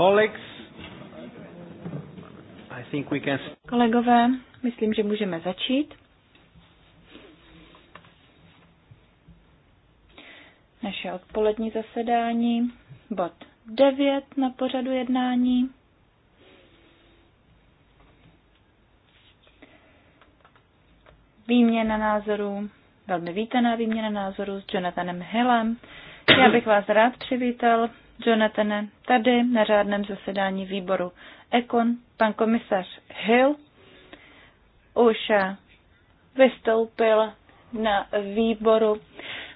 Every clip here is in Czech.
Colleagues, I think we can... Kolegové, myslím, že můžeme začít. Naše odpolední zasedání, bod 9 na pořadu jednání. Výměna názorů, velmi vítaná výměna názorů s Jonathanem Hillem. Já bych vás rád přivítal Jonathane, tady na řádném zasedání výboru Ekon, pan komisař Hill už eh, vystoupil na výboru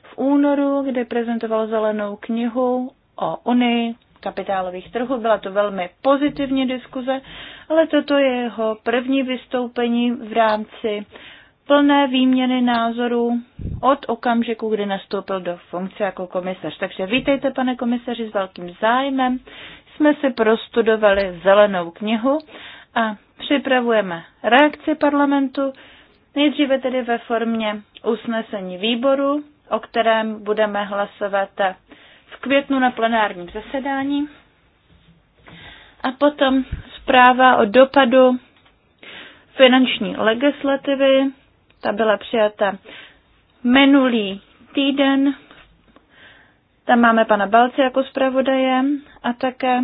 v únoru, kde prezentoval zelenou knihu o Unii kapitálových trhů. Byla to velmi pozitivní diskuze, ale toto je jeho první vystoupení v rámci plné výměny názorů od okamžiku, kdy nastoupil do funkce jako komisař. Takže vítejte, pane komisaři, s velkým zájmem. Jsme si prostudovali zelenou knihu a připravujeme reakci parlamentu, nejdříve tedy ve formě usnesení výboru, o kterém budeme hlasovat v květnu na plenárním zasedání. A potom zpráva o dopadu finanční legislativy ta byla přijata minulý týden. Tam máme pana Balce jako zpravodaje a také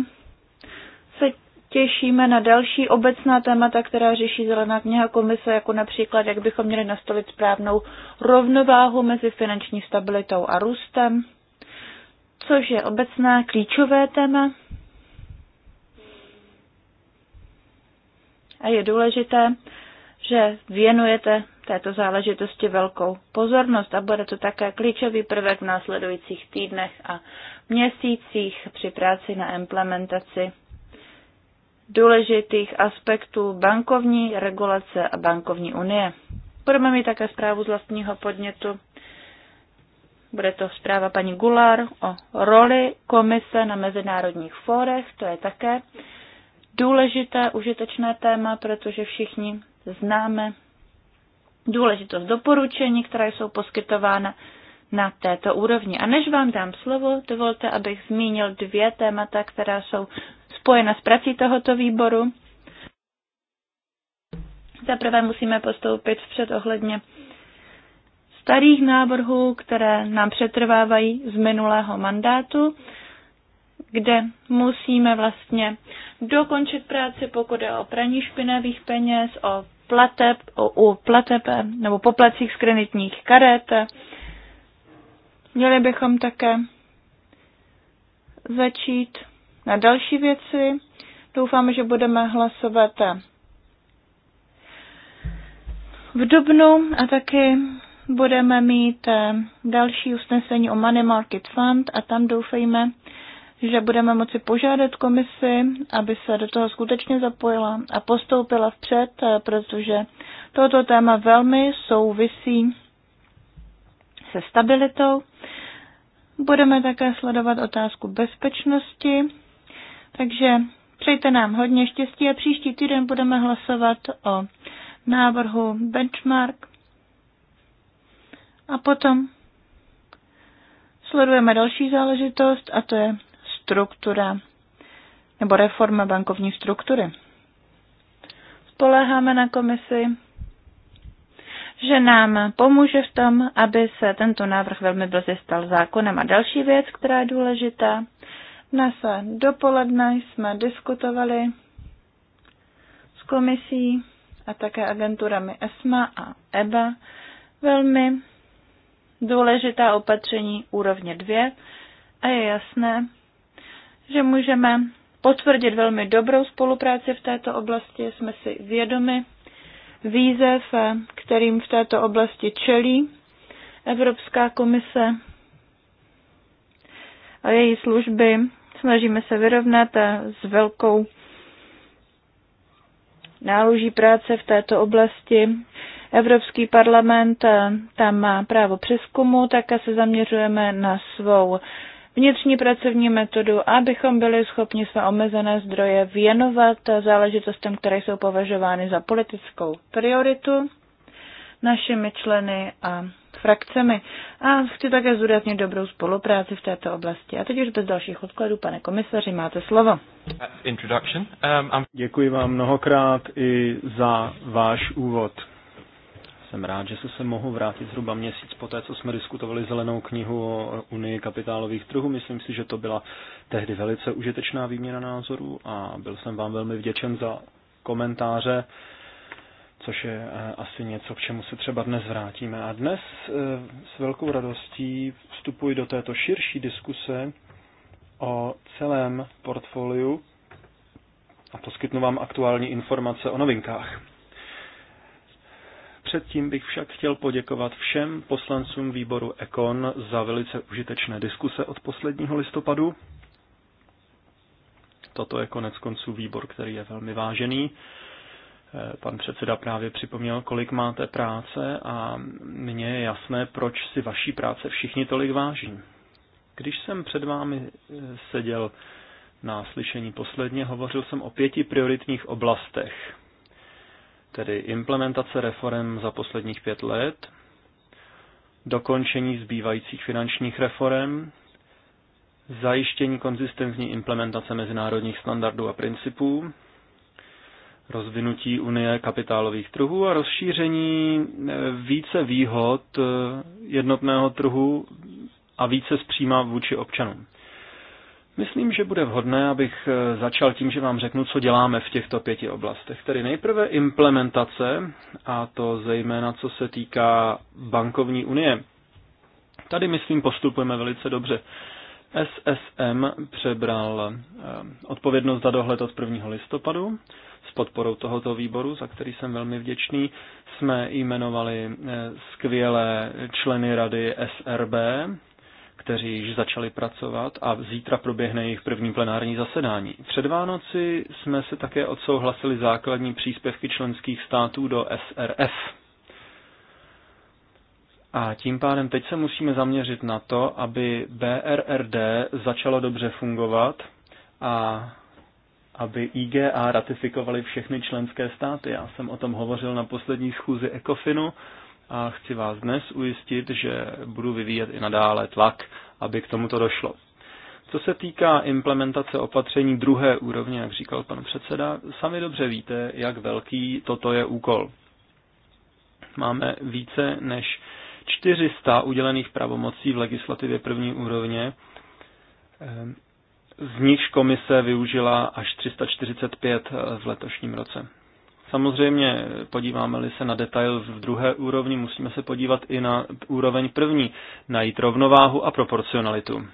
se těšíme na další obecná témata, která řeší Zelená kniha komise, jako například, jak bychom měli nastavit správnou rovnováhu mezi finanční stabilitou a růstem, což je obecná klíčové téma. A je důležité, že věnujete této záležitosti velkou pozornost a bude to také klíčový prvek v následujících týdnech a měsících při práci na implementaci důležitých aspektů bankovní regulace a bankovní unie. Budeme mít také zprávu z vlastního podnětu. Bude to zpráva paní Gular o roli komise na mezinárodních fórech. To je také důležité, užitečné téma, protože všichni známe důležitost doporučení, která jsou poskytována na této úrovni. A než vám dám slovo, dovolte, abych zmínil dvě témata, která jsou spojena s prací tohoto výboru. Zaprvé musíme postoupit vpřed ohledně starých návrhů, které nám přetrvávají z minulého mandátu, kde musíme vlastně dokončit práci, pokud je o praní špinavých peněz, o plateb, u plateb eh, nebo poplacích z kreditních karet. Měli bychom také začít na další věci. Doufám, že budeme hlasovat v dubnu a taky budeme mít eh, další usnesení o Money Market Fund a tam doufejme, že budeme moci požádat komisi, aby se do toho skutečně zapojila a postoupila vpřed, eh, protože toto téma velmi souvisí se stabilitou. Budeme také sledovat otázku bezpečnosti, takže přejte nám hodně štěstí a příští týden budeme hlasovat o návrhu benchmark a potom sledujeme další záležitost a to je struktura nebo reforma bankovní struktury. Spoléháme na komisi, že nám pomůže v tom, aby se tento návrh velmi brzy stal zákonem. A další věc, která je důležitá, dnes dopoledne jsme diskutovali s komisí a také agenturami ESMA a EBA velmi důležitá opatření úrovně 2 a je jasné, že můžeme potvrdit velmi dobrou spolupráci v této oblasti. Jsme si vědomi výzev, kterým v této oblasti čelí Evropská komise a její služby. Snažíme se vyrovnat s velkou náluží práce v této oblasti. Evropský parlament tam má právo přeskumu, také se zaměřujeme na svou vnitřní pracovní metodu, abychom byli schopni své omezené zdroje věnovat záležitostem, které jsou považovány za politickou prioritu našimi členy a frakcemi. A chci také zúraznit dobrou spolupráci v této oblasti. A teď už bez dalších odkladů, pane komisaři, máte slovo. Uh, um, Děkuji vám mnohokrát i za váš úvod. Jsem rád, že se se mohu vrátit zhruba měsíc po té, co jsme diskutovali zelenou knihu o Unii kapitálových trhů. Myslím si, že to byla tehdy velice užitečná výměna názorů a byl jsem vám velmi vděčen za komentáře, což je eh, asi něco, k čemu se třeba dnes vrátíme. A dnes eh, s velkou radostí vstupuji do této širší diskuse o celém portfoliu a poskytnu vám aktuální informace o novinkách. Předtím bych však chtěl poděkovat všem poslancům výboru Ekon za velice užitečné diskuse od posledního listopadu. Toto je konec konců výbor, který je velmi vážený. Eh, pan předseda právě připomněl, kolik máte práce a mně je jasné, proč si vaší práce všichni tolik váží. Když jsem před vámi eh, seděl na slyšení posledně, hovořil jsem o pěti prioritních oblastech tedy implementace reform za posledních pět let, dokončení zbývajících finančních reform, zajištění konzistentní implementace mezinárodních standardů a principů, rozvinutí Unie kapitálových trhů a rozšíření eh, více výhod eh, jednotného trhu a více zpříma vůči občanům. Myslím, že bude vhodné, abych eh, začal tím, že vám řeknu, co děláme v těchto pěti oblastech. Tedy nejprve implementace, a to zejména co se týká bankovní unie. Tady, myslím, postupujeme velice dobře. SSM přebral eh, odpovědnost za dohled od 1. listopadu s podporou tohoto výboru, za který jsem velmi vděčný. Jsme jmenovali eh, skvělé členy rady SRB, kteří již začali pracovat a zítra proběhne jejich první plenární zasedání. Před Vánoci jsme se také odsouhlasili základní příspěvky členských států do SRF. A tím pádem teď se musíme zaměřit na to, aby BRRD začalo dobře fungovat a aby IGA ratifikovali všechny členské státy. Já jsem o tom hovořil na poslední schůzi ECOFINu a chci vás dnes ujistit, že budu vyvíjet i nadále tlak, aby k tomuto došlo. Co se týká implementace opatření druhé úrovně, jak říkal pan předseda, sami dobře víte, jak velký toto je úkol. Máme více než 400 udělených pravomocí v legislativě první úrovně, ehm, z nichž komise využila až 345 v letošním roce. Samozřejmě podíváme-li se na detail v druhé úrovni, musíme se podívat i na úroveň první, najít rovnováhu a proporcionalitu.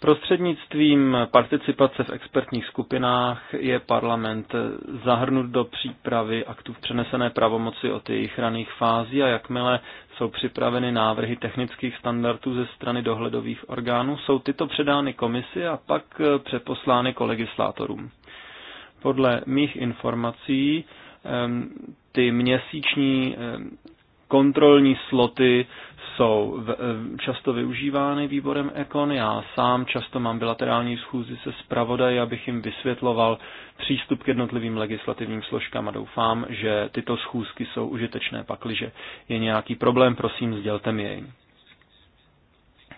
Prostřednictvím participace v expertních skupinách je parlament zahrnut do přípravy aktů v přenesené pravomoci od jejich raných fází a jakmile jsou připraveny návrhy technických standardů ze strany dohledových orgánů, jsou tyto předány komisi a pak přeposlány kolegislátorům. Podle mých informací ty měsíční kontrolní sloty jsou často využívány výborem Ekon. Já sám často mám bilaterální schůzi se zpravodaji, abych jim vysvětloval přístup k jednotlivým legislativním složkám a doufám, že tyto schůzky jsou užitečné. Pakliže je nějaký problém, prosím, sdělte mi jej.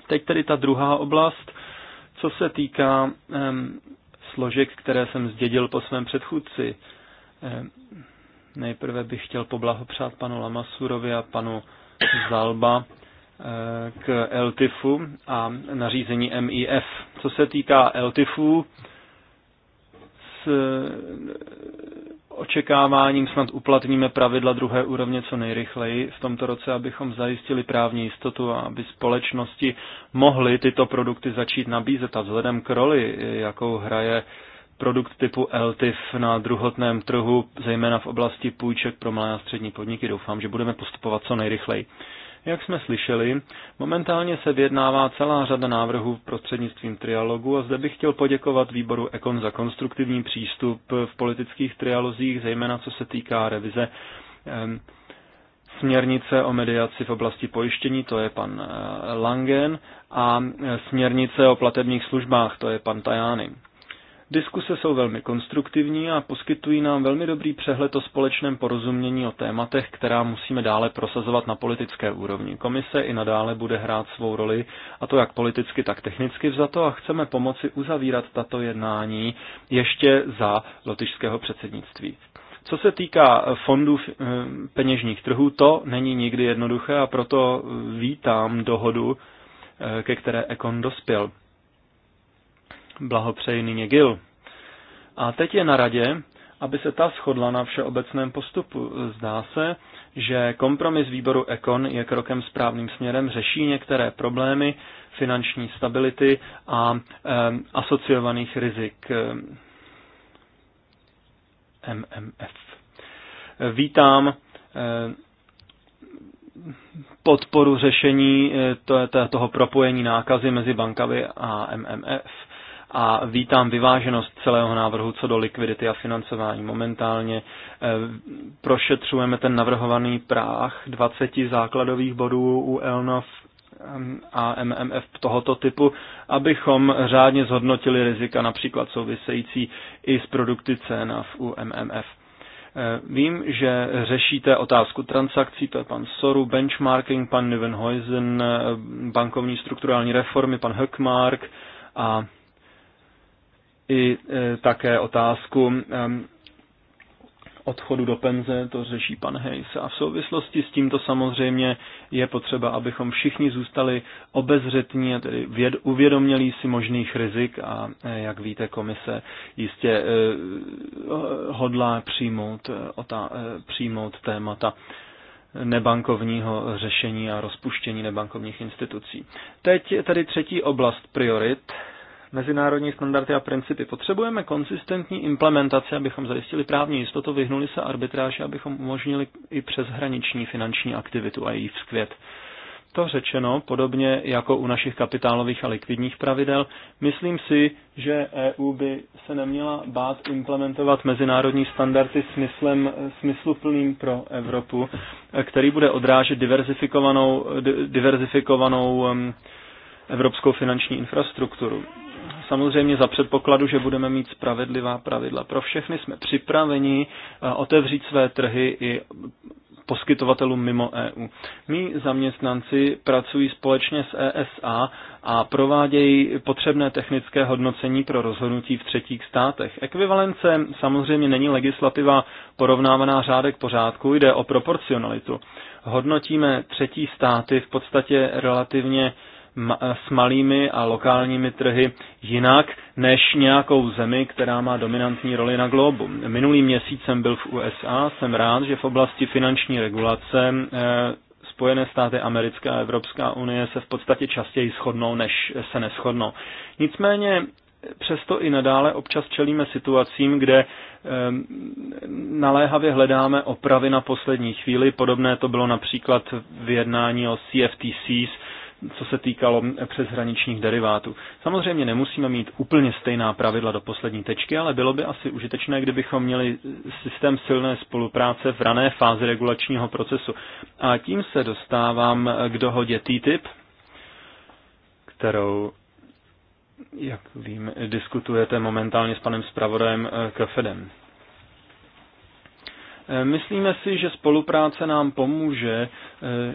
Teď tedy ta druhá oblast, co se týká um, složek, které jsem zdědil po svém předchůdci. Eh, nejprve bych chtěl poblahopřát panu Lamasurovi a panu Zalba eh, k LTIFu a nařízení MIF. Co se týká LTIFu, s, očekáváním snad uplatníme pravidla druhé úrovně co nejrychleji v tomto roce, abychom zajistili právní jistotu a aby společnosti mohly tyto produkty začít nabízet. A vzhledem k roli, jakou hraje produkt typu LTIF na druhotném trhu, zejména v oblasti půjček pro malé a střední podniky, doufám, že budeme postupovat co nejrychleji. Jak jsme slyšeli, momentálně se vyjednává celá řada návrhů prostřednictvím trialogu a zde bych chtěl poděkovat výboru Ekon za konstruktivní přístup v politických trialozích, zejména co se týká revize směrnice o mediaci v oblasti pojištění, to je pan eh, Langen, a eh, směrnice o platebních službách, to je pan Tajány. Diskuse jsou velmi konstruktivní a poskytují nám velmi dobrý přehled o společném porozumění o tématech, která musíme dále prosazovat na politické úrovni. Komise i nadále bude hrát svou roli, a to jak politicky, tak technicky vzato a chceme pomoci uzavírat tato jednání ještě za lotyšského předsednictví. Co se týká fondů eh, peněžních trhů, to není nikdy jednoduché a proto vítám dohodu, eh, ke které Ekon dospěl blahopřejný nyně Gil. A teď je na radě, aby se ta shodla na všeobecném postupu. Zdá se, že kompromis výboru Ekon je krokem správným směrem, řeší některé problémy finanční stability a e, asociovaných rizik e, eh, MMF. Vítám e, podporu řešení to, to, toho propojení nákazy mezi bankami a MMF a vítám vyváženost celého návrhu co do likvidity a financování. Momentálně eh, prošetřujeme ten navrhovaný práh 20 základových bodů u ELNOV ehm, a MMF tohoto typu, abychom řádně zhodnotili rizika například související i s produkty CNAV v MMF. Eh, vím, že řešíte otázku transakcí, to je pan Soru, benchmarking, pan Nivenhuizen, eh, bankovní strukturální reformy, pan Höckmark a i e, také otázku e, odchodu do penze, to řeší pan Hejs. A v souvislosti s tímto samozřejmě je potřeba, abychom všichni zůstali obezřetní a tedy věd, uvědoměli si možných rizik a e, jak víte, komise jistě eh, hodlá přijmout, otá, eh, přijmout témata nebankovního řešení a rozpuštění nebankovních institucí. Teď tedy třetí oblast priorit, mezinárodní standardy a principy. Potřebujeme konsistentní implementaci, abychom zajistili právní jistotu, vyhnuli se arbitráži, abychom umožnili i přeshraniční finanční aktivitu a její vzkvět. To řečeno, podobně jako u našich kapitálových a likvidních pravidel, myslím si, že EU by se neměla bát implementovat mezinárodní standardy smyslem, smysluplným pro Evropu, který bude odrážet diverzifikovanou, diverzifikovanou um, evropskou finanční infrastrukturu samozřejmě za předpokladu, že budeme mít spravedlivá pravidla. Pro všechny jsme připraveni eh, otevřít své trhy i poskytovatelům mimo EU. My zaměstnanci pracují společně s ESA a provádějí potřebné technické hodnocení pro rozhodnutí v třetích státech. Ekvivalence samozřejmě není legislativa porovnávaná řádek pořádku, jde o proporcionalitu. Hodnotíme třetí státy v podstatě relativně s malými a lokálními trhy jinak než nějakou zemi, která má dominantní roli na globu. Minulý měsíc jsem byl v USA, jsem rád, že v oblasti finanční regulace eh, Spojené státy americké a Evropská unie se v podstatě častěji shodnou, než se neschodnou. Nicméně přesto i nadále občas čelíme situacím, kde eh, naléhavě hledáme opravy na poslední chvíli. Podobné to bylo například v jednání o CFTCs co se týkalo přeshraničních derivátů. Samozřejmě nemusíme mít úplně stejná pravidla do poslední tečky, ale bylo by asi užitečné, kdybychom měli systém silné spolupráce v rané fázi regulačního procesu. A tím se dostávám k dohodě TTIP, kterou jak vím, diskutujete momentálně s panem zpravodajem eh, Kafedem. Eh, myslíme si, že spolupráce nám pomůže eh,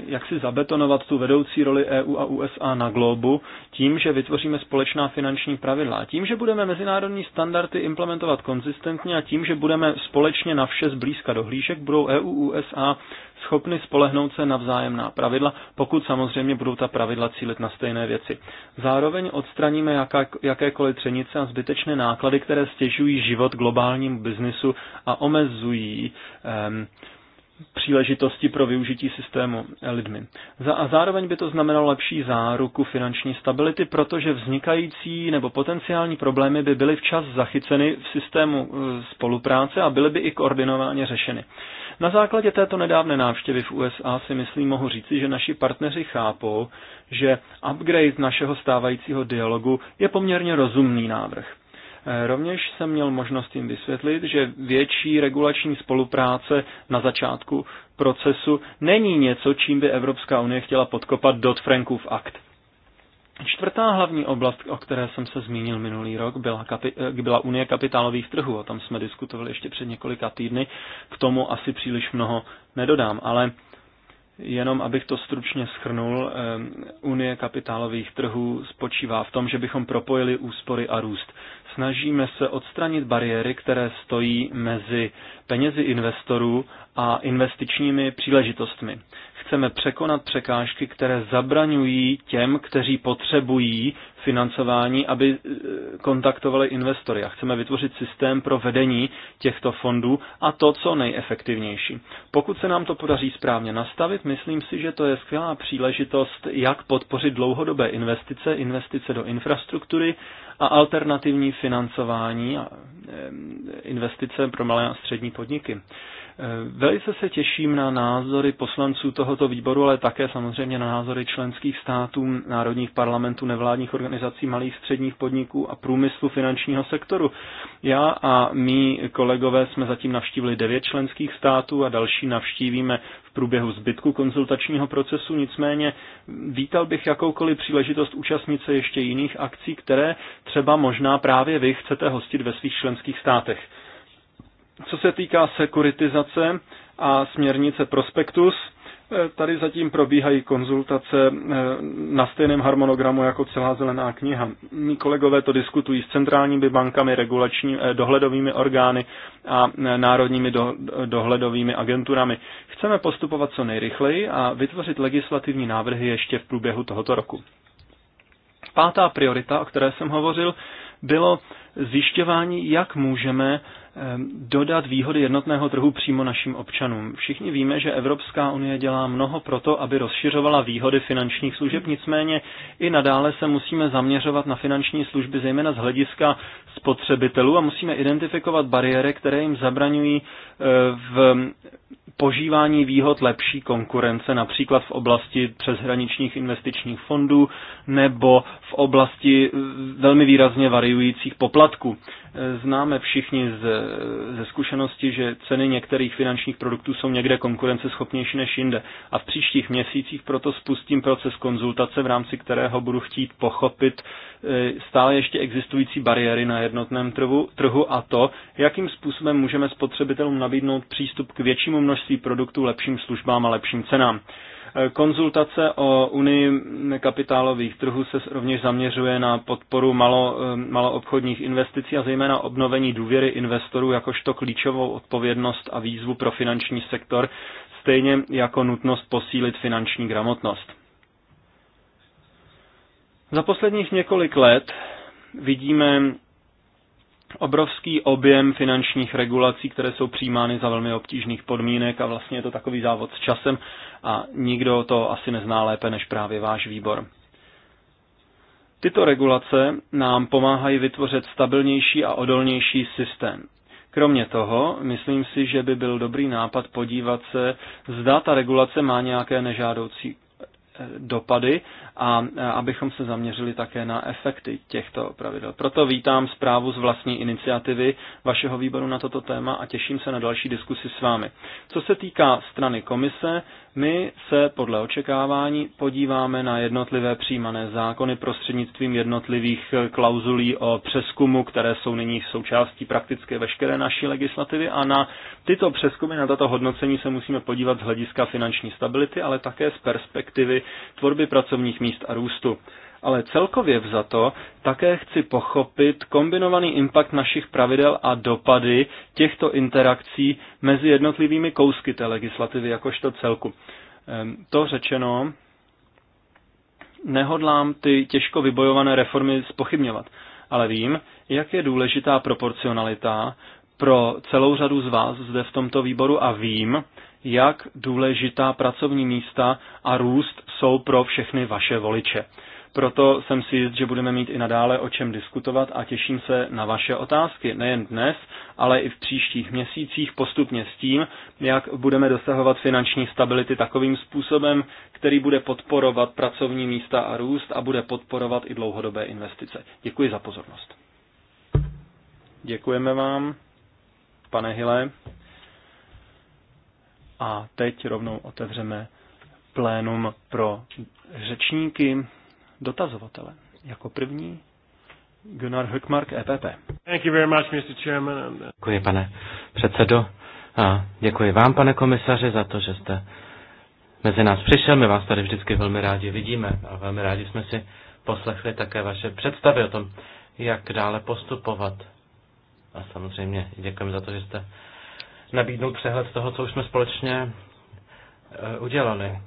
jak si zabetonovat tu vedoucí roli EU a USA na globu tím, že vytvoříme společná finanční pravidla. Tím, že budeme mezinárodní standardy implementovat konzistentně a tím, že budeme společně na vše zblízka dohlížek, budou EU, USA schopny spolehnout se na vzájemná pravidla, pokud samozřejmě budou ta pravidla cílit na stejné věci. Zároveň odstraníme jaká, jakékoliv třenice a zbytečné náklady, které stěžují život globálnímu biznisu a omezují um, příležitosti pro využití systému lidmi. A zároveň by to znamenalo lepší záruku finanční stability, protože vznikající nebo potenciální problémy by byly včas zachyceny v systému e, spolupráce a byly by i koordinovaně řešeny. Na základě této nedávné návštěvy v USA si myslím mohu říci, že naši partneři chápou, že upgrade našeho stávajícího dialogu je poměrně rozumný návrh. Eh, rovněž jsem měl možnost jim vysvětlit, že větší regulační spolupráce na začátku procesu není něco, čím by Evropská unie chtěla podkopat Dodd-Frankův akt. Čtvrtá hlavní oblast, o které jsem se zmínil minulý rok, byla, kapi- eh, byla Unie kapitálových trhů. O tom jsme diskutovali ještě před několika týdny. K tomu asi příliš mnoho nedodám, ale Jenom abych to stručně schrnul, eh, Unie kapitálových trhů spočívá v tom, že bychom propojili úspory a růst. Snažíme se odstranit bariéry, které stojí mezi penězi investorů a investičními příležitostmi chceme překonat překážky, které zabraňují těm, kteří potřebují financování, aby eh, kontaktovali investory. A chceme vytvořit systém pro vedení těchto fondů a to, co nejefektivnější. Pokud se nám to podaří správně nastavit, myslím si, že to je skvělá příležitost, jak podpořit dlouhodobé investice, investice do infrastruktury a alternativní financování a eh, investice pro malé a střední podniky. Eh, velice se těším na názory poslanců tohoto výboru, ale také samozřejmě na názory členských států, národních parlamentů, nevládních organizací, malých středních podniků a průmyslu finančního sektoru. Já a mý kolegové jsme zatím navštívili devět členských států a další navštívíme v průběhu zbytku konzultačního procesu, nicméně vítal bych jakoukoliv příležitost účastnit se ještě jiných akcí, které třeba možná právě vy chcete hostit ve svých členských státech. Co se týká sekuritizace a směrnice Prospektus, eh, tady zatím probíhají konzultace eh, na stejném harmonogramu jako celá zelená kniha. Mí kolegové to diskutují s centrálními bankami, regulační, eh, dohledovými orgány a národními do, dohledovými agenturami. Chceme postupovat co nejrychleji a vytvořit legislativní návrhy ještě v průběhu tohoto roku. Pátá priorita, o které jsem hovořil, bylo zjišťování, jak můžeme Ehm, dodat výhody jednotného trhu přímo našim občanům. Všichni víme, že Evropská unie dělá mnoho proto, aby rozšiřovala výhody finančních služeb, nicméně i nadále se musíme zaměřovat na finanční služby, zejména z hlediska spotřebitelů a musíme identifikovat bariéry, které jim zabraňují eh, v požívání výhod lepší konkurence, například v oblasti přeshraničních investičních fondů nebo v oblasti eh, velmi výrazně variujících poplatků. Známe všichni z, ze zkušenosti, že ceny některých finančních produktů jsou někde konkurenceschopnější než jinde. A v příštích měsících proto spustím proces konzultace, v rámci kterého budu chtít pochopit eh, stále ještě existující bariéry na jednotném trhu, trhu a to, jakým způsobem můžeme spotřebitelům nabídnout přístup k většímu množství produktů, lepším službám a lepším cenám. Konzultace o Unii kapitálových trhů se rovněž zaměřuje na podporu malo, eh, maloobchodních investicí a zejména obnovení důvěry investorů jakožto klíčovou odpovědnost a výzvu pro finanční sektor, stejně jako nutnost posílit finanční gramotnost. Za posledních několik let vidíme obrovský objem finančních regulací, které jsou přijímány za velmi obtížných podmínek a vlastně je to takový závod s časem a nikdo to asi nezná lépe než právě váš výbor. Tyto regulace nám pomáhají vytvořit stabilnější a odolnější systém. Kromě toho, myslím si, že by byl dobrý nápad podívat se, zda ta regulace má nějaké nežádoucí dopady a abychom se zaměřili také na efekty těchto pravidel. Proto vítám zprávu z vlastní iniciativy vašeho výboru na toto téma a těším se na další diskusi s vámi. Co se týká strany komise, my se podle očekávání podíváme na jednotlivé přijímané zákony prostřednictvím jednotlivých klauzulí o přeskumu, které jsou nyní součástí prakticky veškeré naší legislativy a na tyto přeskumy, na tato hodnocení se musíme podívat z hlediska finanční stability, ale také z perspektivy tvorby pracovních míst a růstu ale celkově vzato také chci pochopit kombinovaný impact našich pravidel a dopady těchto interakcí mezi jednotlivými kousky té legislativy jakožto celku. Ehm, to řečeno, nehodlám ty těžko vybojované reformy spochybňovat, ale vím, jak je důležitá proporcionalita pro celou řadu z vás zde v tomto výboru a vím, jak důležitá pracovní místa a růst jsou pro všechny vaše voliče. Proto jsem si jist, že budeme mít i nadále o čem diskutovat a těším se na vaše otázky, nejen dnes, ale i v příštích měsících postupně s tím, jak budeme dosahovat finanční stability takovým způsobem, který bude podporovat pracovní místa a růst a bude podporovat i dlouhodobé investice. Děkuji za pozornost. Děkujeme vám, pane Hile. A teď rovnou otevřeme plénum pro řečníky dotazovatele. Jako první Gunnar Hökmark, EPP. Uh, děkuji, pane předsedo. A děkuji vám, pane komisaři, za to, že jste mezi nás přišel. My vás tady vždycky velmi rádi vidíme a velmi rádi jsme si poslechli také vaše představy o tom, jak dále postupovat. A samozřejmě děkujeme za to, že jste nabídnul přehled toho, co už jsme společně e, udělali.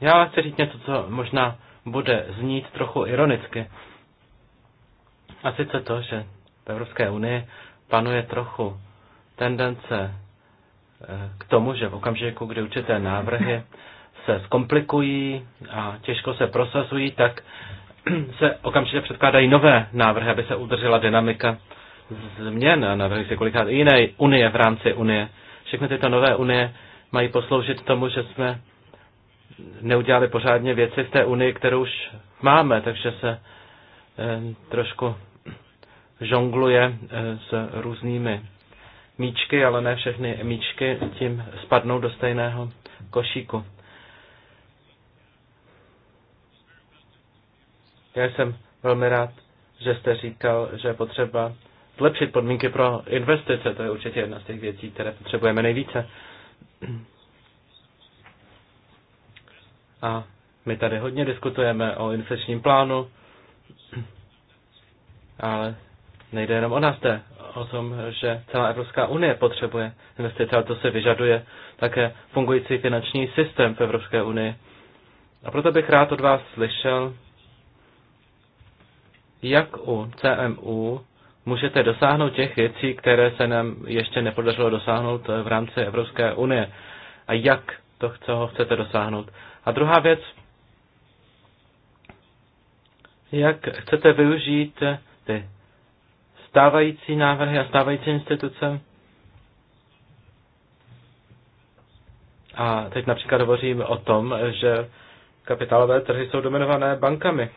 Já chci říct něco, co možná bude znít trochu ironicky. A sice to, že v Evropské unii panuje trochu tendence eh, k tomu, že v okamžiku, kdy určité návrhy se zkomplikují a těžko se prosazují, tak se okamžitě předkládají nové návrhy, aby se udržela dynamika změn a navrhují se kolikrát i jiné unie v rámci unie. Všechny tyto nové unie mají posloužit tomu, že jsme neudělali pořádně věci v té unii, kterou už máme, takže se eh, trošku žongluje eh, s různými míčky, ale ne všechny míčky tím spadnou do stejného košíku. Já jsem velmi rád, že jste říkal, že je potřeba zlepšit podmínky pro investice. To je určitě jedna z těch věcí, které potřebujeme nejvíce. A my tady hodně diskutujeme o infekčním plánu, ale nejde jenom o nás, jde o tom, že celá Evropská unie potřebuje investice, ale to se vyžaduje také fungující finanční systém v Evropské unii. A proto bych rád od vás slyšel, jak u CMU můžete dosáhnout těch věcí, které se nám ještě nepodařilo dosáhnout v rámci Evropské unie. A jak to, co chcete dosáhnout. A druhá věc, jak chcete využít ty stávající návrhy a stávající instituce. A teď například hovořím o tom, že kapitálové trhy jsou dominované bankami.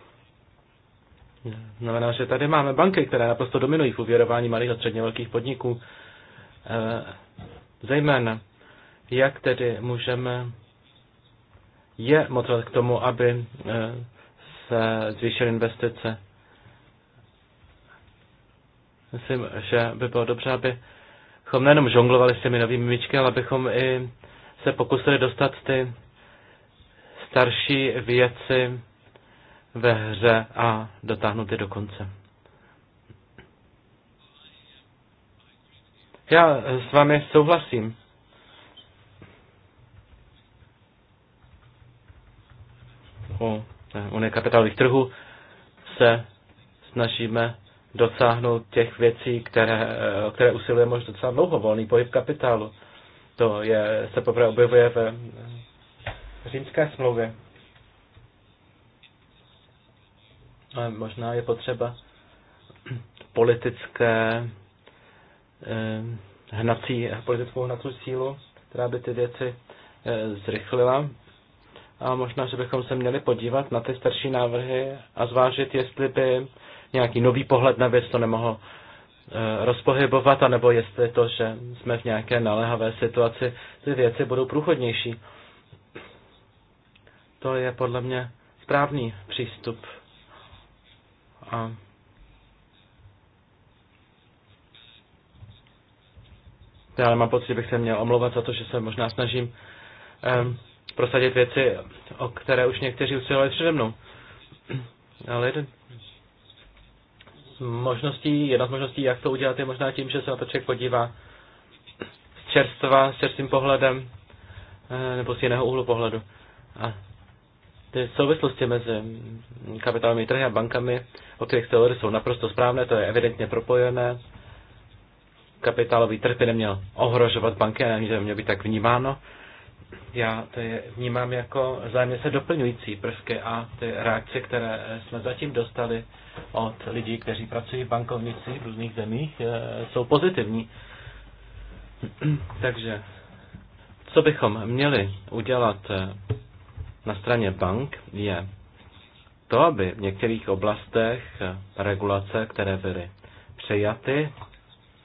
Znamená, že tady máme banky, které naprosto dominují v uvěrování malých a středně velkých podniků. E, zejména jak tedy můžeme je motivovat k tomu, aby eh, se zvýšily investice? Myslím, že by bylo dobře, abychom nejenom žonglovali s těmi novými míčky, ale abychom i se pokusili dostat ty starší věci ve hře a dotáhnout je do konce. Já s vámi souhlasím. u Unie kapitálových trhů se snažíme dosáhnout těch věcí, které, eh, které usiluje možná docela dlouho, volný pohyb kapitálu. To je, se poprvé objevuje ve eh, římské smlouvě. Ale možná je potřeba politické eh, hnací, eh, politickou hnací sílu, která by ty věci eh, zrychlila. A možná, že bychom se měli podívat na ty starší návrhy a zvážit, jestli by nějaký nový pohled na věc to nemohl e, rozpohybovat, anebo jestli to, že jsme v nějaké naléhavé situaci, ty věci budou průchodnější. To je podle mě správný přístup. A já mám pocit, že bych se měl omlouvat za to, že se možná snažím um, prosadit věci, o které už někteří usilovali přede mnou. Ale jeden z možností, jedna z možností, jak to udělat, je možná tím, že se na to člověk podívá z čerstva, s čerstvým pohledem, eh, nebo z jiného úhlu pohledu. A ty souvislosti mezi kapitálovými trhy a bankami, o kterých se jsou naprosto správné, to je evidentně propojené. Kapitálový trh by neměl ohrožovat banky, neměl by být tak vnímáno já to je vnímám jako zájemně se doplňující prvky a ty reakce, které jsme zatím dostali od lidí, kteří pracují v bankovnici v různých zemích, eh, jsou pozitivní. Takže, co bychom měli udělat eh, na straně bank, je to, aby v některých oblastech eh, regulace, které byly přejaty,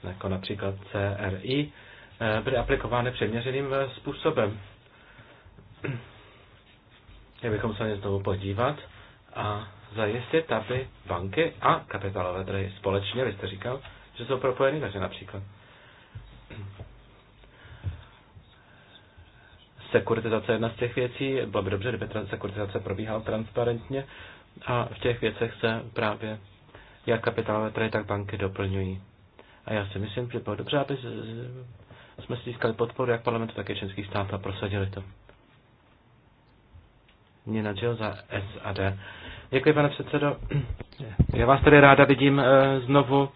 jako například CRI, byly aplikovány přeměřeným způsobem. bychom se na ně znovu podívat a zajistit, aby banky a kapitálové trhy společně, vy jste říkal, že jsou propojeny, takže například sekuritizace je jedna z těch věcí, bylo by dobře, kdyby sekuritizace probíhala transparentně a v těch věcech se právě jak kapitálové trhy, tak banky doplňují. A já si myslím, že bylo dobře, aby jsme získali podporu jak parlamentu, tak i členských států a prosadili to. Nina Jill za SAD. Děkuji, pane předsedo. Já vás tady ráda vidím eh, znovu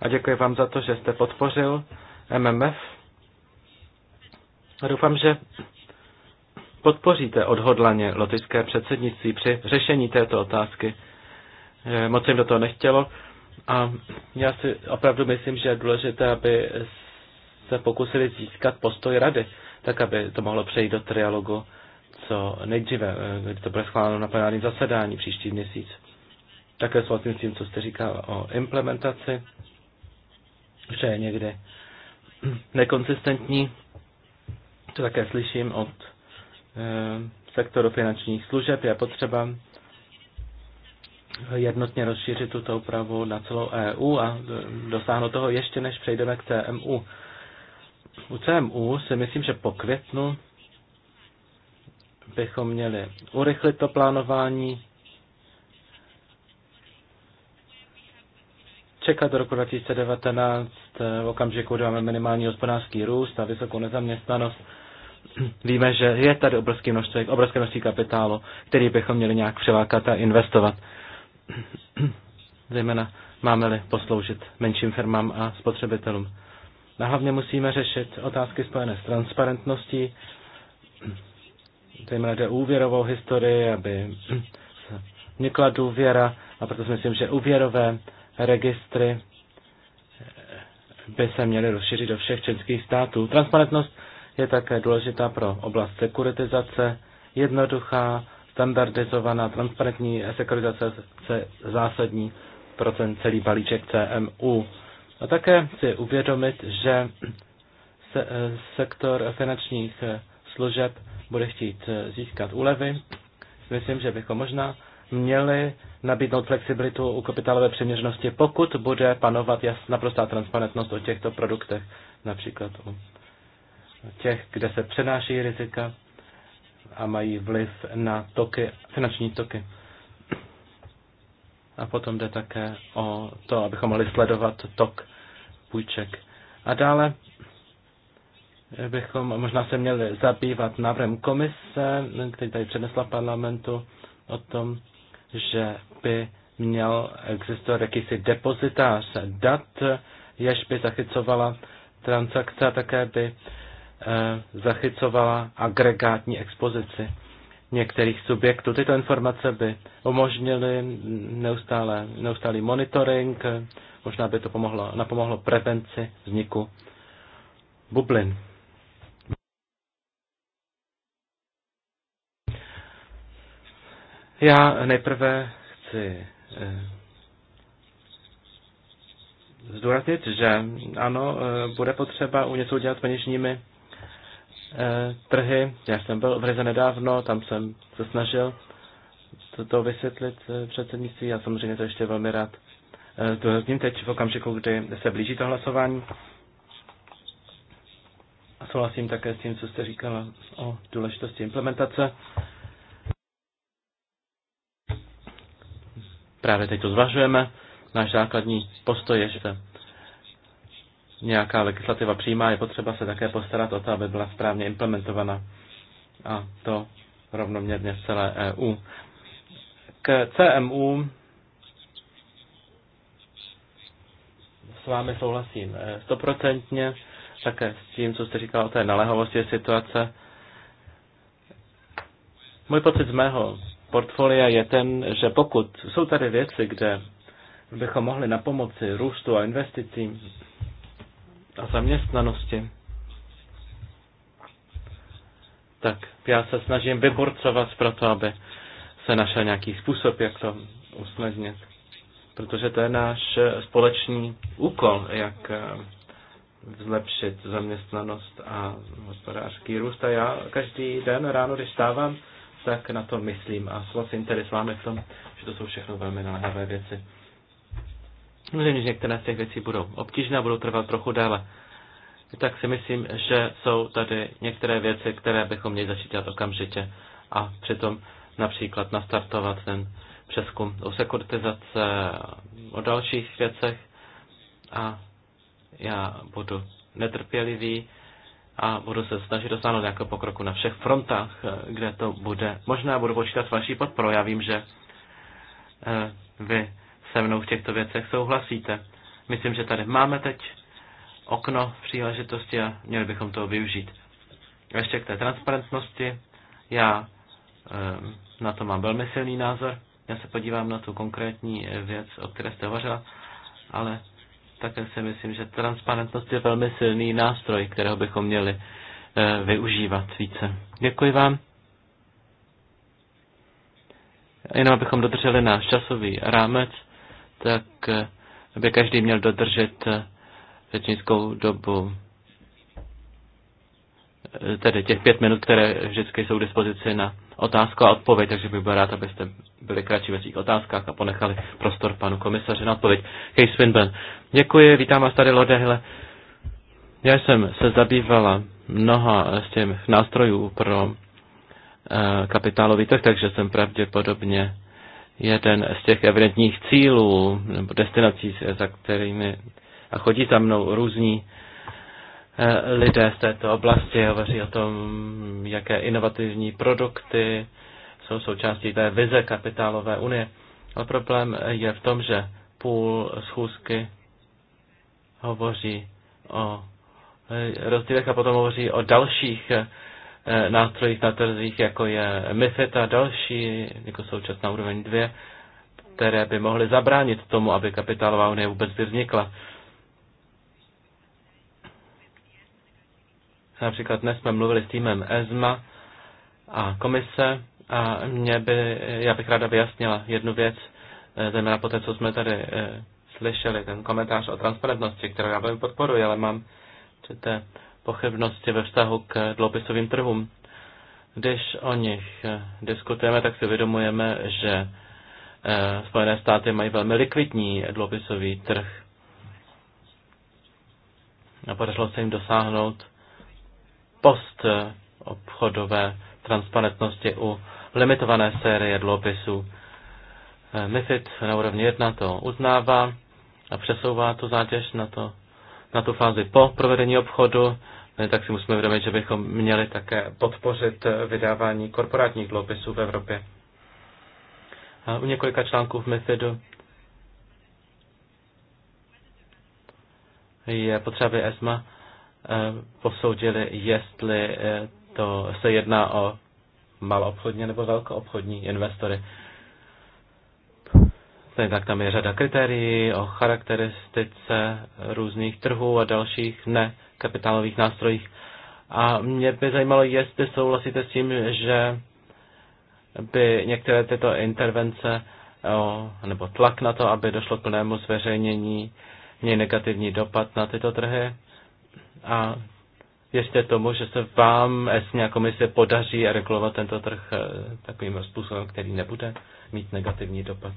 a děkuji vám za to, že jste podpořil MMF. A doufám, že podpoříte odhodlaně lotické předsednictví při řešení této otázky. Eh, moc jim do toho nechtělo a já si opravdu myslím, že je důležité, aby se pokusili získat postoj rady, tak aby to mohlo přejít do trialogu co nejdříve, eh, kdy to bude schváleno na plenárním zasedání příští měsíc. Také souhlasím s tím, co jste říkal o implementaci, že je někdy nekonsistentní. To také slyším od e, sektoru finančních služeb. Je potřeba jednotně rozšířit tuto úpravu na celou EU a eh, dosáhnout toho ještě, než přejdeme k CMU. U CMU si myslím, že po květnu bychom měli urychlit to plánování, čekat do roku 2019, eh, v okamžiku, kdy máme minimální hospodářský růst a vysokou nezaměstnanost. Víme, že je tady obrovské množství, obrovské množství kapitálu, který bychom měli nějak převákat a investovat. Zejména máme-li posloužit menším firmám a spotřebitelům. A hlavně musíme řešit otázky spojené s transparentností, zejména jde úvěrovou historii, aby vznikla důvěra a proto si myslím, že úvěrové registry by se měly rozšířit do všech členských států. Transparentnost je také důležitá pro oblast sekuritizace, jednoduchá, standardizovaná, transparentní sekuritizace je zásadní pro ten celý balíček CMU. A také chci uvědomit, že se, eh, sektor finančních eh, služeb bude chtít eh, získat úlevy. Myslím, že bychom možná měli nabídnout flexibilitu u kapitálové přiměřenosti, pokud bude panovat jasná naprostá transparentnost o těchto produktech, například u těch, kde se přenáší rizika a mají vliv na toky, finanční toky. A potom jde také o to, abychom mohli sledovat tok půjček. A dále bychom možná se měli zabývat návrhem komise, který tady přednesla parlamentu, o tom, že by měl existovat jakýsi depozitář dat, jež by zachycovala transakce a také by eh, zachycovala agregátní expozici některých subjektů. Tyto informace by umožnily neustále, neustálý monitoring, možná by to pomohlo, napomohlo prevenci vzniku bublin. Já nejprve chci eh, zdůraznit, že ano, eh, bude potřeba u něco udělat s peněžními eh, trhy. Já jsem byl v Rize nedávno, tam jsem se snažil to vysvětlit předsednictví a samozřejmě to ještě velmi rád zdůrazním teď v okamžiku, kdy se blíží to hlasování. A souhlasím také s tím, co jste říkala o důležitosti implementace. právě teď to zvažujeme. Náš základní postoj je, že nějaká legislativa přijímá, je potřeba se také postarat o to, aby byla správně implementovaná. A to rovnoměrně v celé EU. K CMU s vámi souhlasím eh, stoprocentně, také s tím, co jste říkal o té naléhovosti situace. Můj pocit z mého portfolia je ten, že pokud jsou tady věci, kde bychom mohli na pomoci růstu a investicím a zaměstnanosti, tak já se snažím vyburcovat pro to, aby se našel nějaký způsob, jak to usnadnit. Protože to je náš eh, společný úkol, jak eh, zlepšit zaměstnanost a hospodářský růst. A já každý den ráno, když stávám, tak na to myslím a svaz s vámi v tom, že to jsou všechno velmi naléhavé věci. Myslím, že některé z těch věcí budou obtížné a budou trvat trochu déle. Tak si myslím, že jsou tady některé věci, které bychom měli začít dělat okamžitě a přitom například nastartovat ten přeskum o sekuritizace, o dalších věcech a já budu netrpělivý a budu se snažit dosáhnout jako pokroku na všech frontách, eh, kde to bude. Možná budu počítat vaší podporu. Já vím, že eh, vy se mnou v těchto věcech souhlasíte. Myslím, že tady máme teď okno příležitosti a měli bychom toho využít. Ještě k té transparentnosti. Já eh, na to mám velmi silný názor. Já se podívám na tu konkrétní věc, o které jste hovořila, ale také si myslím, že transparentnost je velmi silný nástroj, kterého bychom měli eh, využívat více. Děkuji vám. Jenom abychom dodrželi náš časový rámec, tak aby eh, každý měl dodržet eh, řečnickou dobu, tedy těch pět minut, které vždycky jsou k dispozici na Otázka a odpověď, takže bych byl rád, abyste byli kratší ve svých otázkách a ponechali prostor panu komisaři na odpověď. Hej Swinburne, děkuji, vítám vás tady, Lorde Hille. Já jsem se zabývala mnoha z těch nástrojů pro e, kapitálový trh, takže jsem pravděpodobně jeden z těch evidentních cílů nebo destinací, za kterými a chodí za mnou různí Eh, lidé z této oblasti, hovoří o tom, jaké inovativní produkty jsou součástí té vize kapitálové unie. Ale problém je v tom, že půl schůzky hovoří o eh, rozdílech a potom hovoří o dalších eh, nástrojích na trzích, jako je MIFID a další, jako současná úroveň dvě, které by mohly zabránit tomu, aby kapitálová unie vůbec vznikla. Například dnes jsme mluvili s týmem ESMA a komise a mě by, já bych ráda vyjasnila jednu věc, eh, zejména po té, co jsme tady eh, slyšeli, ten komentář o transparentnosti, kterou já velmi podporuji, ale mám určité pochybnosti ve vztahu k dloupisovým trhům. Když o nich eh, diskutujeme, tak si uvědomujeme, že Spojené státy mají velmi likvidní dloupisový trh. A podařilo se jim dosáhnout post obchodové transparentnosti u limitované série dluhopisů. Eh, MIFID na úrovni 1 to uznává a přesouvá tu zátěž na, to, na tu fázi po provedení obchodu, eh, tak si musíme uvědomit, že bychom měli také podpořit eh, vydávání korporátních dluhopisů v Evropě. A u několika článků v MIFIDu je potřeba, aby ESMA Eh, posoudili, jestli eh, to se jedná o maloobchodní nebo velkoobchodní investory. tak tam je řada kritérií o charakteristice různých trhů a dalších nekapitálových nástrojích. A mě by zajímalo, jestli souhlasíte s tím, že by některé tyto intervence nebo tlak na to, aby došlo k plnému zveřejnění, měly negativní dopad na tyto trhy a věřte tomu, že se vám, ESMI a komise, podaří regulovat tento trh eh, takovým způsobem, který nebude mít negativní dopad.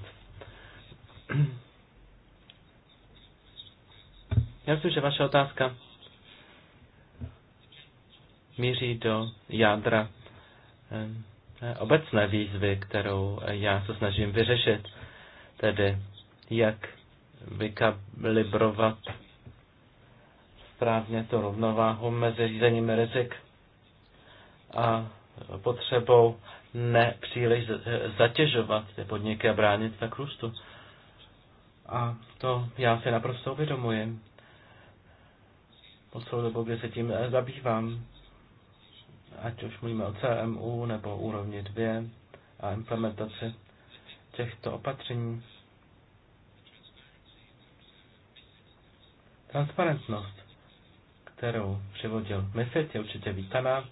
Já myslím, že vaše otázka míří do jádra eh, obecné výzvy, kterou já se snažím vyřešit, tedy jak vykalibrovat správně tu rovnováhu mezi řízením rizik a potřebou nepříliš zatěžovat ty podniky a bránit tak růstu. A to já si naprosto uvědomuji. Po celou dobu, kdy se tím eh, zabývám, ať už mluvíme o CMU nebo úrovni 2 a implementaci těchto opatření. Transparentnost kterou přivodil mesec, je určitě vítaná.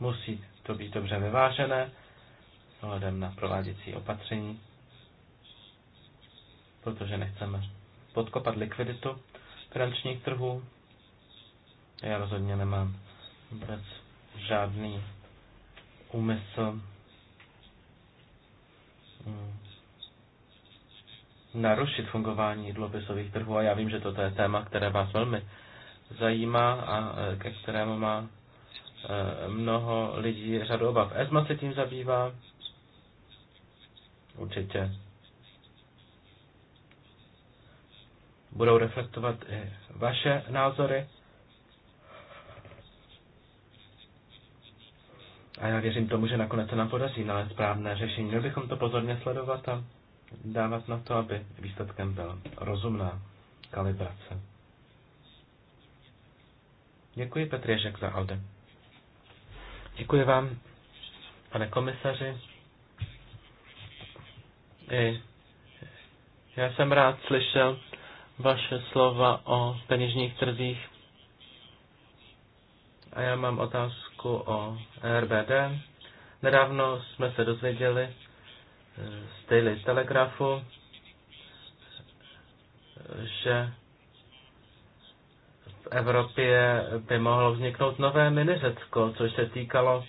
Musí to být dobře vyvážené s ohledem na prováděcí opatření, protože nechceme podkopat likviditu finančních trhů. Já rozhodně nemám vůbec žádný úmysl mm, narušit fungování dluhopisových trhů a já vím, že toto je téma, které vás velmi zajímá a e, ke kterému má e, mnoho lidí řadu obav. ESMA se tím zabývá určitě. Budou reflektovat i vaše názory. A já věřím tomu, že nakonec se nám podaří nalézt správné řešení. Měli bychom to pozorně sledovat a dávat na to, aby výsledkem byla rozumná kalibrace. Děkuji Petřešek za Alde. Děkuji vám, pane komisaři. I já jsem rád slyšel vaše slova o peněžních trzích. A já mám otázku o RBD. Nedávno jsme se dozvěděli, z Daily Telegrafu, že v Evropě by mohlo vzniknout nové miniřecko, což se týkalo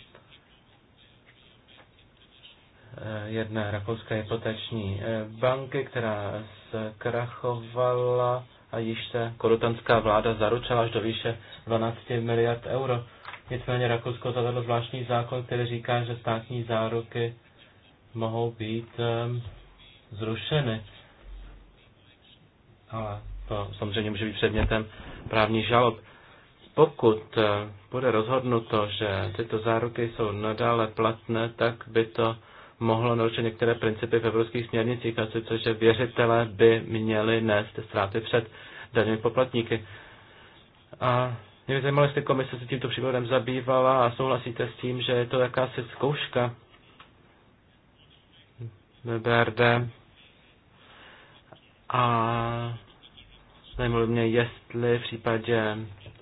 eh, jedné rakouské hypoteční eh, banky, která zkrachovala a již se korutanská vláda zaručila až do výše 12 miliard euro. Nicméně Rakousko zavedlo zvláštní zákon, který říká, že státní záruky mohou být ehm, zrušeny. Ale to samozřejmě může být předmětem právní žalob. Pokud eh, bude rozhodnuto, že tyto záruky jsou nadále platné, tak by to mohlo narušit některé principy v evropských směrnicích, a je že věřitele by měli nést ztráty před daněmi poplatníky. A mě by zajímalo, jestli komise se tímto případem zabývala a souhlasíte s tím, že je to jakási zkouška BBRD a zajímalo mě, jestli v případě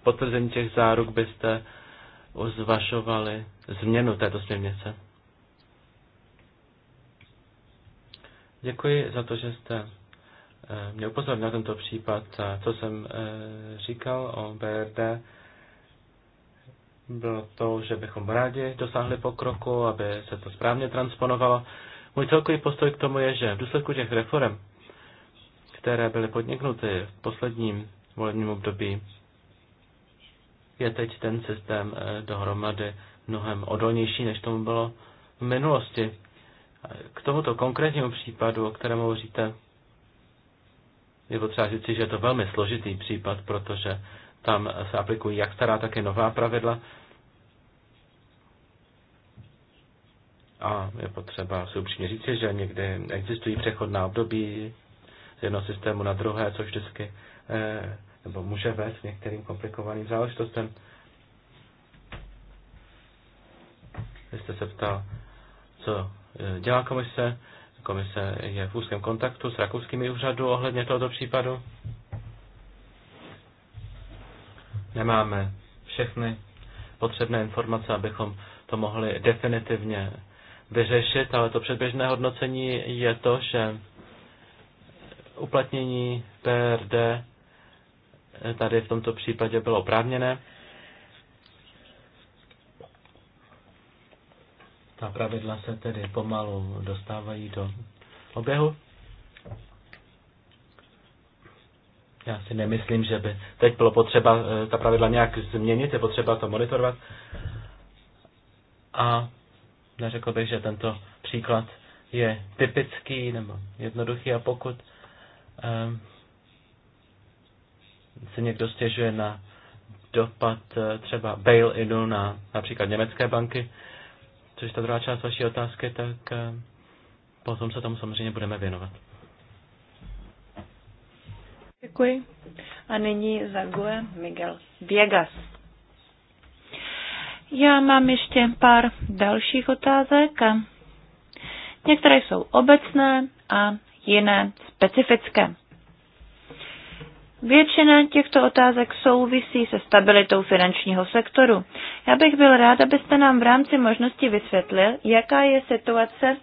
potvrzení těch záruk byste zvažovali změnu této směrnice. Děkuji za to, že jste eh, mě upozornil na tento případ, co jsem eh, říkal o BRD. Bylo to, že bychom rádi dosáhli pokroku, aby se to správně transponovalo můj celkový postoj k tomu je, že v důsledku těch reform, které byly podniknuty v posledním volebním období, je teď ten systém eh, dohromady mnohem odolnější, než tomu bylo v minulosti. K tomuto konkrétnímu případu, o kterém hovoříte, je potřeba říct, že je to velmi složitý případ, protože tam se aplikují jak stará, tak i nová pravidla A je potřeba si upřímně říci, že někdy existují přechodná období z jednoho systému na druhé, což vždycky eh, nebo může vést některým komplikovaným záležitostem. Vy jste se ptal, co eh, dělá komise. Komise je v úzkém kontaktu s rakouskými úřady ohledně tohoto případu. Nemáme všechny potřebné informace, abychom to mohli definitivně vyřešit, ale to předběžné hodnocení je to, že uplatnění PRD tady v tomto případě bylo oprávněné. Ta pravidla se tedy pomalu dostávají do oběhu. Já si nemyslím, že by teď bylo potřeba eh, ta pravidla nějak změnit, je potřeba to monitorovat. A Neřekl bych, že tento příklad je typický nebo jednoduchý a pokud um, se někdo stěžuje na dopad eh, třeba bail-inu na například německé banky, což ta druhá část vaší otázky, tak um, potom se tomu samozřejmě budeme věnovat. Děkuji. A nyní zaguje Miguel Viegas. Já mám ještě pár dalších otázek. Některé jsou obecné a jiné specifické. Většina těchto otázek souvisí se stabilitou finančního sektoru. Já bych byl rád, abyste nám v rámci možnosti vysvětlil, jaká je situace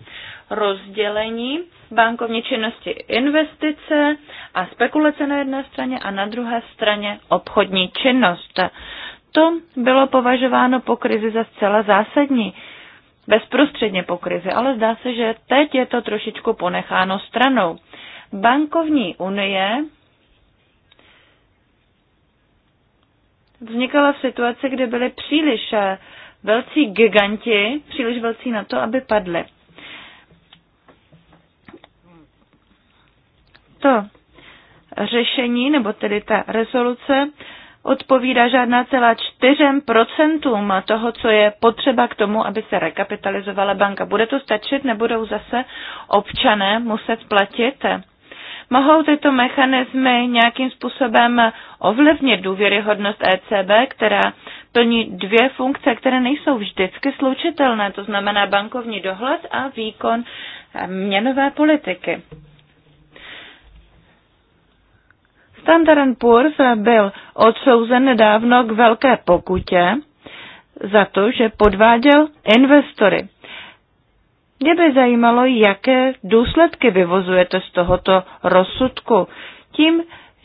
rozdělení bankovní činnosti investice a spekulace na jedné straně a na druhé straně obchodní činnost. To bylo považováno po krizi za zcela zásadní, bezprostředně po krizi, ale zdá se, že teď je to trošičku ponecháno stranou. Bankovní unie vznikala v situaci, kdy byly příliš eh, velcí giganti, příliš velcí na to, aby padly. To řešení, nebo tedy ta rezoluce, odpovídá žádná celá 4% toho, co je potřeba k tomu, aby se rekapitalizovala banka. Bude to stačit, nebudou zase občané muset platit? Mohou tyto mechanismy nějakým způsobem ovlivnit důvěryhodnost ECB, která plní dvě funkce, které nejsou vždycky slučitelné, to znamená bankovní dohled a výkon měnové politiky. Standard Poor's byl odsouzen nedávno k velké pokutě za to, že podváděl investory. Mě by zajímalo, jaké důsledky vyvozujete z tohoto rozsudku tím,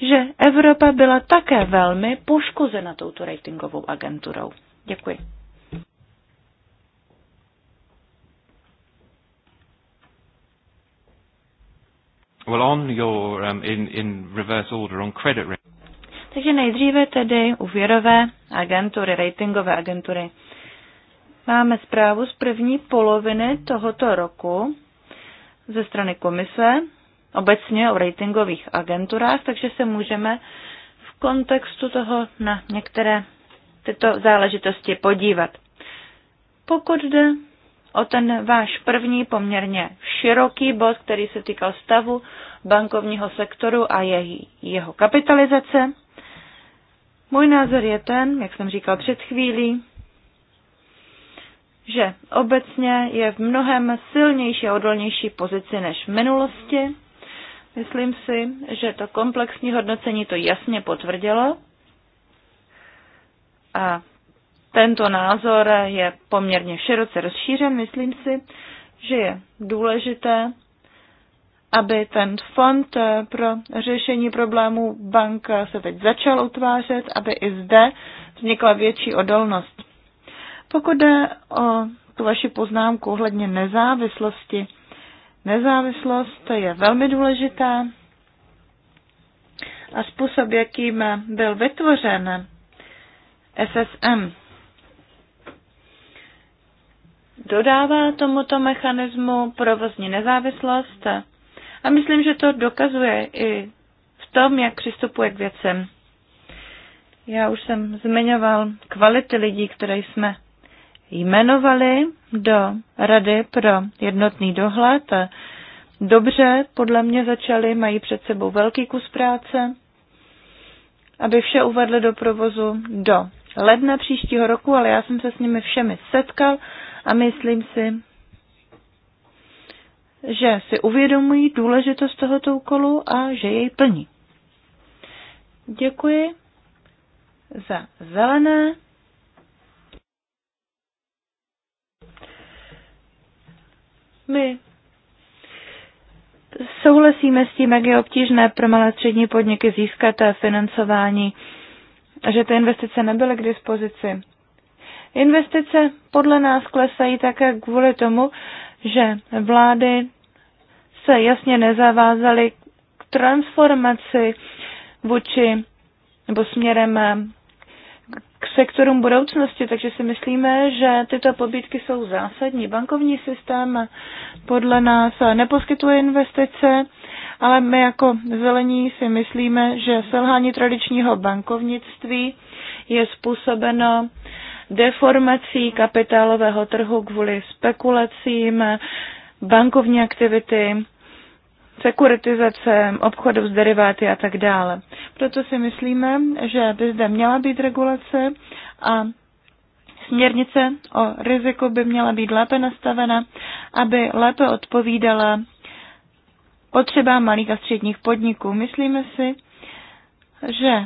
že Evropa byla také velmi poškozena touto ratingovou agenturou. Děkuji. Well, on your, um, in, in reverse order, on credit rating. Takže nejdříve tedy věrové agentury, ratingové agentury. Máme zprávu z první poloviny tohoto roku ze strany komise, obecně o ratingových agenturách, takže se můžeme v kontextu toho na některé tyto záležitosti podívat. Pokud jde o ten váš první poměrně široký bod, který se týkal stavu bankovního sektoru a je, jeho kapitalizace. Můj názor je ten, jak jsem říkal před chvílí, že obecně je v mnohem silnější a odolnější pozici než v minulosti. Myslím si, že to komplexní hodnocení to jasně potvrdilo. A tento názor je poměrně široce rozšířen. Myslím si, že je důležité, aby ten fond pro řešení problémů bank se teď začal utvářet, aby i zde vznikla větší odolnost. Pokud jde o tu vaši poznámku ohledně nezávislosti, nezávislost je velmi důležitá a způsob, jakým byl vytvořen SSM, dodává tomuto mechanismu provozní nezávislost a myslím, že to dokazuje i v tom, jak přistupuje k věcem. Já už jsem zmiňoval kvality lidí, které jsme jmenovali do Rady pro jednotný dohled. Dobře, podle mě začali, mají před sebou velký kus práce, aby vše uvedli do provozu do ledna příštího roku, ale já jsem se s nimi všemi setkal a myslím si, že si uvědomují důležitost tohoto úkolu a že jej plní. Děkuji za zelené. My souhlasíme s tím, jak je obtížné pro malé střední podniky získat financování, že ty investice nebyly k dispozici Investice podle nás klesají také kvůli tomu, že vlády se jasně nezavázaly k transformaci vůči nebo směrem eh, k sektorům budoucnosti, takže si myslíme, že tyto pobídky jsou zásadní. Bankovní systém podle nás neposkytuje investice, ale my jako zelení si myslíme, že selhání tradičního bankovnictví je způsobeno deformací kapitálového trhu kvůli spekulacím, bankovní aktivity, sekuritizace, obchodu s deriváty a tak dále. Proto si myslíme, že by zde měla být regulace a směrnice o riziku by měla být lépe nastavena, aby lépe odpovídala potřebám malých a středních podniků. Myslíme si, že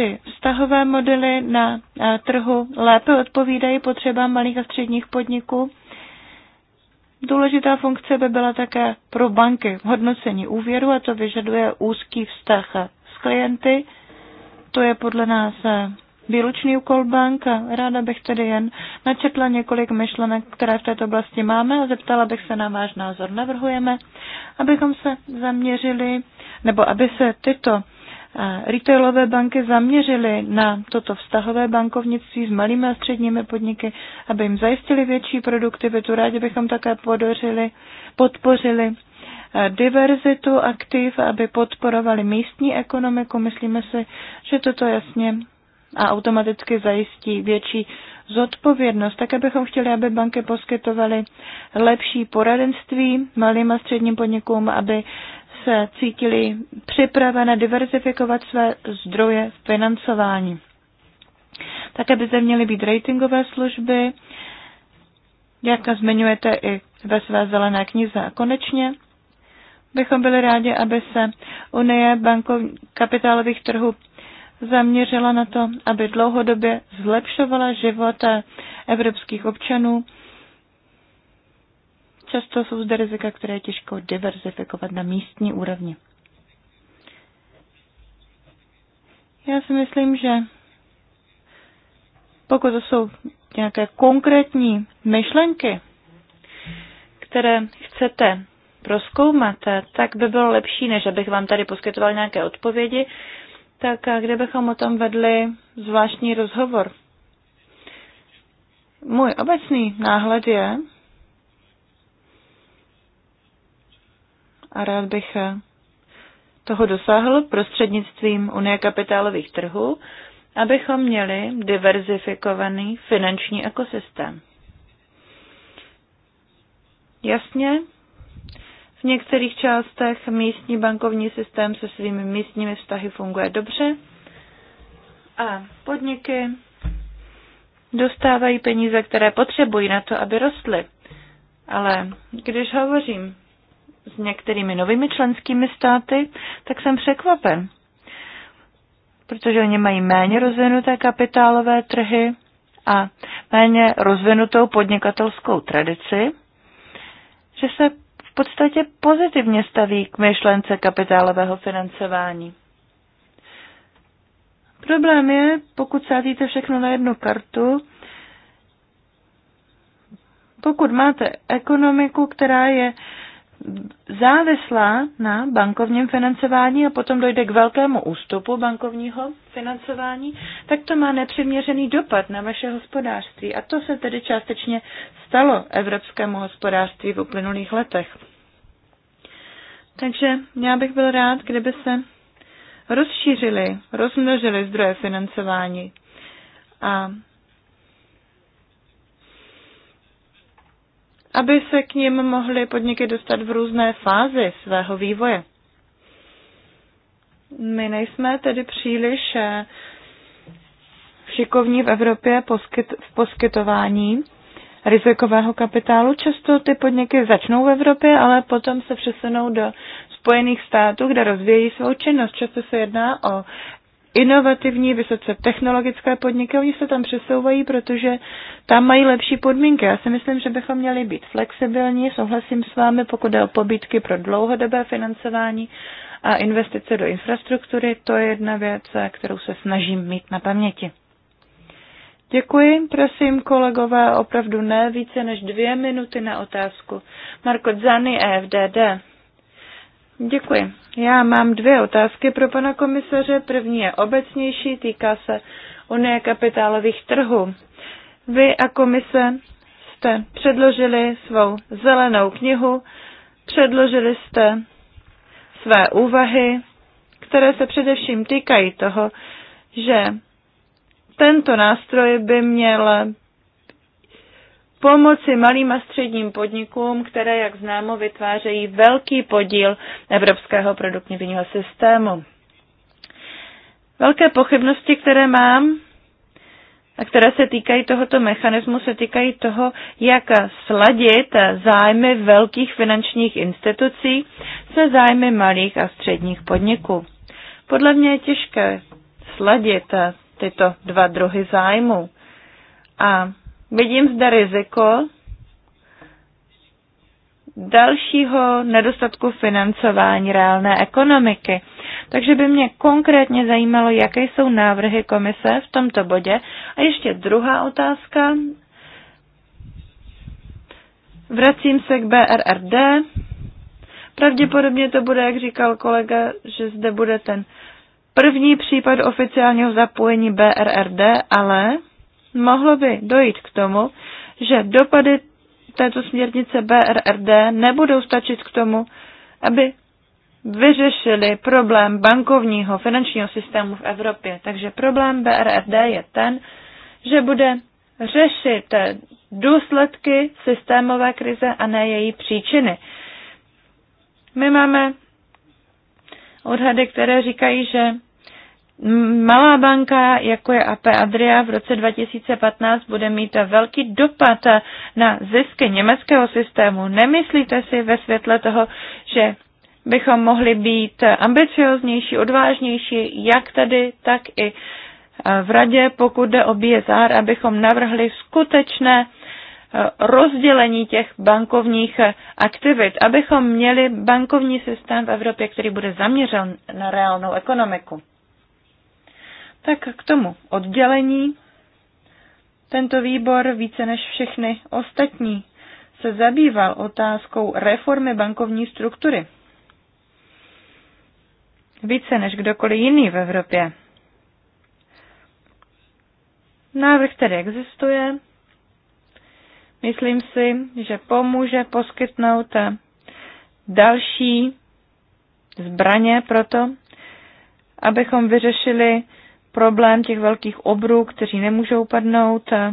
ty vztahové modely na eh, trhu lépe odpovídají potřebám malých a středních podniků. Důležitá funkce by byla také pro banky hodnocení úvěru a to vyžaduje úzký vztah s klienty. To je podle nás eh, výlučný úkol banka. Ráda bych tedy jen načetla několik myšlenek, které v této oblasti máme a zeptala bych se na váš názor. Navrhujeme, abychom se zaměřili, nebo aby se tyto retailové banky zaměřily na toto vztahové bankovnictví s malými a středními podniky, aby jim zajistili větší produktivitu. Rádi bychom také podořili, podpořili eh, diverzitu aktiv, aby podporovali místní ekonomiku. Myslíme si, že toto jasně a automaticky zajistí větší zodpovědnost. Také bychom chtěli, aby banky poskytovaly lepší poradenství malým a středním podnikům, aby se cítili připravené diversifikovat své zdroje financování. Také by zde měly být ratingové služby, jak zmiňujete i ve své zelené knize. A konečně bychom byli rádi, aby se Unie bankov, kapitálových trhů zaměřila na to, aby dlouhodobě zlepšovala život eh, evropských občanů Často jsou zde rizika, které je těžko diverzifikovat na místní úrovni. Já si myslím, že pokud to jsou nějaké konkrétní myšlenky, které chcete proskoumat, tak by bylo lepší, než abych vám tady poskytoval nějaké odpovědi, tak kdybychom o tom vedli zvláštní rozhovor. Můj obecný náhled je, a rád bych eh, toho dosáhl prostřednictvím Unie kapitálových trhů, abychom měli diverzifikovaný finanční ekosystém. Jasně, v některých částech místní bankovní systém se svými místními vztahy funguje dobře a podniky dostávají peníze, které potřebují na to, aby rostly. Ale když hovořím s některými novými členskými státy, tak jsem překvapen, protože oni mají méně rozvinuté kapitálové trhy a méně rozvinutou podnikatelskou tradici, že se v podstatě pozitivně staví k myšlence kapitálového financování. Problém je, pokud sázíte všechno na jednu kartu, pokud máte ekonomiku, která je závislá na bankovním financování a potom dojde k velkému ústupu bankovního financování, tak to má nepřiměřený dopad na vaše hospodářství. A to se tedy částečně stalo evropskému hospodářství v uplynulých letech. Takže já bych byl rád, kdyby se rozšířily, rozmnožily zdroje financování a aby se k ním mohly podniky dostat v různé fázi svého vývoje. My nejsme tedy příliš eh, šikovní v Evropě poskyt, v poskytování rizikového kapitálu. Často ty podniky začnou v Evropě, ale potom se přesunou do Spojených států, kde rozvíjí svou činnost. Často se jedná o inovativní, vysoce technologické podniky, oni se tam přesouvají, protože tam mají lepší podmínky. Já si myslím, že bychom měli být flexibilní, souhlasím s vámi, pokud jde o pobídky pro dlouhodobé financování a investice do infrastruktury, to je jedna věc, kterou se snažím mít na paměti. Děkuji, prosím kolegové, opravdu ne více než dvě minuty na otázku. Marko Zany, EFDD. Děkuji. Já mám dvě otázky pro pana komisaře. První je obecnější, týká se Unie kapitálových trhů. Vy a komise jste předložili svou zelenou knihu, předložili jste své úvahy, které se především týkají toho, že tento nástroj by měl pomoci malým a středním podnikům, které, jak známo, vytvářejí velký podíl evropského produktivního systému. Velké pochybnosti, které mám a které se týkají tohoto mechanismu, se týkají toho, jak sladit zájmy velkých finančních institucí se zájmy malých a středních podniků. Podle mě je těžké sladit tyto dva druhy zájmu. A Vidím zde riziko dalšího nedostatku financování reálné ekonomiky. Takže by mě konkrétně zajímalo, jaké jsou návrhy komise v tomto bodě. A ještě druhá otázka. Vracím se k BRRD. Pravděpodobně to bude, jak říkal kolega, že zde bude ten první případ oficiálního zapojení BRRD, ale mohlo by dojít k tomu, že dopady této směrnice BRRD nebudou stačit k tomu, aby vyřešili problém bankovního finančního systému v Evropě. Takže problém BRRD je ten, že bude řešit důsledky systémové krize a ne její příčiny. My máme odhady, které říkají, že Malá banka, jako je AP Adria, v roce 2015 bude mít velký dopad na zisky německého systému. Nemyslíte si ve světle toho, že bychom mohli být ambicioznější, odvážnější, jak tady, tak i eh, v radě, pokud jde o BSR, abychom navrhli skutečné eh, rozdělení těch bankovních eh, aktivit, abychom měli bankovní systém v Evropě, který bude zaměřen na reálnou ekonomiku. Tak k tomu oddělení. Tento výbor více než všechny ostatní se zabýval otázkou reformy bankovní struktury. Více než kdokoliv jiný v Evropě. Návrh tedy existuje. Myslím si, že pomůže poskytnout další zbraně pro to, abychom vyřešili problém těch velkých obrů, kteří nemůžou padnout, eh,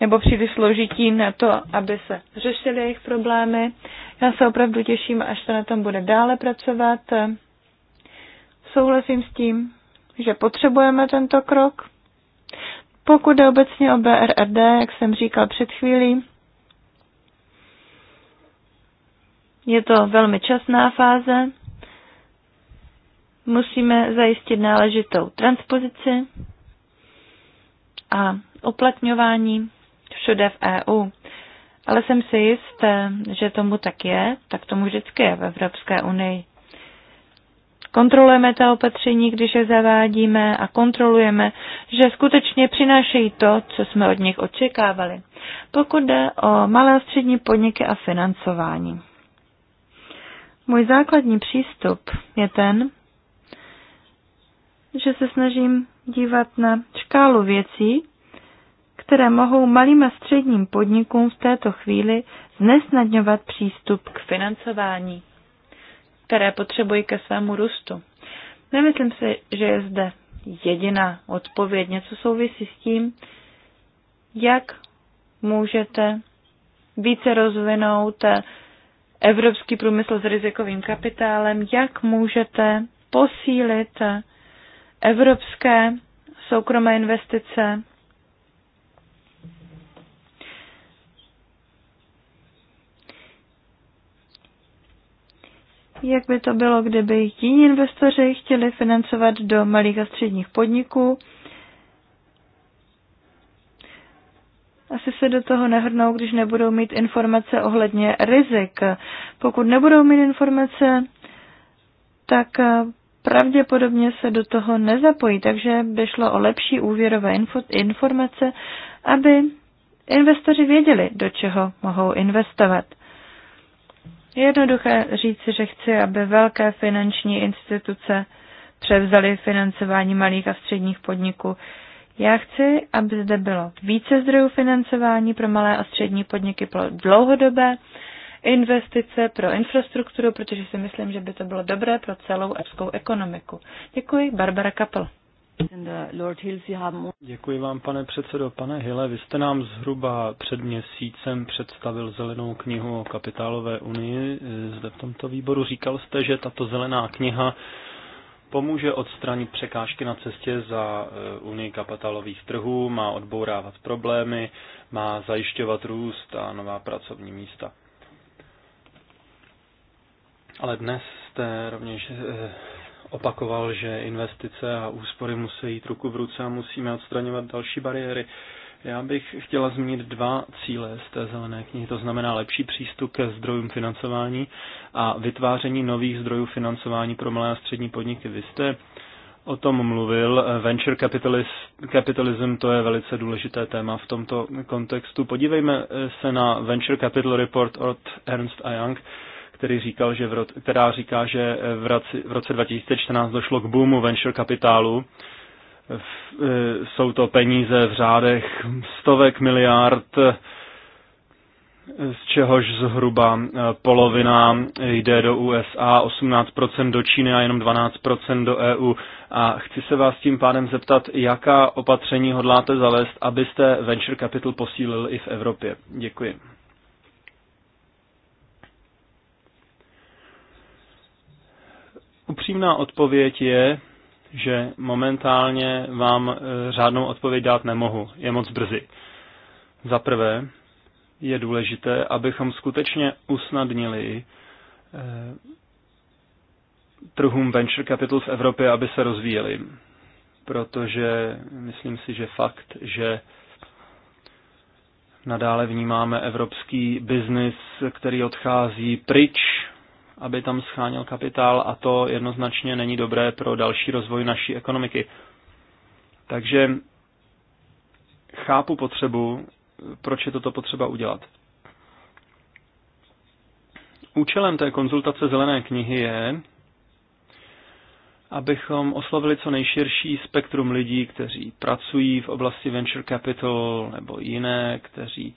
nebo příliš složití na to, aby se řešily jejich problémy. Já se opravdu těším, až se na tom bude dále pracovat. Souhlasím s tím, že potřebujeme tento krok. Pokud jde obecně o BRRD, jak jsem říkal před chvílí, je to velmi časná fáze musíme zajistit náležitou transpozici a uplatňování všude v EU. Ale jsem si jist, že tomu tak je, tak tomu vždycky je v Evropské unii. Kontrolujeme ta opatření, když je zavádíme a kontrolujeme, že skutečně přinášejí to, co jsme od nich očekávali. Pokud jde o malé a střední podniky a financování. Můj základní přístup je ten, že se snažím dívat na škálu věcí, které mohou malým a středním podnikům v této chvíli znesnadňovat přístup k financování, které potřebují ke svému růstu. Nemyslím si, že je zde jediná odpověď. Něco souvisí s tím, jak můžete více rozvinout evropský průmysl s rizikovým kapitálem, jak můžete posílit evropské soukromé investice. Jak by to bylo, kdyby jiní investoři chtěli financovat do malých a středních podniků? asi se do toho nehrnou, když nebudou mít informace ohledně rizik. Pokud nebudou mít informace, tak pravděpodobně se do toho nezapojí, takže by šlo o lepší úvěrové informace, aby investoři věděli, do čeho mohou investovat. Jednoduché říci, že chci, aby velké finanční instituce převzaly financování malých a středních podniků. Já chci, aby zde bylo více zdrojů financování pro malé a střední podniky pro dlouhodobé investice pro infrastrukturu, protože si myslím, že by to bylo dobré pro celou evropskou ekonomiku. Děkuji, Barbara Kapel. Uh, Děkuji vám, pane předsedo. Pane Hille, vy jste nám zhruba před měsícem představil zelenou knihu o kapitálové unii. Eh, zde v tomto výboru říkal jste, že tato zelená kniha pomůže odstranit překážky na cestě za eh, unii kapitálových trhů, má odbourávat problémy, má zajišťovat růst a nová pracovní místa. Ale dnes jste rovněž eh, opakoval, že investice a úspory musí jít ruku v ruce a musíme odstraňovat další bariéry. Já bych chtěla zmínit dva cíle z té zelené knihy, to znamená lepší přístup ke zdrojům financování a vytváření nových zdrojů financování pro malé a střední podniky. Vy jste o tom mluvil. Venture capitalism to je velice důležité téma v tomto kontextu. Podívejme se na Venture Capital Report od Ernst Young, který říkal, že v ro- která říká, že v roce, v roce 2014 došlo k boomu venture kapitálu. E, jsou to peníze v řádech stovek miliard, e, z čehož zhruba e, polovina jde do USA, 18% do Číny a jenom 12% do EU. A chci se vás tím pádem zeptat, jaká opatření hodláte zavést, abyste venture capital posílil i v Evropě. Děkuji. Upřímná odpověď je, že momentálně vám eh, řádnou odpověď dát nemohu. Je moc brzy. Za prvé je důležité, abychom skutečně usnadnili eh, trhům venture capital v Evropě, aby se rozvíjeli. Protože myslím si, že fakt, že nadále vnímáme evropský biznis, který odchází pryč aby tam scháněl kapitál a to jednoznačně není dobré pro další rozvoj naší ekonomiky. Takže chápu potřebu, proč je toto potřeba udělat. Účelem té konzultace zelené knihy je, abychom oslovili co nejširší spektrum lidí, kteří pracují v oblasti venture capital nebo jiné, kteří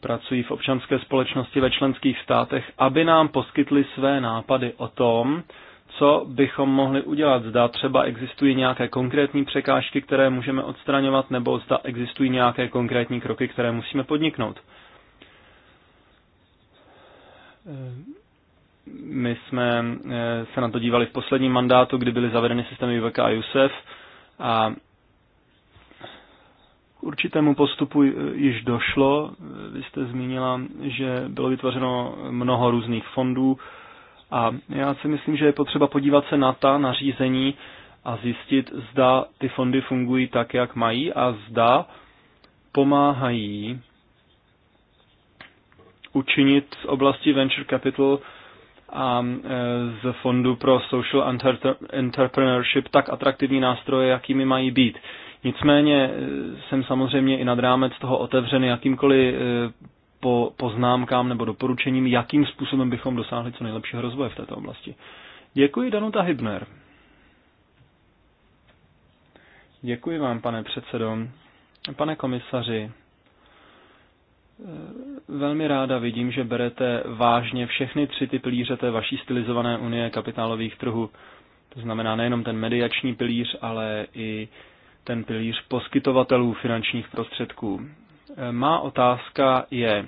pracují v občanské společnosti ve členských státech, aby nám poskytli své nápady o tom, co bychom mohli udělat. Zda třeba existují nějaké konkrétní překážky, které můžeme odstraňovat, nebo zda existují nějaké konkrétní kroky, které musíme podniknout. My jsme eh, se na to dívali v posledním mandátu, kdy byly zavedeny systémy VK a Jusef a k určitému postupu eh, již došlo. Eh, vy jste zmínila, že bylo vytvořeno mnoho různých fondů a já si myslím, že je potřeba podívat se na ta nařízení a zjistit, zda ty fondy fungují tak, jak mají a zda pomáhají učinit z oblasti venture capital a eh, z fondu pro social entrepreneurship tak atraktivní nástroje, jakými mají být. Nicméně eh, jsem samozřejmě i nad rámec toho otevřen jakýmkoliv eh, po poznámkám nebo doporučením, jakým způsobem bychom dosáhli co nejlepšího rozvoje v této oblasti. Děkuji, Danuta Hybner. Děkuji vám, pane předsedo. Pane komisaři, eh, velmi ráda vidím, že berete vážně všechny tři ty pilíře té vaší stylizované unie kapitálových trhů. To znamená nejenom ten mediační pilíř, ale i ten pilíř poskytovatelů finančních prostředků. E, má otázka je,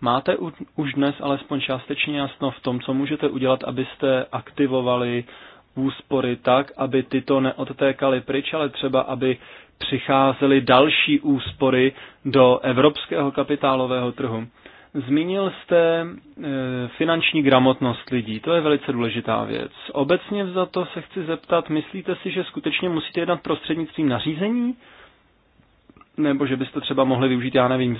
máte už dnes alespoň částečně jasno v tom, co můžete udělat, abyste aktivovali úspory tak, aby tyto neodtékaly pryč, ale třeba aby přicházely další úspory do evropského kapitálového trhu. Zmínil jste e, finanční gramotnost lidí, to je velice důležitá věc. Obecně za to se chci zeptat, myslíte si, že skutečně musíte jednat prostřednictvím nařízení? Nebo že byste třeba mohli využít, já nevím,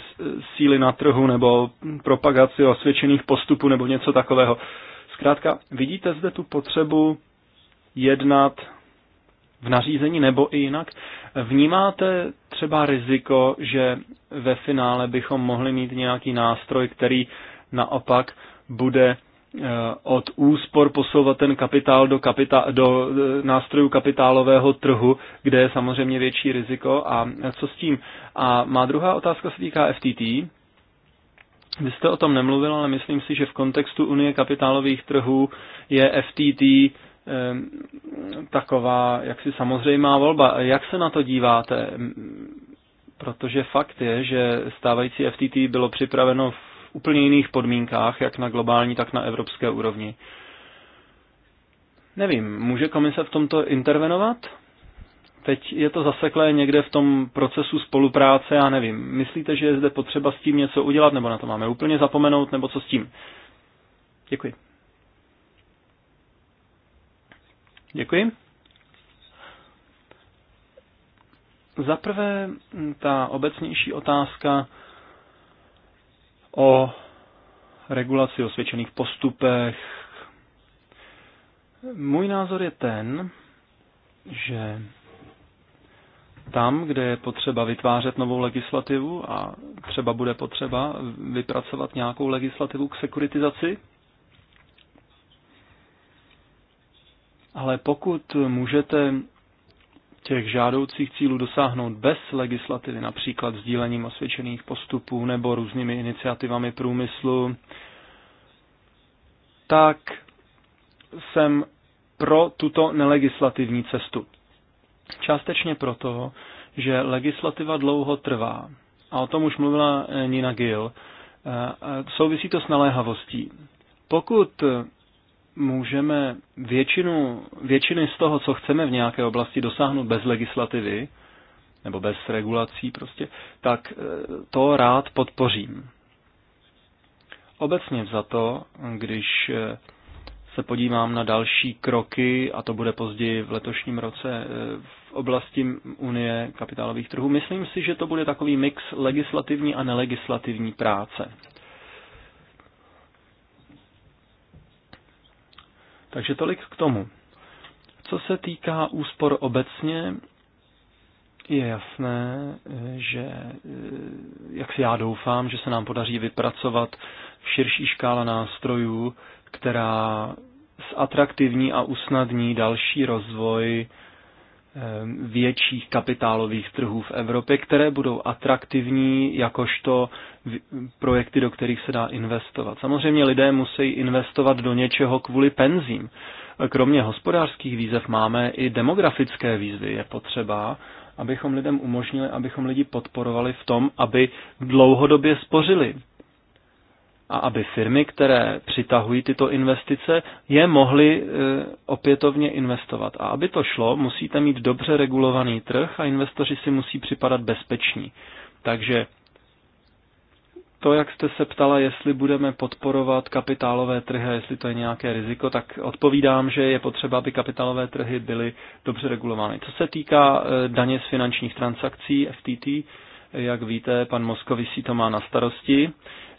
síly na trhu nebo propagaci osvědčených postupů nebo něco takového. Zkrátka, vidíte zde tu potřebu jednat v nařízení nebo i jinak. Vnímáte třeba riziko, že ve finále bychom mohli mít nějaký nástroj, který naopak bude eh, od úspor posouvat ten kapitál do, kapita- do eh, nástrojů kapitálového trhu, kde je samozřejmě větší riziko. A co s tím? A má druhá otázka se týká FTT. Vy jste o tom nemluvil, ale myslím si, že v kontextu Unie kapitálových trhů je FTT Ehm, taková jaksi samozřejmá volba. Jak se na to díváte? Protože fakt je, že stávající FTT bylo připraveno v úplně jiných podmínkách, jak na globální, tak na evropské úrovni. Nevím, může komise v tomto intervenovat? Teď je to zaseklé někde v tom procesu spolupráce, já nevím. Myslíte, že je zde potřeba s tím něco udělat, nebo na to máme úplně zapomenout, nebo co s tím? Děkuji. Děkuji. Zaprvé ta obecnější otázka o regulaci osvědčených postupech. Můj názor je ten, že tam, kde je potřeba vytvářet novou legislativu a třeba bude potřeba vypracovat nějakou legislativu k sekuritizaci, Ale pokud můžete těch žádoucích cílů dosáhnout bez legislativy, například sdílením osvědčených postupů nebo různými iniciativami průmyslu, tak jsem pro tuto nelegislativní cestu. Částečně proto, že legislativa dlouho trvá. A o tom už mluvila eh, Nina Gill. Eh, eh, souvisí to s naléhavostí. Pokud můžeme většinu, většiny z toho, co chceme v nějaké oblasti dosáhnout bez legislativy, nebo bez regulací prostě, tak eh, to rád podpořím. Obecně za to, když eh, se podívám na další kroky, a to bude později v letošním roce eh, v oblasti Unie kapitálových trhů, myslím si, že to bude takový mix legislativní a nelegislativní práce. Takže tolik k tomu. Co se týká úspor obecně, je jasné, že, eh, jak si já doufám, že se nám podaří vypracovat širší škála nástrojů, která zatraktivní a usnadní další rozvoj Ehm, větších kapitálových trhů v Evropě, které budou atraktivní jakožto projekty, do kterých se dá investovat. Samozřejmě lidé musí investovat do něčeho kvůli penzím. Kromě hospodářských výzev máme i demografické výzvy. Je potřeba, abychom lidem umožnili, abychom lidi podporovali v tom, aby dlouhodobě spořili a aby firmy, které přitahují tyto investice, je mohly e, opětovně investovat. A aby to šlo, musíte mít dobře regulovaný trh a investoři si musí připadat bezpeční. Takže to, jak jste se ptala, jestli budeme podporovat kapitálové trhy jestli to je nějaké riziko, tak odpovídám, že je potřeba, aby kapitálové trhy byly dobře regulovány. Co se týká e, daně z finančních transakcí, FTT, jak víte, pan Moskovici to má na starosti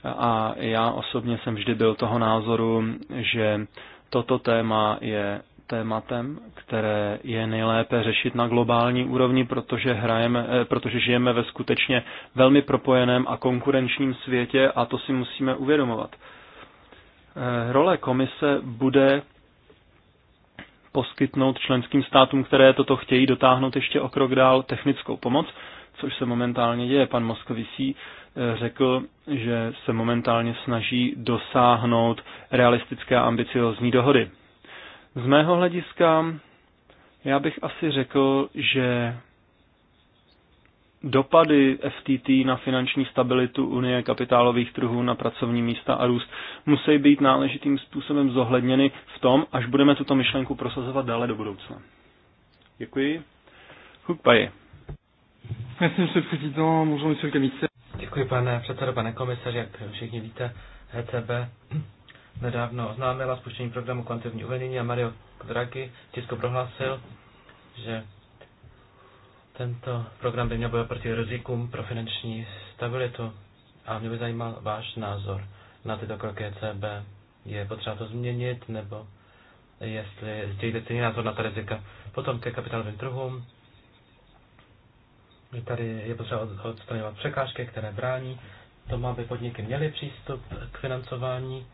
a já osobně jsem vždy byl toho názoru, že toto téma je tématem, které je nejlépe řešit na globální úrovni, protože, hrajeme, eh, protože žijeme ve skutečně velmi propojeném a konkurenčním světě a to si musíme uvědomovat. Eh, role komise bude poskytnout členským státům, které toto chtějí dotáhnout ještě o krok dál technickou pomoc, což se momentálně děje. Pan Moskovisí řekl, že se momentálně snaží dosáhnout realistické a ambiciozní dohody. Z mého hlediska já bych asi řekl, že dopady FTT na finanční stabilitu Unie kapitálových trhů, na pracovní místa a růst musí být náležitým způsobem zohledněny v tom, až budeme tuto myšlenku prosazovat dále do budoucna. Děkuji. Hukpaji. Merci, monsieur le président. Bonjour, monsieur le commissaire. Děkuji, pane předsedo, pane komisaři. Jak všichni víte, ECB nedávno oznámila spuštění programu kvantivní uvolnění a Mario Draghi tisko prohlásil, že tento program by měl bojovat proti rizikům pro finanční stabilitu a mě by zajímal váš názor na tyto kroky ECB. Je potřeba to změnit nebo jestli sdělíte stejný názor na ta rizika. Potom ke kapitálovým trhům. Tady je potřeba odstraňovat překážky, které brání tomu, aby podniky měly přístup k financování,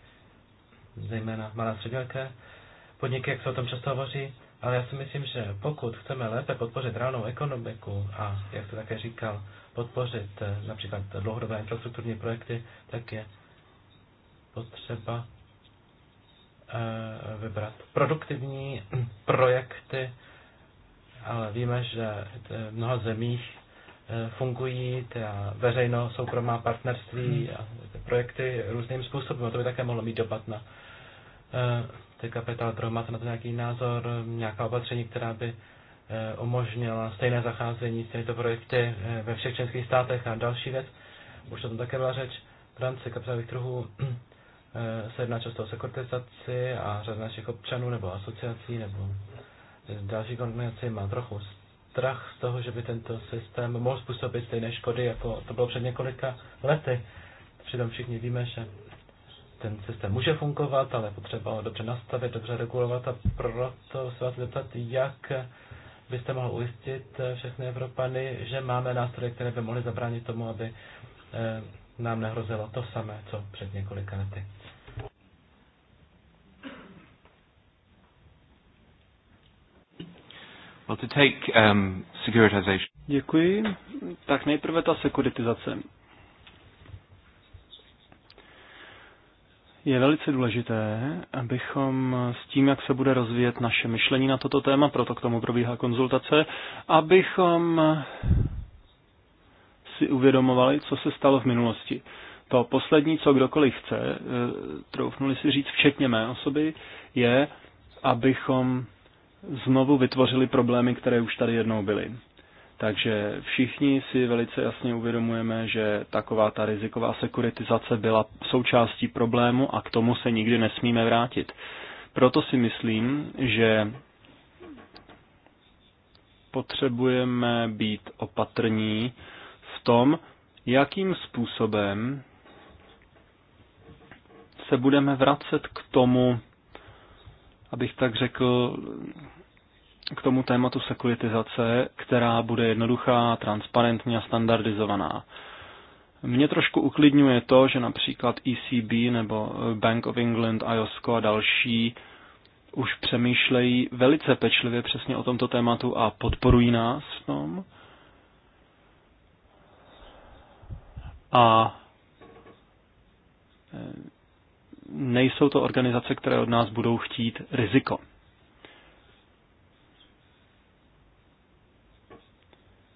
zejména malé střední podniky, jak se o tom často hovoří, ale já si myslím, že pokud chceme lépe podpořit reálnou ekonomiku a, jak jste také říkal, podpořit eh, například dlouhodobé infrastrukturní projekty, tak je potřeba eh, vybrat produktivní projekty, ale víme, že eh, v mnoha zemích Eh, fungují ta veřejno-soukromá partnerství a ty projekty různým způsobem. to by také mohlo mít dopad na eh, ty kapitál trhu. Máte na to nějaký názor, nějaká opatření, která by eh, umožnila stejné zacházení s těmito projekty ve všech členských státech a další věc. Už o tom také byla řeč. V rámci kapitálových trhů se jedná často o sekuritizaci a řada našich občanů nebo asociací nebo další organizací má trochu strach z toho, že by tento systém mohl způsobit stejné škody, jako to bylo před několika lety. Přitom všichni víme, že ten systém může fungovat, ale potřeba ho dobře nastavit, dobře regulovat a proto se vás zeptat, jak byste mohl ujistit všechny Evropany, že máme nástroje, které by mohly zabránit tomu, aby eh, nám nehrozilo to samé, co před několika lety. Um, Děkuji. Tak nejprve ta sekuritizace. Je velice důležité, abychom s tím, jak se bude rozvíjet naše myšlení na toto téma, proto k tomu probíhá konzultace, abychom si uvědomovali, co se stalo v minulosti. To poslední, co kdokoliv chce, eh, troufnuli si říct, včetně mé osoby, je, abychom znovu vytvořili problémy, které už tady jednou byly. Takže všichni si velice jasně uvědomujeme, že taková ta riziková sekuritizace byla součástí problému a k tomu se nikdy nesmíme vrátit. Proto si myslím, že potřebujeme být opatrní v tom, jakým způsobem se budeme vracet k tomu, abych tak řekl, k tomu tématu sekuritizace, která bude jednoduchá, transparentní a standardizovaná. Mě trošku uklidňuje to, že například ECB nebo Bank of England, IOSCO a další už přemýšlejí velice pečlivě přesně o tomto tématu a podporují nás v tom. A nejsou to organizace, které od nás budou chtít riziko.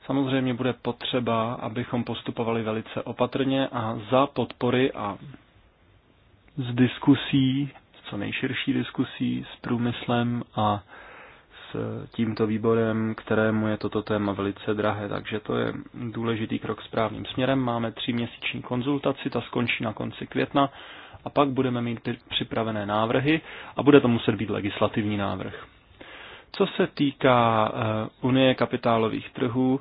Samozřejmě bude potřeba, abychom postupovali velice opatrně a za podpory a z diskusí, z co nejširší diskusí s průmyslem a s tímto výborem, kterému je toto téma velice drahé. Takže to je důležitý krok správným směrem. Máme tříměsíční konzultaci, ta skončí na konci května a pak budeme mít připravené návrhy a bude to muset být legislativní návrh. Co se týká eh, Unie kapitálových trhů,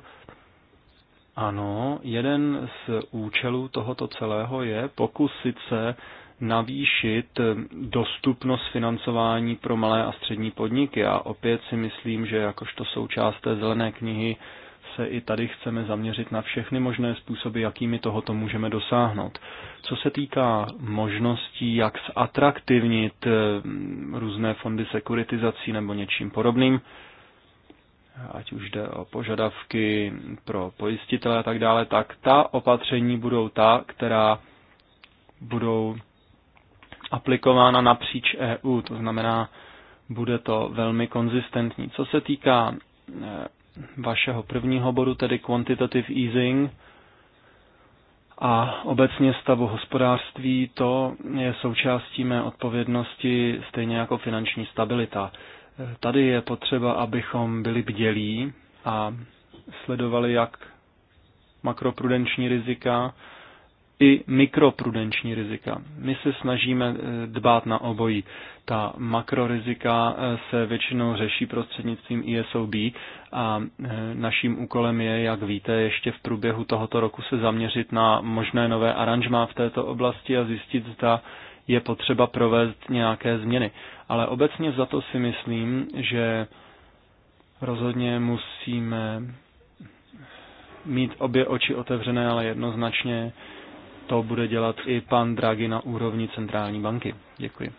ano, jeden z účelů tohoto celého je pokusit se navýšit eh, dostupnost financování pro malé a střední podniky. A opět si myslím, že jakožto součást té zelené knihy se i tady chceme zaměřit na všechny možné způsoby, jakými tohoto můžeme dosáhnout. Co se týká možností, jak zatraktivnit eh, různé fondy sekuritizací nebo něčím podobným, ať už jde o požadavky pro pojistitele a tak dále, tak ta opatření budou ta, která budou aplikována napříč EU, to znamená, bude to velmi konzistentní. Co se týká eh, vašeho prvního bodu, tedy quantitative easing a obecně stavu hospodářství, to je součástí mé odpovědnosti stejně jako finanční stabilita. Tady je potřeba, abychom byli bdělí a sledovali jak makroprudenční rizika, i mikroprudenční rizika. My se snažíme eh, dbát na obojí. Ta makrorizika eh, se většinou řeší prostřednictvím ESOB a eh, naším úkolem je, jak víte, ještě v průběhu tohoto roku se zaměřit na možné nové aranžmá v této oblasti a zjistit, zda je potřeba provést nějaké změny. Ale obecně za to si myslím, že rozhodně musíme mít obě oči otevřené, ale jednoznačně to bude dělat i pan Draghi na úrovni centrální banky. Děkuji.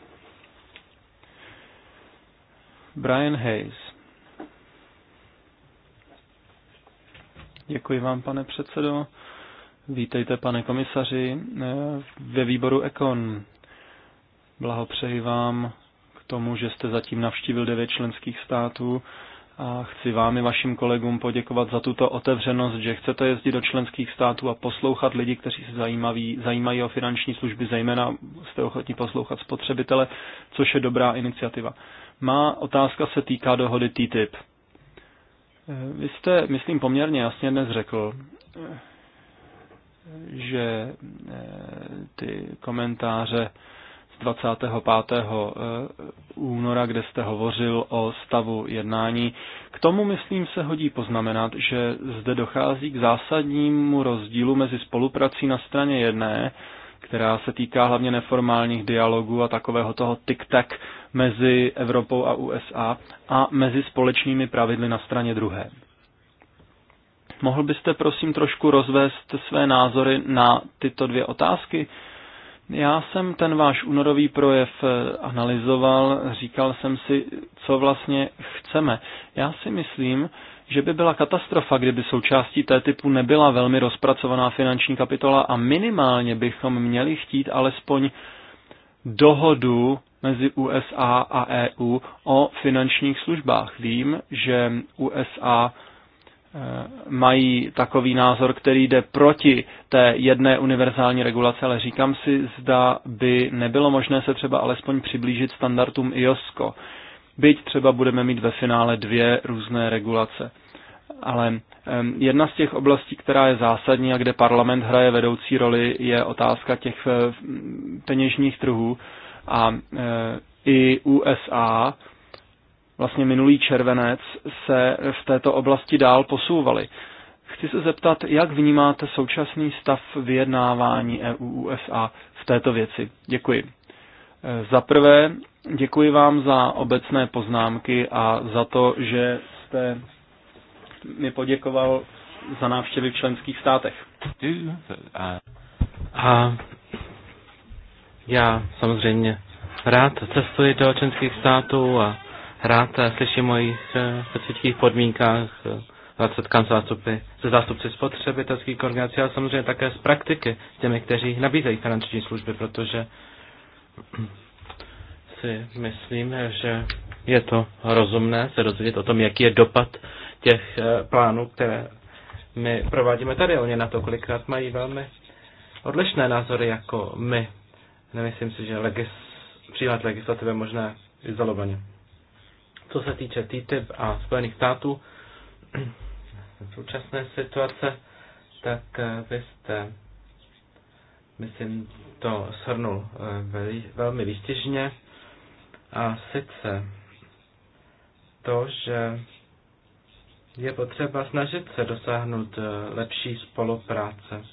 Brian Hayes. Děkuji vám, pane předsedo. Vítejte, pane komisaři, ve výboru Ekon. Blahopřeji vám k tomu, že jste zatím navštívil devět členských států a chci vám i vašim kolegům poděkovat za tuto otevřenost, že chcete jezdit do členských států a poslouchat lidi, kteří se zajímaví, zajímají o finanční služby, zejména jste ochotní poslouchat spotřebitele, což je dobrá iniciativa. Má otázka se týká dohody TTIP. Eh, vy jste, myslím, poměrně jasně dnes řekl, eh, že eh, ty komentáře 25. Eh, února, kde jste hovořil o stavu jednání. K tomu, myslím, se hodí poznamenat, že zde dochází k zásadnímu rozdílu mezi spoluprací na straně jedné, která se týká hlavně neformálních dialogů a takového toho tik-tak mezi Evropou a USA a mezi společnými pravidly na straně druhé. Mohl byste prosím trošku rozvést své názory na tyto dvě otázky? Já jsem ten váš únorový projev eh, analyzoval, říkal jsem si, co vlastně chceme. Já si myslím, že by byla katastrofa, kdyby součástí té typu nebyla velmi rozpracovaná finanční kapitola a minimálně bychom měli chtít alespoň dohodu mezi USA a EU o finančních službách. Vím, že USA Eh, mají takový názor, který jde proti té jedné univerzální regulace, ale říkám si, zda by nebylo možné se třeba alespoň přiblížit standardům IOSCO. Byť třeba budeme mít ve finále dvě různé regulace. Ale jedna z těch oblastí, která je zásadní a kde parlament hraje vedoucí roli, je otázka těch eh, peněžních trhů. A eh, i USA vlastně minulý červenec, se v této oblasti dál posouvaly. Chci se zeptat, jak vnímáte současný stav vyjednávání EU-USA v této věci? Děkuji. Za prvé, děkuji vám za obecné poznámky a za to, že jste mi poděkoval za návštěvy v členských státech. A já samozřejmě rád cestuji do členských států a rád eh, slyším o mojich eh, specifických podmínkách, rád eh, setkám zástupy, se zástupci spotřebitelských koordinací, ale samozřejmě také z praktiky s těmi, kteří nabízejí finanční služby, protože si myslím, že je to rozumné se dozvědět o tom, jaký je dopad těch plánů, které my provádíme tady. Oni na to kolikrát mají velmi odlišné názory jako my. Nemyslím si, že legis, přijímat legislativu je možné izolovaně. Co se týče TTIP a Spojených států, současné situace, tak eh, vy jste, myslím, to shrnul eh, velmi výstěžně. A sice to, že je potřeba snažit se dosáhnout eh, lepší spolupráce.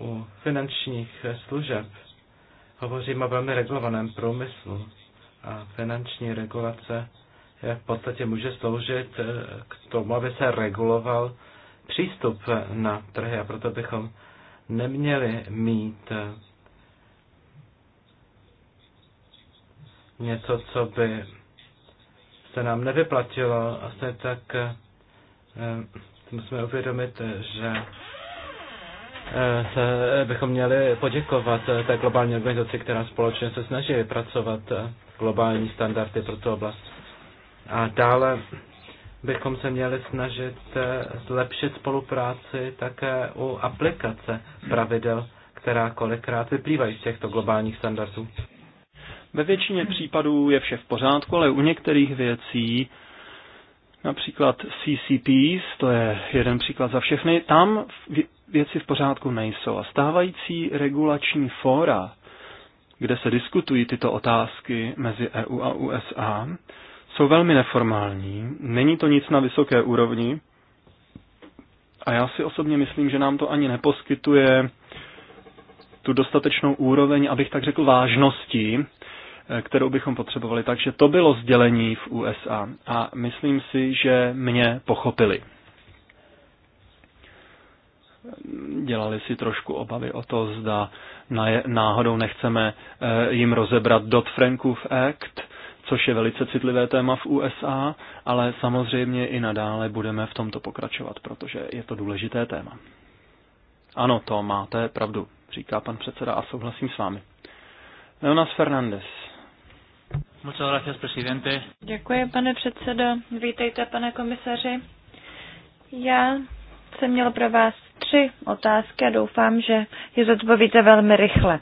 U finančních služeb hovořím o velmi regulovaném průmyslu a finanční regulace je v podstatě může sloužit eh, k tomu, aby se reguloval přístup eh, na trhy a proto bychom neměli mít eh, něco, co by se nám nevyplatilo. Asi tak musíme uvědomit, že bychom měli poděkovat té globální organizaci, která společně se snaží vypracovat globální standardy pro tu oblast. A dále bychom se měli snažit eh, zlepšit spolupráci také u aplikace pravidel, která kolikrát vyplývají z těchto globálních standardů. Ve většině případů je vše v pořádku, ale u některých věcí, například CCPs, to je jeden příklad za všechny, tam věci v pořádku nejsou. A stávající regulační fóra kde se diskutují tyto otázky mezi EU a USA, jsou velmi neformální, není to nic na vysoké úrovni a já si osobně myslím, že nám to ani neposkytuje tu dostatečnou úroveň, abych tak řekl, vážností, eh, kterou bychom potřebovali. Takže to bylo sdělení v USA a myslím si, že mě pochopili dělali si trošku obavy o to, zda náhodou nechceme eh, jim rozebrat Dodd-Frankův Act, což je velice citlivé téma v USA, ale samozřejmě i nadále budeme v tomto pokračovat, protože je to důležité téma. Ano, to máte pravdu, říká pan předseda a souhlasím s vámi. Leonas Fernandez. Děkuji, pane předsedo. Vítejte, pane komisaři. Já jsem měla pro vás tři otázky a doufám, že je zodpovíte velmi rychle.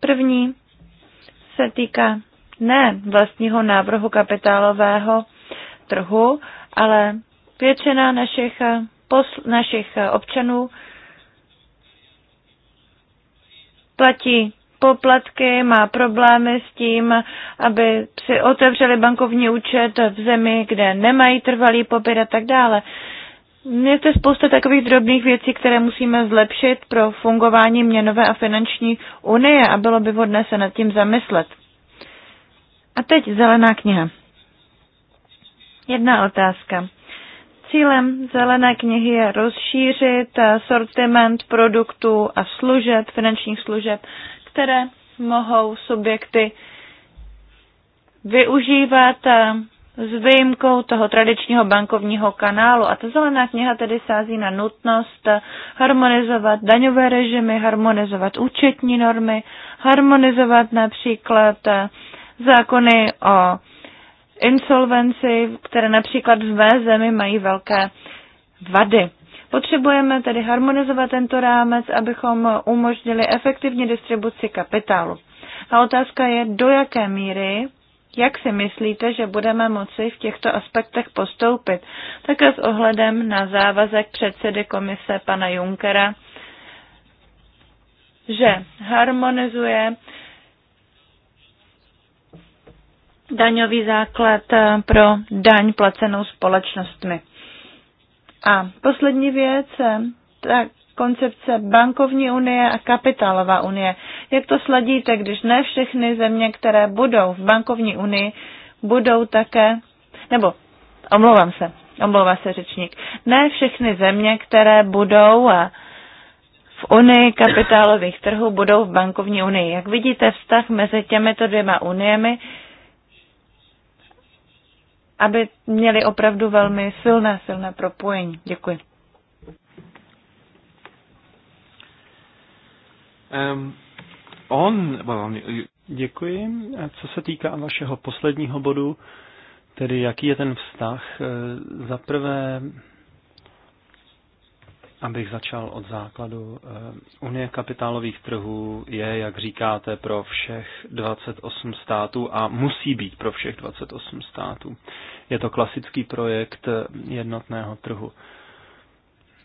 První se týká ne vlastního návrhu kapitálového trhu, ale většina našich, eh, posl- našich eh, občanů platí poplatky, má problémy s tím, aby si otevřeli bankovní účet v zemi, kde nemají trvalý pobyt a tak dále. Je to spousta takových drobných věcí, které musíme zlepšit pro fungování měnové a finanční unie a bylo by vhodné se nad tím zamyslet. A teď zelená kniha. Jedna otázka. Cílem zelené knihy je rozšířit sortiment produktů a služeb, finančních služeb, které mohou subjekty využívat s výjimkou toho tradičního bankovního kanálu. A ta zelená kniha tedy sází na nutnost harmonizovat daňové režimy, harmonizovat účetní normy, harmonizovat například zákony o insolvenci, které například v mé zemi mají velké vady. Potřebujeme tedy harmonizovat tento rámec, abychom umožnili efektivní distribuci kapitálu. A otázka je, do jaké míry jak si myslíte, že budeme moci v těchto aspektech postoupit, také s ohledem na závazek předsedy komise pana Junkera, že harmonizuje daňový základ eh, pro daň placenou společnostmi. A poslední věc, eh, tak koncepce bankovní unie a kapitálová unie. Jak to sladíte, když ne všechny země, které budou v bankovní unii, budou také, nebo omlouvám se, omlouvá se řečník, ne všechny země, které budou a eh, v unii kapitálových trhů budou v bankovní unii. Jak vidíte vztah mezi těmito dvěma uniemi, aby měli opravdu velmi silné, silné propojení. Děkuji. Um, on, well, on, you... Děkuji. A co se týká vašeho posledního bodu, tedy jaký je ten vztah? Eh, za prvé, abych začal od základu, eh, Unie kapitálových trhů je, jak říkáte, pro všech 28 států a musí být pro všech 28 států. Je to klasický projekt eh, jednotného trhu.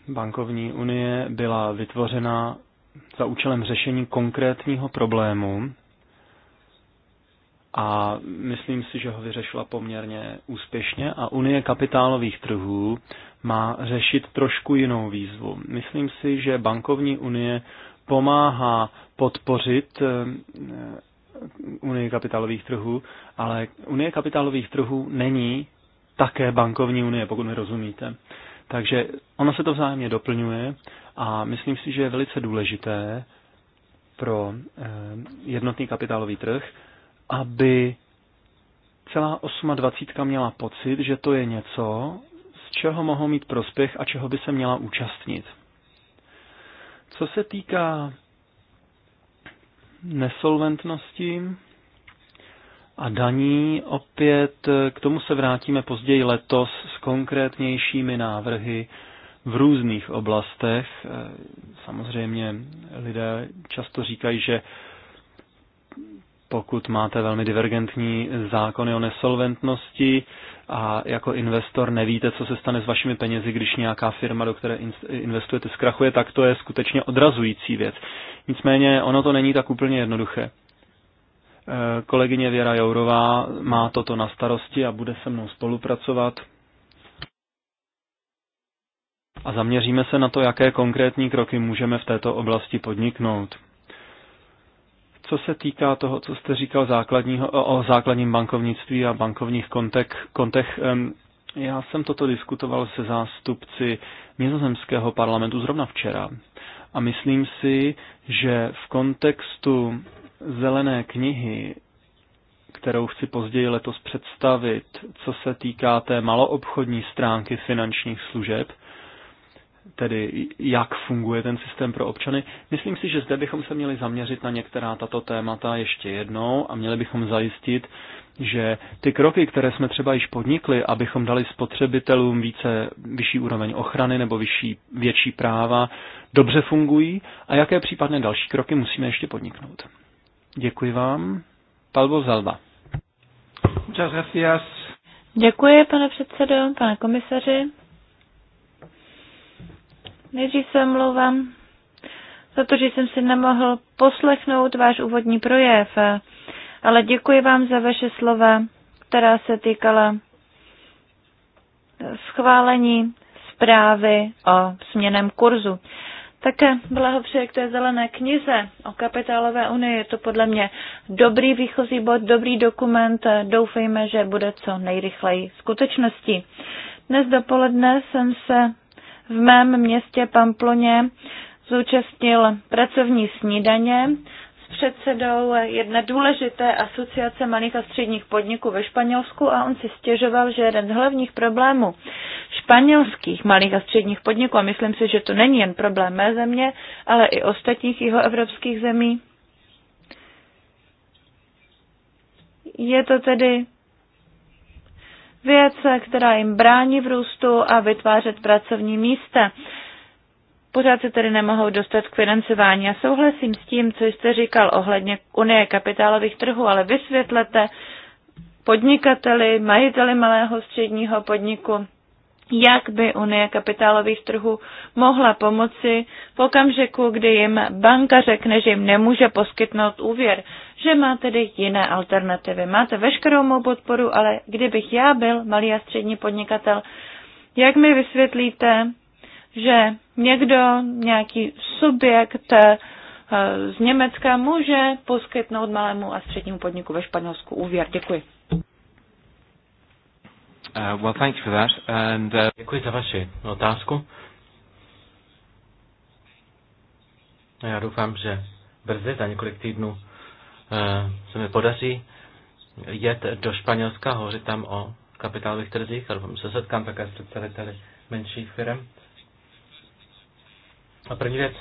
Bankovní unie byla vytvořena za účelem řešení konkrétního problému a myslím si, že ho vyřešila poměrně úspěšně a Unie kapitálových trhů má řešit trošku jinou výzvu. Myslím si, že bankovní unie pomáhá podpořit eh, eh, Unii kapitálových trhů, ale Unie kapitálových trhů není také bankovní unie, pokud mi rozumíte. Takže ono se to vzájemně doplňuje a myslím si, že je velice důležité pro eh, jednotný kapitálový trh, aby celá 28 měla pocit, že to je něco, z čeho mohou mít prospěch a čeho by se měla účastnit. Co se týká nesolventnosti a daní, opět eh, k tomu se vrátíme později letos s konkrétnějšími návrhy v různých oblastech. Eh, samozřejmě lidé často říkají, že pokud máte velmi divergentní zákony o nesolventnosti a jako investor nevíte, co se stane s vašimi penězi, když nějaká firma, do které investujete, zkrachuje, tak to je skutečně odrazující věc. Nicméně ono to není tak úplně jednoduché. Eh, kolegyně Věra Jourová má toto na starosti a bude se mnou spolupracovat a zaměříme se na to, jaké konkrétní kroky můžeme v této oblasti podniknout. Co se týká toho, co jste říkal základního, o základním bankovnictví a bankovních kontech, kontech já jsem toto diskutoval se zástupci nizozemského parlamentu zrovna včera. A myslím si, že v kontextu zelené knihy, kterou chci později letos představit, co se týká té maloobchodní stránky finančních služeb, tedy jak funguje ten systém pro občany. Myslím si, že zde bychom se měli zaměřit na některá tato témata ještě jednou a měli bychom zajistit, že ty kroky, které jsme třeba již podnikli, abychom dali spotřebitelům více vyšší úroveň ochrany nebo vyšší, větší práva, dobře fungují a jaké případné další kroky musíme ještě podniknout. Děkuji vám. Palvo Zalba. Děkuji, pane předsedo, pane komisaři. Nejdřív se omlouvám za to, že jsem si nemohl poslechnout váš úvodní projev, ale děkuji vám za vaše slova, která se týkala schválení zprávy o směném kurzu. Také blahopřeje k té zelené knize o kapitálové unii. Je to podle mě dobrý výchozí bod, dobrý dokument. Doufejme, že bude co nejrychleji skutečností. Dnes dopoledne jsem se v mém městě Pamploně zúčastnil pracovní snídaně s předsedou jedné důležité asociace malých a středních podniků ve Španělsku a on si stěžoval, že jeden z hlavních problémů španělských malých a středních podniků, a myslím si, že to není jen problém mé země, ale i ostatních jeho evropských zemí, je to tedy věc, která jim brání v růstu a vytvářet pracovní místa. Pořád se tedy nemohou dostat k financování. Já souhlasím s tím, co jste říkal ohledně Unie kapitálových trhů, ale vysvětlete podnikateli, majiteli malého středního podniku, jak by Unie kapitálových trhů mohla pomoci v okamžiku, kdy jim banka řekne, že jim nemůže poskytnout úvěr že má tedy jiné alternativy. Máte veškerou mou podporu, ale kdybych já byl malý a střední podnikatel, jak mi vysvětlíte, že někdo, nějaký subjekt eh, z Německa může poskytnout malému a střednímu podniku ve Španělsku úvěr? Děkuji. Uh, well, thanks for that. And, uh... Děkuji za vaši otázku. A já doufám, že brzy, za několik týdnů, Eh, se mi podaří jet do Španělska, hovořit tam o kapitálových trzích, ale se setkám také s představiteli menších firm. A první věc,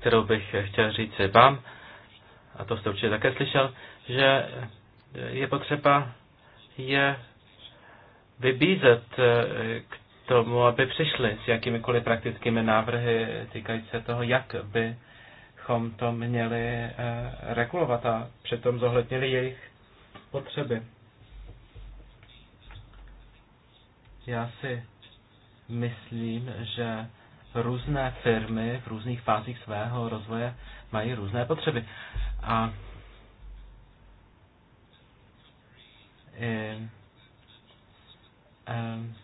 kterou bych chtěl říct vám, a to jste určitě také slyšel, že je potřeba je vybízet k tomu, aby přišli s jakýmikoliv praktickými návrhy týkající se toho, jak by bychom to měli eh, regulovat a přitom zohlednili jejich potřeby. Já si myslím, že různé firmy v různých fázích svého rozvoje mají různé potřeby. A i, um,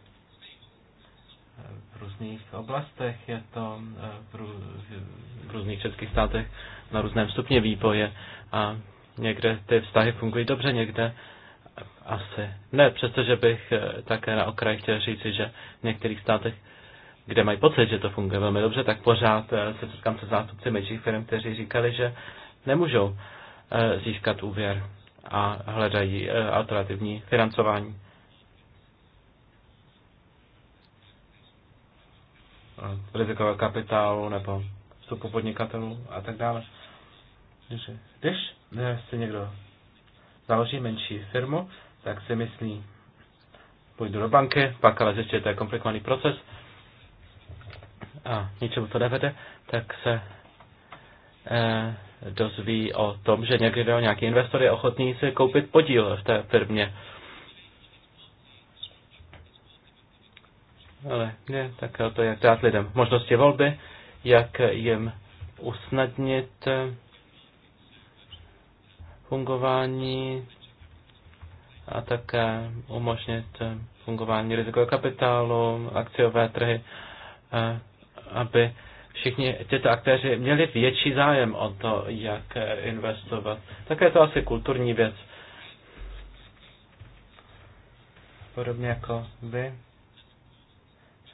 v různých oblastech, je to eh, v, rů, v různých českých státech na různém stupně vývoje a někde ty vztahy fungují dobře, někde asi ne, přestože bych eh, také na okraj chtěl říci, že v některých státech, kde mají pocit, že to funguje velmi dobře, tak pořád eh, se setkám se zástupci menších firm, kteří říkali, že nemůžou získat úvěr a hledají alternativní financování. rizikového kapitálu nebo vstupu podnikatelů a tak dále. Když, když eh, si někdo založí menší firmu, tak si myslí, půjdu do banky, pak ale zjistí, že to je komplikovaný proces a ničemu to nevede, tak se eh, dozví o tom, že někdo, nějaký investor je ochotný si koupit podíl v té firmě. ale ne, tak to, jak dát lidem možnosti volby, jak jim usnadnit eh, fungování a také umožnit eh, fungování rizikového kapitálu, akciové trhy, eh, aby všichni tyto aktéři měli větší zájem o to, jak investovat. Také je to asi kulturní věc. Podobně jako vy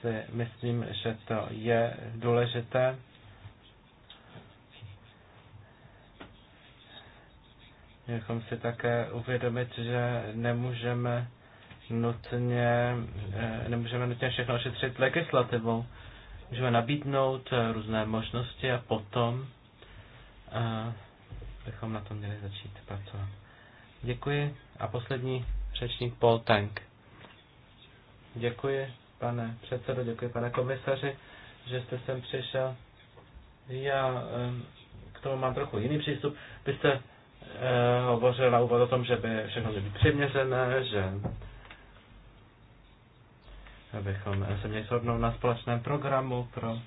si myslím, že to je důležité. Měchom si také uvědomit, že nemůžeme nutně, eh, nemůžeme nutně všechno ošetřit legislativou. Můžeme nabídnout různé možnosti a potom eh, bychom na tom měli začít pracovat. Děkuji. A poslední řečník Paul Tank. Děkuji pane předsedo, děkuji pane komisaři, že jste sem přišel. Já k tomu mám trochu jiný přístup. Vy jste eh, hovořil na úvod o tom, že by všechno mělo přiměřené, že abychom se měli shodnout na společném programu pro eh,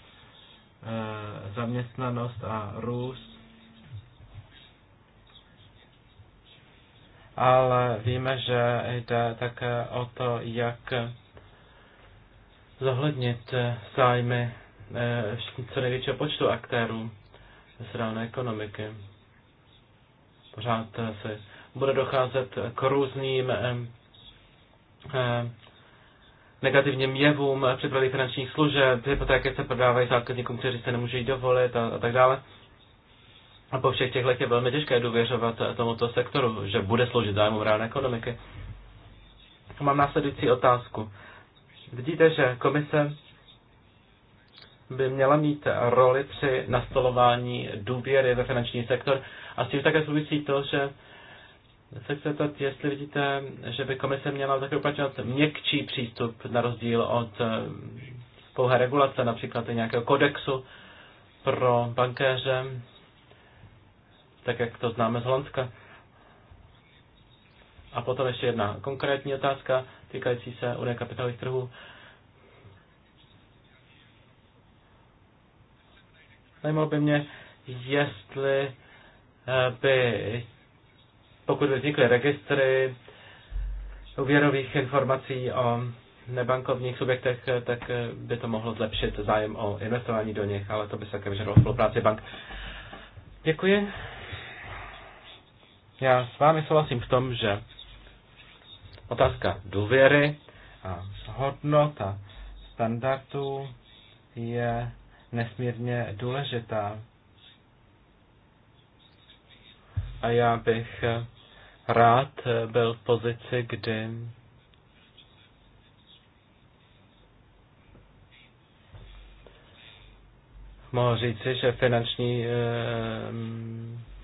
zaměstnanost a růst. Ale víme, že jde také o to, jak zohlednit eh, zájmy eh, co největšího počtu aktérů z reálné ekonomiky. Pořád eh, se bude docházet k různým negativním jevům při finančních služeb, hypotéky se prodávají zákazníkům, kteří se nemůžou dovolit a, a tak dále. A po všech těch letech je velmi těžké důvěřovat tomuto sektoru, že bude sloužit zájmu reálné ekonomiky. Mám následující otázku. Vidíte, že komise by měla mít roli při nastolování důvěry ve finanční sektor a s tím také souvisí to, že se chce tát, jestli vidíte, že by komise měla také uplatňovat měkčí přístup na rozdíl od eh, pouhé regulace, například i nějakého kodexu pro bankéře, tak jak to známe z Holandska. A potom ještě jedna konkrétní otázka týkající se údaje kapitálových trhů. Zajímalo by mě, jestli eh, by, pokud by vznikly registry úvěrových informací o nebankovních subjektech, eh, tak eh, by to mohlo zlepšit zájem o investování do nich, ale to by se také vyžadovalo spolupráci bank. Děkuji. Já s vámi souhlasím v tom, že Otázka důvěry a hodnot a standardů je nesmírně důležitá. A já bych rád byl v pozici, kdy mohu říci, že finanční eh,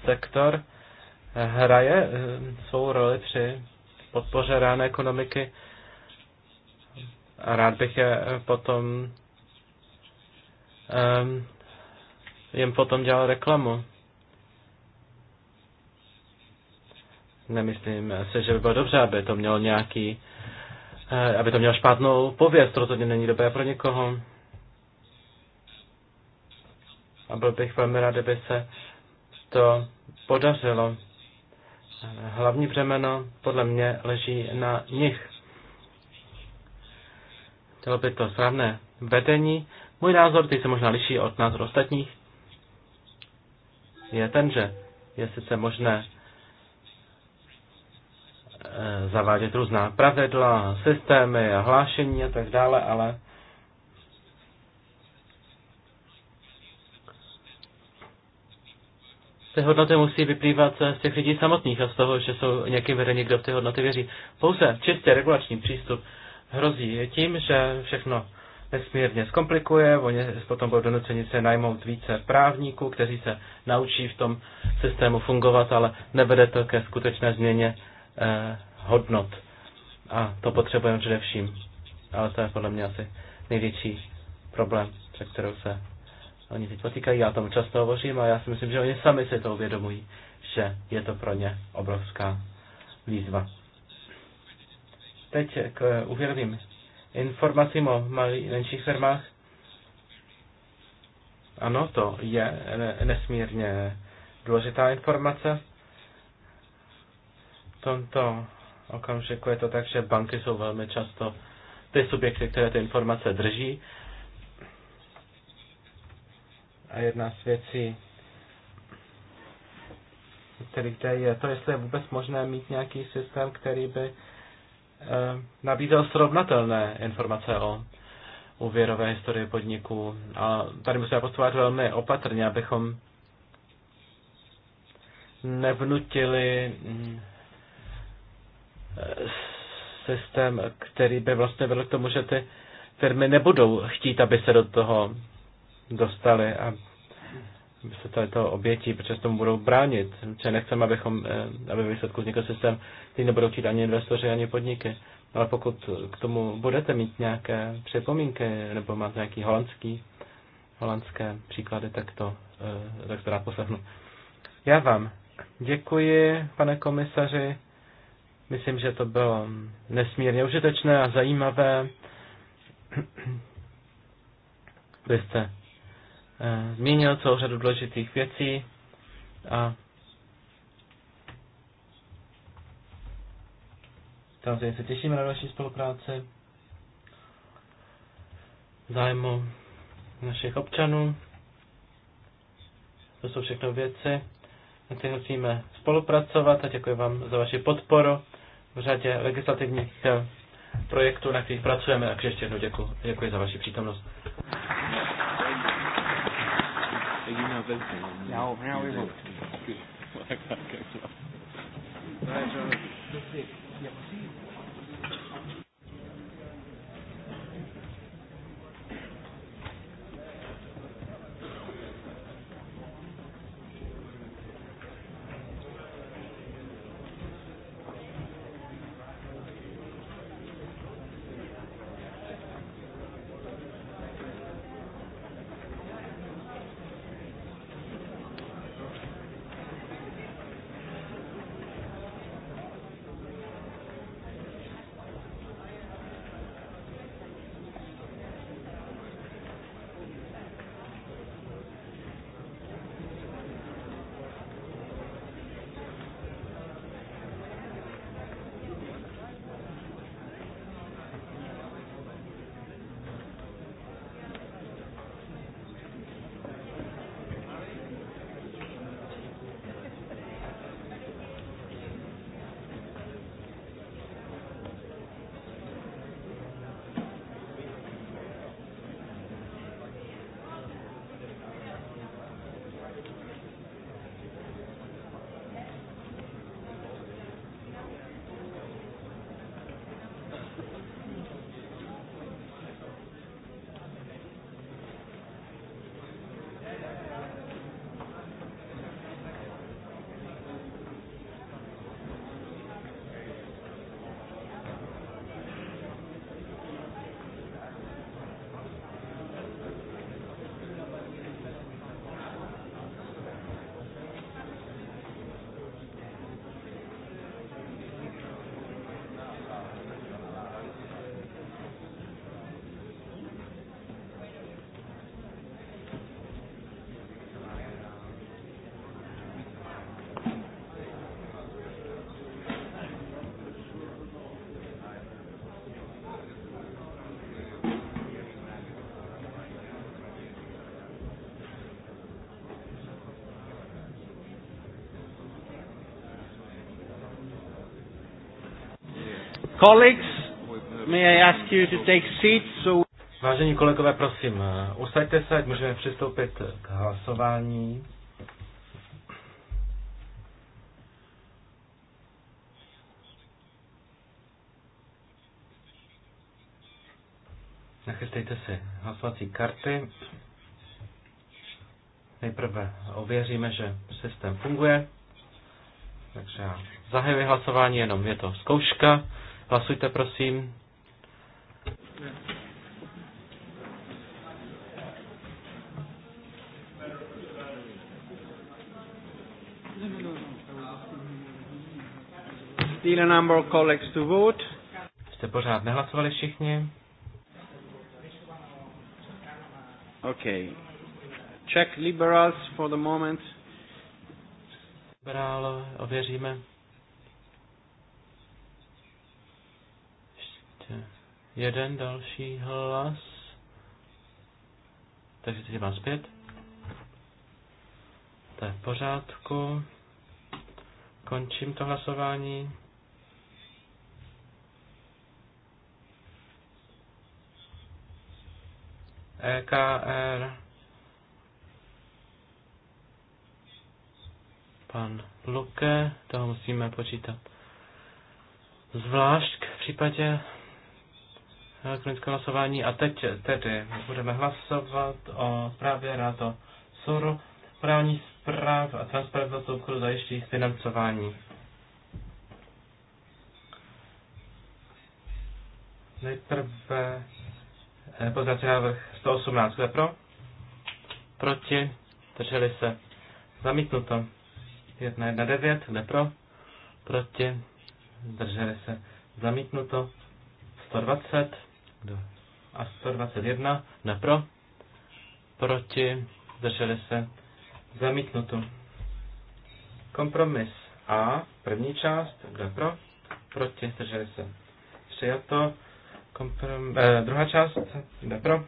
sektor hraje eh, svou roli při podpoře reálné ekonomiky. A rád bych je potom um, jim potom dělal reklamu. Nemyslím si, že by bylo dobře, aby to mělo nějaký, eh, aby to mělo špatnou pověst, rozhodně není dobré pro někoho. A byl bych velmi rád, kdyby se to podařilo hlavní břemeno podle mě leží na nich. Bylo by to správné vedení. Můj názor, který se možná liší od názoru ostatních, je ten, že je sice možné e, zavádět různá pravidla, systémy a hlášení a tak dále, ale ty hodnoty musí vyplývat z těch lidí samotných a z toho, že jsou někým vedení, kdo v ty hodnoty věří. Pouze čistě regulační přístup hrozí tím, že všechno nesmírně zkomplikuje, oni potom budou donuceni se najmout více právníků, kteří se naučí v tom systému fungovat, ale nevede to ke skutečné změně eh, hodnot. A to potřebujeme především. Ale to je podle mě asi největší problém, se kterou se oni teď potýkají, já tomu často hovořím a já si myslím, že oni sami si to uvědomují, že je to pro ně obrovská výzva. Teď k uvěrným informacím o malých menších firmách. Ano, to je nesmírně důležitá informace. V tomto okamžiku je to tak, že banky jsou velmi často ty subjekty, které ty informace drží a jedna z věcí, který kde je to, jestli je vůbec možné mít nějaký systém, který by eh, nabízel srovnatelné informace o úvěrové historii podniků. A tady musíme postupovat velmi opatrně, abychom nevnutili eh, systém, který by vlastně vedl k tomu, že ty firmy nebudou chtít, aby se do toho dostali a aby se stali oběti, obětí, protože tomu budou bránit. Protože nechceme, abychom, eh, aby v výsledku vznikl systém, který nebudou chtít ani investoři, ani podniky. Ale pokud k tomu budete mít nějaké připomínky, nebo máte nějaký holandský, holandské příklady, tak to, eh, tak to rád poslechnu. Já vám děkuji, pane komisaři. Myslím, že to bylo nesmírně užitečné a zajímavé. Byste Eh, zmínil celou řadu důležitých věcí a samozřejmě se těšíme na další spolupráce, zájmu našich občanů. To jsou všechno věci, na které musíme spolupracovat a děkuji vám za vaši podporu v řadě legislativních eh, projektů, na kterých pracujeme. Takže ještě jednou děkuji, děkuji za vaši přítomnost. Are you now voting No, now we vote. Good. Right, Jonathan. That's it. Yeah, see? Colleagues, may I ask you to take seats so... Vážení kolegové, prosím, eh, usaďte se, ať můžeme přistoupit k hlasování. Nachystejte si hlasovací karty. Nejprve ověříme, že systém funguje. Takže já zahajuji hlasování, jenom je to zkouška. Hlasujte, prosím. Still a number of colleagues to vote. Jste pořád nehlasovali všichni? Okay. Czech liberals for the moment. Liberál ověříme. jeden další hlas. Takže teď mám zpět. To je v pořádku. Končím to hlasování. EKR. Pan Luke, toho musíme počítat. Zvlášť v případě elektronické hlasování. A teď tedy budeme hlasovat o zprávě Ráto Soru, právní zpráv a transparentnost obchodu zajištění financování. Nejprve eh, pozdravací návrh 118. kde pro? Proti? Drželi se. Zamítnuto. 9, kde pro? Proti? Drželi se. Zamítnuto. 120 a 121 na pro, proti, drželi se, zamítnuto. Kompromis A, první část, kde pro, proti, drželi se, přijato. Komprom, eh, druhá část, kde pro,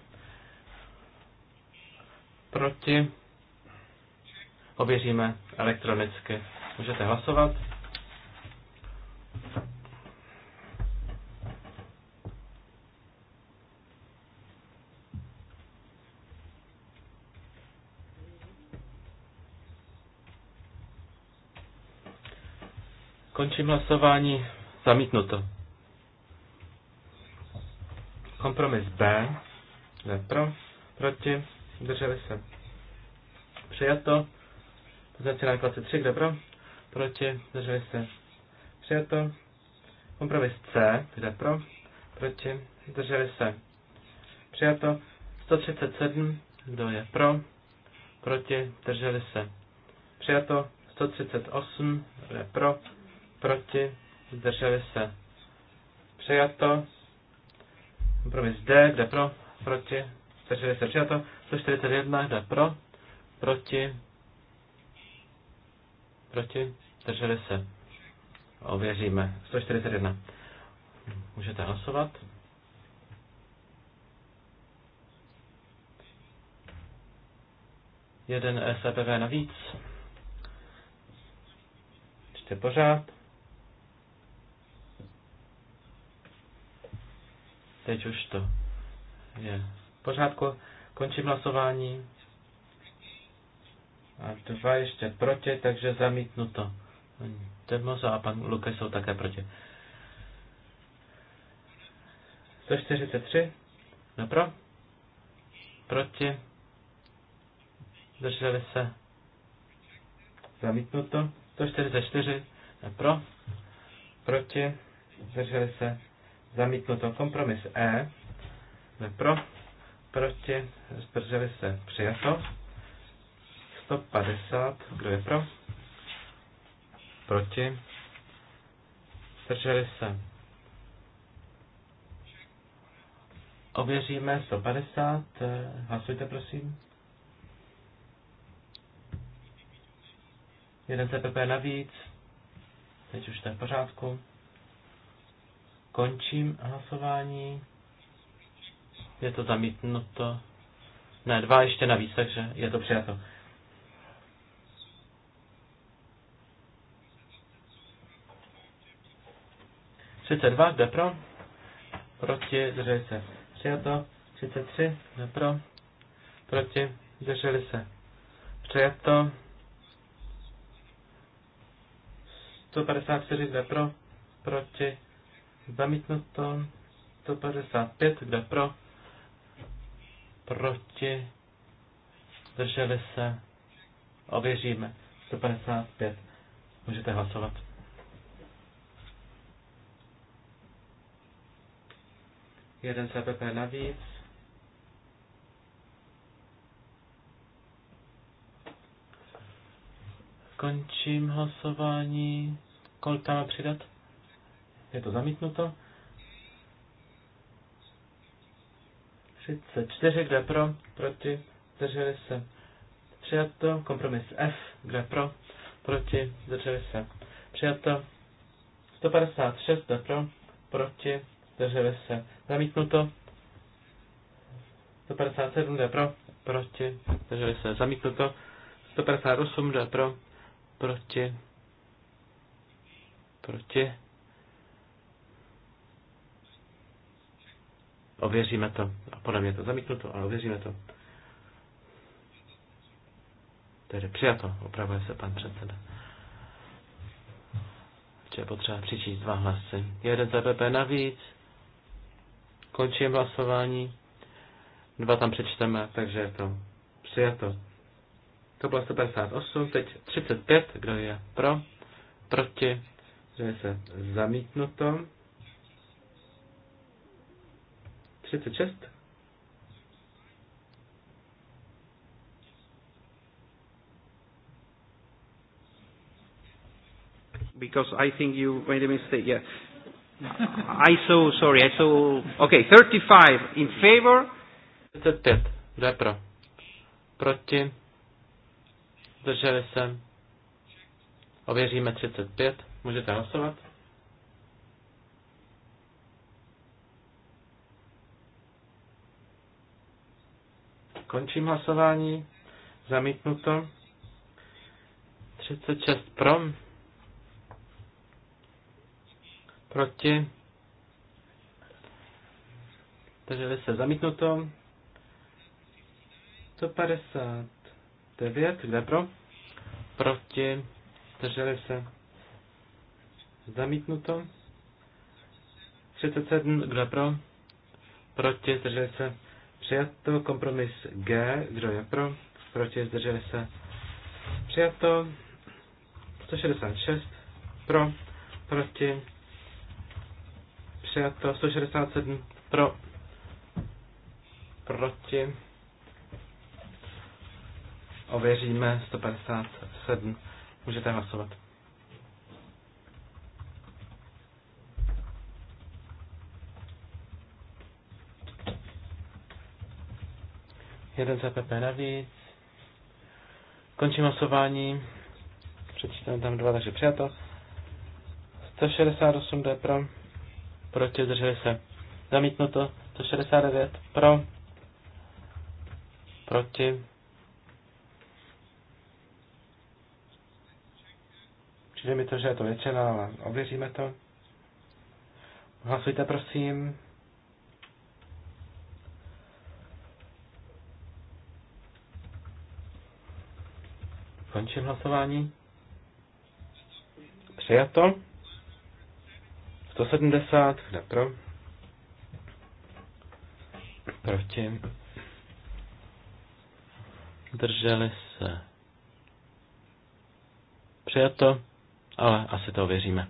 proti, ověříme elektronicky. Můžete hlasovat. Končím hlasování. Zamítnuto. Kompromis B. Ne pro. Proti. Drželi se. Přijato. Pozvací na 3, Kde pro? Proti. Drželi se. Přijato. Kompromis C. Kde pro? Proti. Drželi se. Přijato. 137. Kdo je pro? Proti. Drželi se. Přijato. 138. Kdo je pro? proti, zdrželi se. Přijato. Kompromis D, kde pro, proti, zdrželi se. Přijato. 141, kde pro, proti, proti, zdrželi se. Ověříme. 141. Můžete hlasovat. Jeden SPV navíc. Ještě pořád. Teď už to je Pořádko. pořádku. Končím hlasování. A dva ještě proti, takže zamítnuto. Termosa a pan Lukas jsou také proti. 143. No pro? Proti? Drželi se? Zamítnuto. 144. No pro? Proti? Drželi se? zamítnuto kompromis E, jsme pro, proti, zdrželi se, přijato. 150, kdo je pro, proti, zdrželi se. Ověříme 150, eh, hlasujte prosím. Jeden CPP navíc, teď už to je v pořádku. Končím hlasování. Je to zamítnuto. Ne, dva ještě navíc, takže je to přijato. Třicet dva, jde pro? Proti, drželi se. Přijato. tři, jde pro? Proti, drželi se. Přijato. 154, jde pro? Proti, Zamítnuto 155, kde pro, proti, drželi se, ověříme 155. Můžete hlasovat. Jeden CPP navíc. Končím hlasování. Kolik tam přidat? Je to zamítnuto. 34, kde pro, proti, zdrželi se. Přijato, kompromis F, kde pro, proti, zdrželi se. Přijato, 156, kde pro, proti, zdrželi se. Zamítnuto, 157, kde pro, proti, zdrželi se. Zamítnuto, 158, kde pro, proti, proti, Ověříme to. A podle mě to zamítnuto, ale ověříme to. Tedy přijato, opravuje se pan předseda. Že je potřeba přičíst dva hlasy. Jeden za e navíc. Končím hlasování. Dva tam přečteme, takže je to přijato. To bylo 158, teď 35, kdo je pro, proti, že je se zamítnuto. 36. Because I think you made a mistake, yeah. I saw, sorry, I saw, okay, 35 in favor. 35, kdo je pro? Proti? Zdrželi se? Ověříme 35, můžete hlasovat. Končím hlasování. Zamítnuto. 36 pro. Proti. Takže se zamítnuto. 159, kde pro? Proti. Drželi se. Zamítnuto. 37, kde pro? Proti, Drželi se Přijato. Kompromis G. Kdo je pro? Proti? Zdrželi se? Přijato. 166. Pro. Proti? Přijato. 167. Pro. Proti? Ověříme 157. Můžete hlasovat. Jeden ZPP e navíc. Končím hlasování. Přečítám tam dva, takže přijato. 168 D pro. Proti drželi se. Zamítnuto. 169 pro. Proti. Přijde mi to, že je to většina, ale ověříme to. Hlasujte prosím. Končím hlasování. Přijato. 170, kde pro? Proti. Drželi se. Přijato, ale asi to věříme.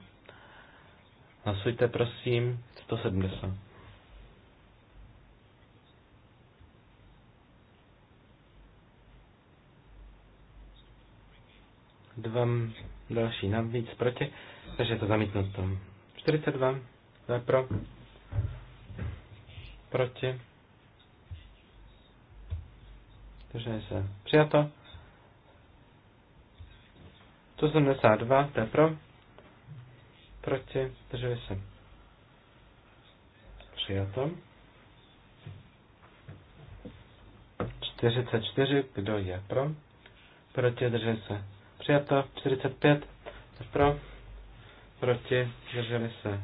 Hlasujte prosím 170. dva další navíc proti, takže je to zamítnuto. 42, to je pro, proti, takže je se přijato. 172, to je pro, proti, takže je se. Přijato. 44, kdo je pro, proti, drží se přijato, 45 pro, proti, drželi se.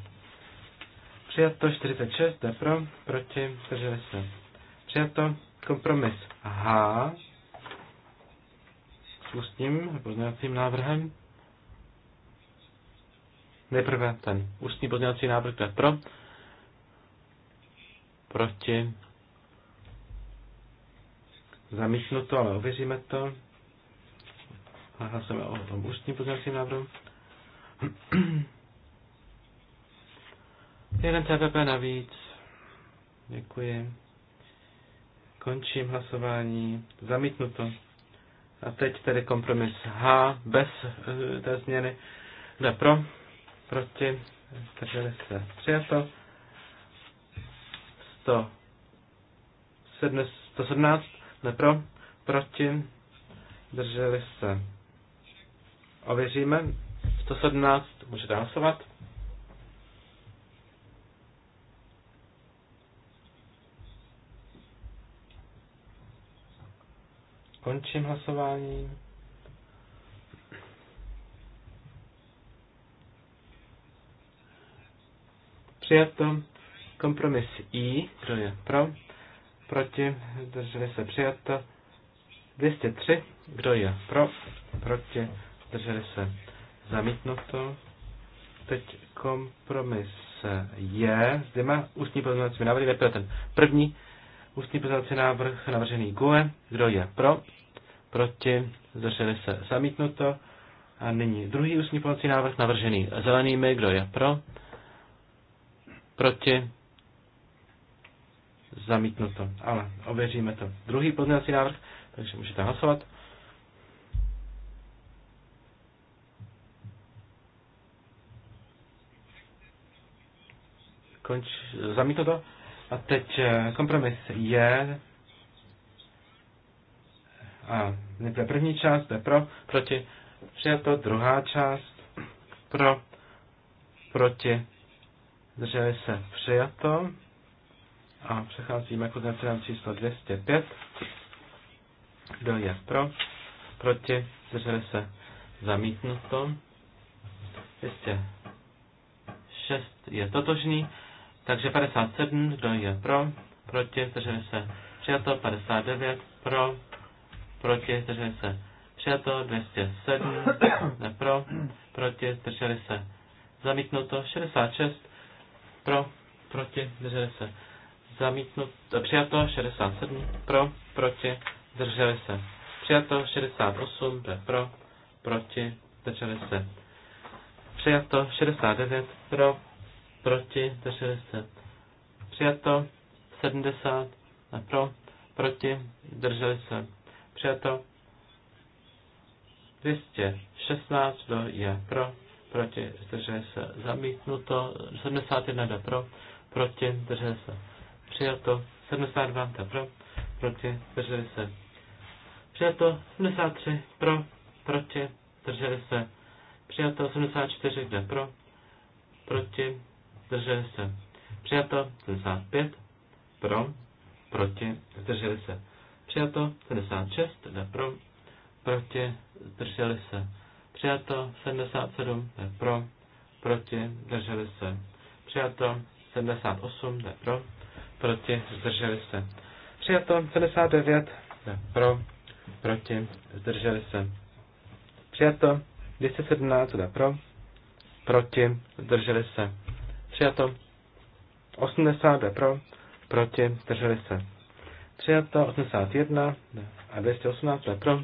Přijato 46, to je pro, proti, drželi se. Přijato kompromis H s ústním pozměňovacím návrhem. Nejprve ten ústní pozměňovací návrh, to je pro, proti, zamítnuto, ale uvěříme to a hlasujeme o tom ústním pozměňovacím návrhu. Jeden CPP navíc. Děkuji. Končím hlasování. Zamítnuto. A teď tedy kompromis H bez uh, té změny. Kdo pro? Proti? Zdrželi se. Přijato. 100. 117. pro? Proti? Drželi se Ověříme. 117. Můžete hlasovat. Končím hlasování. Přijato. Kompromis I. Kdo je pro? Proti. Drželi se přijato. 203. Kdo je pro? Proti drželi se zamítnuto. Teď kompromis je, zde má ústní pozměňovací návrh, nejprve ten první ústní pozměňovací návrh navržený GUE, kdo je pro, proti, zdrželi se zamítnuto. A nyní druhý ústní pozměňovací návrh navržený zelenými, kdo je pro, proti, zamítnuto. Ale ověříme to. Druhý pozměňovací návrh, takže můžete hlasovat. Konč, zamítnu to. A teď eh, kompromis je a nejprve první část je pro, proti, přijato, druhá část pro, proti, drželi se, přijato. A přecházíme k uznacím číslo 205. Kdo je pro, proti, drželi se, zamítnuto. 206 je totožný, takže 57, kdo je pro, proti, zdrželi se přijato, 59 pro, proti, zdrželi se přijato, 207 ne pro, proti, zdrželi se zamítnuto, 66 pro, proti, zdrželi se zamítnuto, přijato, 67 pro, proti, zdrželi se přijato, 68 ne pro, proti, zdrželi se přijato, 69 pro, proti, zdrželi se přijato, 70 pro, proti, zdrželi se přijato, 216 do je pro, proti, zdrželi se zamítnuto, 71 do pro, proti, zdrželi se přijato, 72 do pro, proti, zdrželi se přijato, 73 pro, proti, zdrželi se přijato, 74 do pro, proti, zdrželi se. Přijato 75 pro, proti, zdrželi se. Přijato 76, ne pro, proti, zdrželi se. Přijato 77, ne pro, proti, zdrželi se. Přijato 78, ne pro, proti, zdrželi se. Přijato 79, ne pro, proti, zdrželi se. Přijato 217, ne pro, proti, zdrželi se přijato. 82 pro, proti, zdrželi se. Přijato 81 a 218 pro,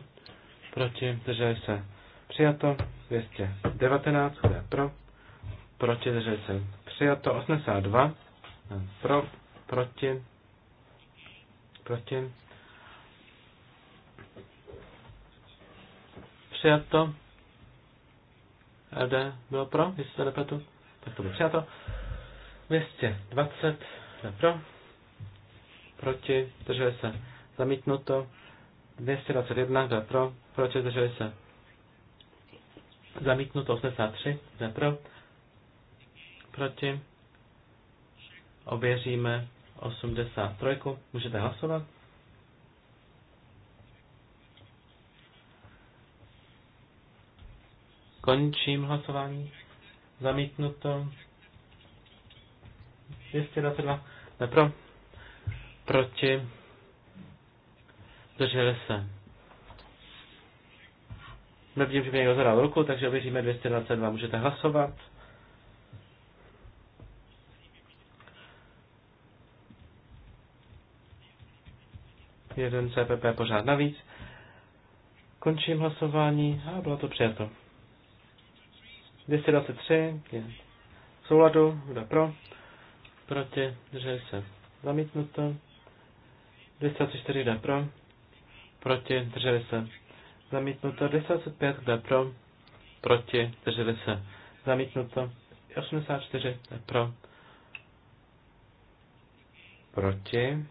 proti, zdrželi se. Přijato 219 pro, proti, zdrželi se. Přijato 82 pro, proti, proti. Přijato. LD bylo pro, jestli se nepletu, tak to bylo přijato. 220 je pro, proti, zdrželi se, zamítnuto, 221 je pro, proti, zdrželi se, zamítnuto, 83 je pro, proti, oběříme 83, můžete hlasovat. Končím hlasování. Zamítnuto. 222 nepro, proti, drželi se. Nevidím, že by někdo zadal ruku, takže ověříme 222. Můžete hlasovat. Jeden CPP pořád navíc. Končím hlasování a bylo to přijato. 223 je v souladu, kdo pro proti, drželi se zamítnuto, 204 jde pro, proti, drželi se zamítnuto, 205 jde pro, proti, drželi se zamítnuto, 84 jde pro, proti,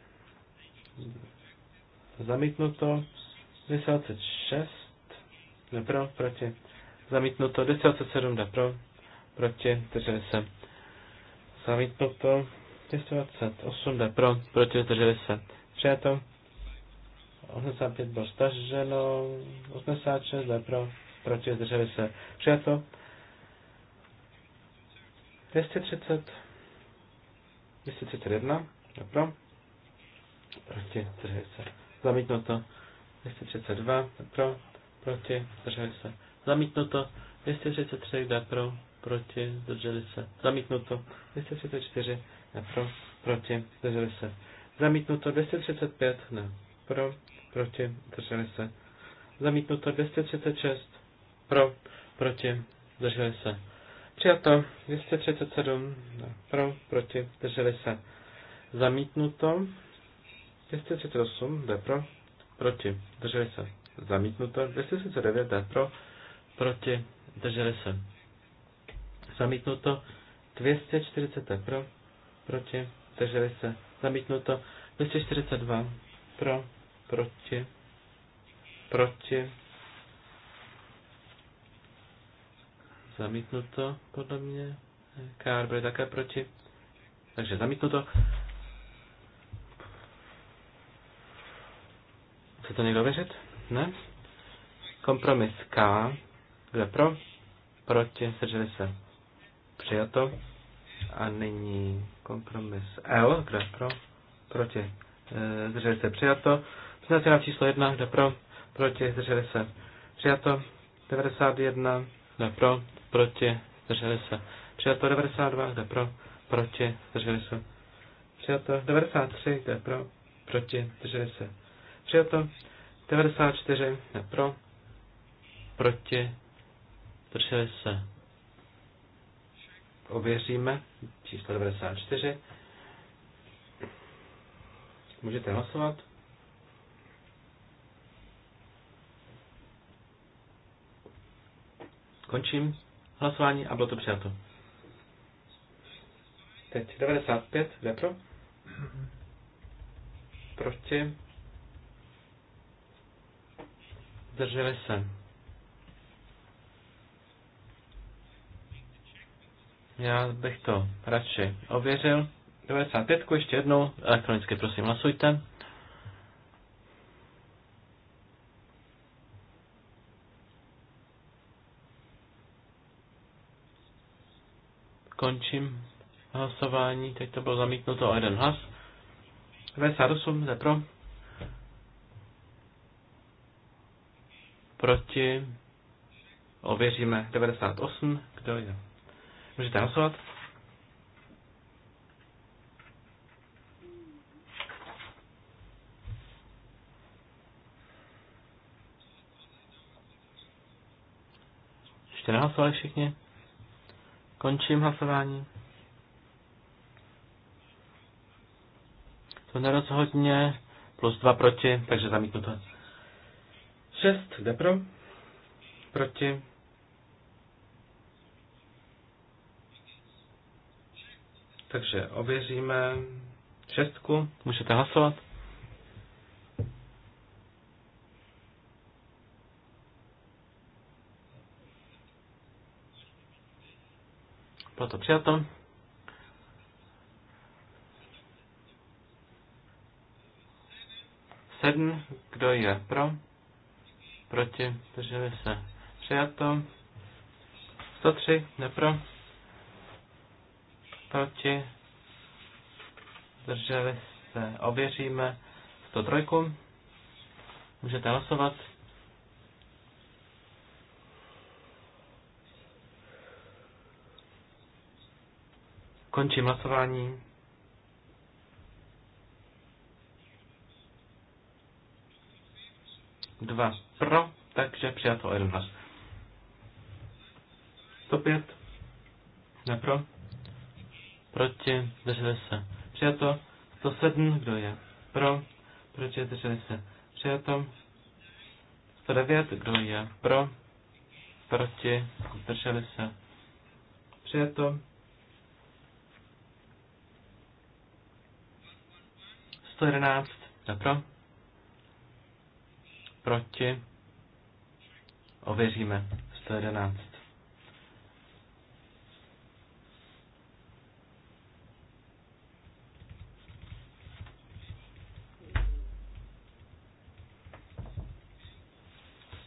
zamítnuto, 206 jde pro, proti, zamítnuto, 207 jde pro, proti, drželi se Zamítnuto. 228 jde pro, proti zdrželi se. Přijato. 85 bylo staženo. 86 jde pro, proti zdrželi se. Přijato. 230. 231 jde pro, proti zdrželi se. Zamítnuto. 232 jde pro, proti zdrželi se. Zamítnuto. 233 jde pro, proti, zdrželi se, zamítnuto, 234, ne, pro, proti, zdrželi se, zamítnuto, 235, ne, pro, proti, zdrželi se, zamítnuto, 236, pro, proti, zdrželi se, přijato, 237, ne, pro, proti, zdrželi se, zamítnuto, 238, ne pro, proti, zdrželi se, zamítnuto, 239, ne pro, proti, zdrželi se zamítnuto, 240 pro, proti, zdrželi se, zamítnuto, 242 pro, proti, proti, zamítnuto, podle mě, KR bude také proti, takže zamítnuto. Chce to někdo věřit? Ne? Kompromis K, kde pro, proti, zdrželi se, přijato. A nyní kompromis L, kde pro, proti, e, zdrželi se přijato. Poznací na číslo 1, kde pro, proti, zdrželi se přijato. 91, kde pro, proti, zdrželi se přijato. 92, kde pro, proti, zdrželi se přijato. 93, kde pro, proti, zdrželi se přijato. 94, kde pro, proti, zdrželi se ověříme, číslo 94. Můžete hlasovat. Končím hlasování a bylo to přijato. Teď 95, jde pro? Proti? Zdrželi se. Já bych to radši ověřil. 95 ještě jednou, elektronicky prosím hlasujte. Končím hlasování, teď to bylo zamítnuto o jeden hlas. 98 Jde pro. Proti. Ověříme 98, kdo je Můžete hlasovat. Ještě nehlasovali všichni? Končím hlasování. To nerozhodně. Plus dva proti, takže zamítnu to. Šest, jde pro? Proti. Takže ověříme šestku, můžete hlasovat. Bylo to přijato. Sedm, kdo je pro? Proti, drželi se. Přijato. 103, nepro proti, zdrželi se, ověříme 103. Můžete hlasovat. Končím hlasování. Dva pro, takže přijato jeden hlas. 105. pro proti, drželi se, přijato. 107, kdo je pro, proti, drželi se, přijato. 109, kdo je pro, proti, drželi se, přijato. 111, kdo pro, proti, ověříme, 111.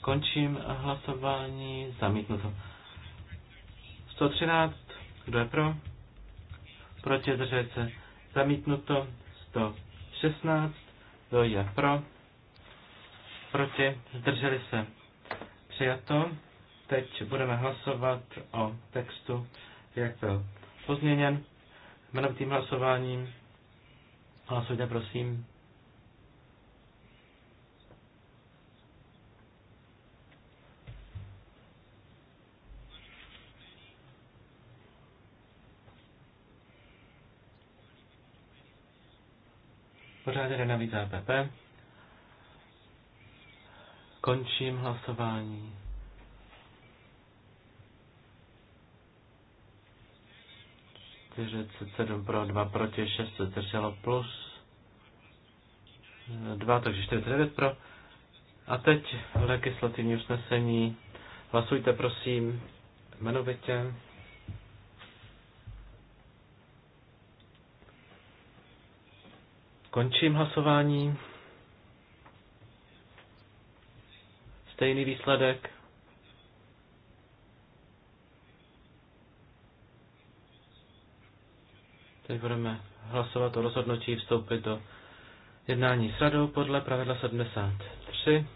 Končím hlasování. Zamítnuto. 113. Kdo je pro? Proti zdrželi se. Zamítnuto. 116. Kdo je pro? Proti zdrželi se. Přijato. Teď budeme hlasovat o textu, jak byl pozměněn. Jmenovitým hlasováním. Hlasujte, prosím. Pořád jde navíc EPP. Končím hlasování. sedm pro, 2 proti, 6 se zdrželo plus 2, takže 49 pro. A teď legislativní usnesení. Hlasujte prosím jmenovitě. Končím hlasování. Stejný výsledek. Teď budeme hlasovat o rozhodnutí vstoupit do jednání s radou podle pravidla 73.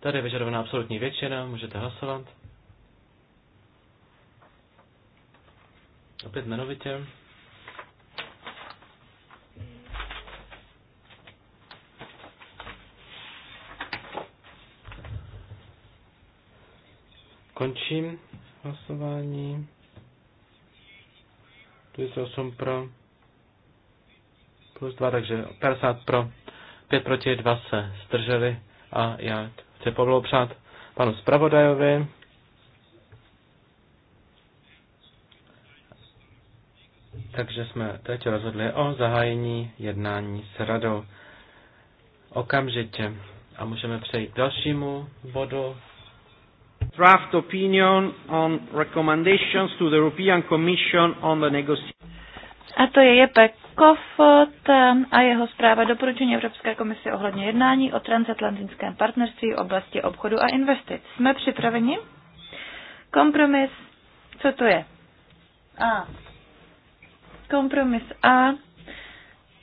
Tady je vyžadovaná absolutní většina, můžete hlasovat. Opět jmenovitě. Končím hlasování. 28 pro, plus 2, takže 50 pro, 5 proti 2 se zdrželi a já chci poblahopřát panu zpravodajovi. Takže jsme teď rozhodli o zahájení jednání s radou okamžitě. A můžeme přejít k dalšímu bodu Draft opinion on recommendations to the European Commission on the negotiation. A to je Jepe Kofot a jeho zpráva doporučení Evropské komise ohledně jednání o transatlantickém partnerství v oblasti obchodu a investic. Jsme připraveni? Kompromis. Co to je? A. Kompromis A.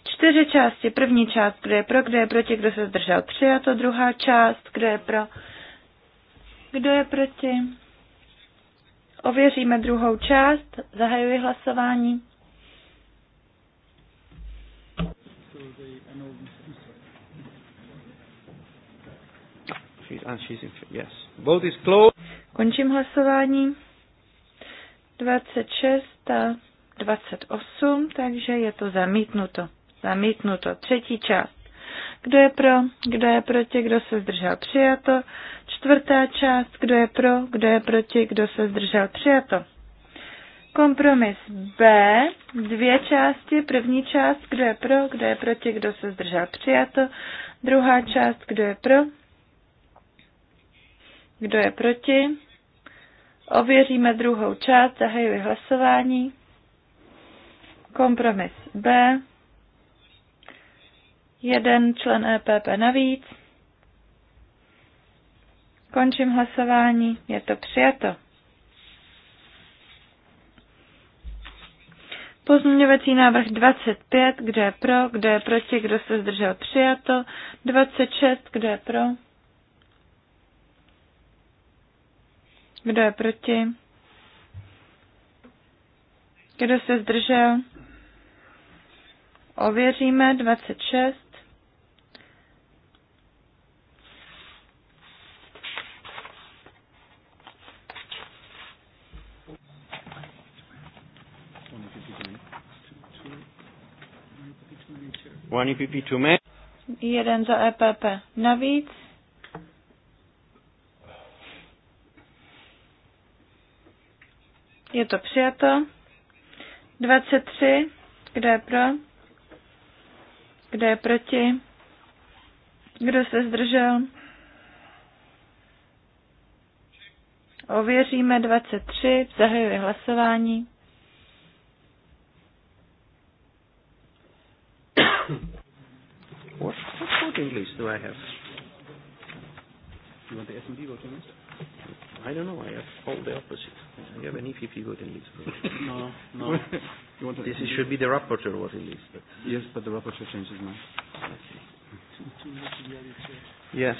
Čtyři části. První část, kdo je pro, kdo je proti, kdo se zdržel. Tři. A to Druhá část, kdo je pro, kdo je proti? Ověříme druhou část. Zahajuji hlasování. Končím hlasování. 26 a 28, takže je to zamítnuto. Zamítnuto. Třetí část. Kdo je pro? Kdo je proti? Kdo se zdržel? Přijato. Čtvrtá část. Kdo je pro? Kdo je proti? Kdo se zdržel? Přijato. Kompromis B. Dvě části. První část. Kdo je pro? Kdo je proti? Kdo se zdržel? Přijato. Druhá část. Kdo je pro? Kdo je proti? Ověříme druhou část. Zahajuji hlasování. Kompromis B. Jeden člen EPP navíc. Končím hlasování. Je to přijato. Pozměňovací návrh 25, kdo je pro, kdo je proti, kdo se zdržel přijato. 26, kdo je pro, kdo je proti, kdo se zdržel. Ověříme 26. One EPP to me. Jeden za EPP navíc. Je to přijato. 23. Kdo je pro? Kdo je proti? Kdo se zdržel? Ověříme 23. Zahajuji hlasování. What English do I have? You want the S&D voting list? I don't know. I have all the opposite. You have an EPP voting list. no, no. you want this is, e should be the rapporteur voting list. But. Yes, but the rapporteur changes now. Yes.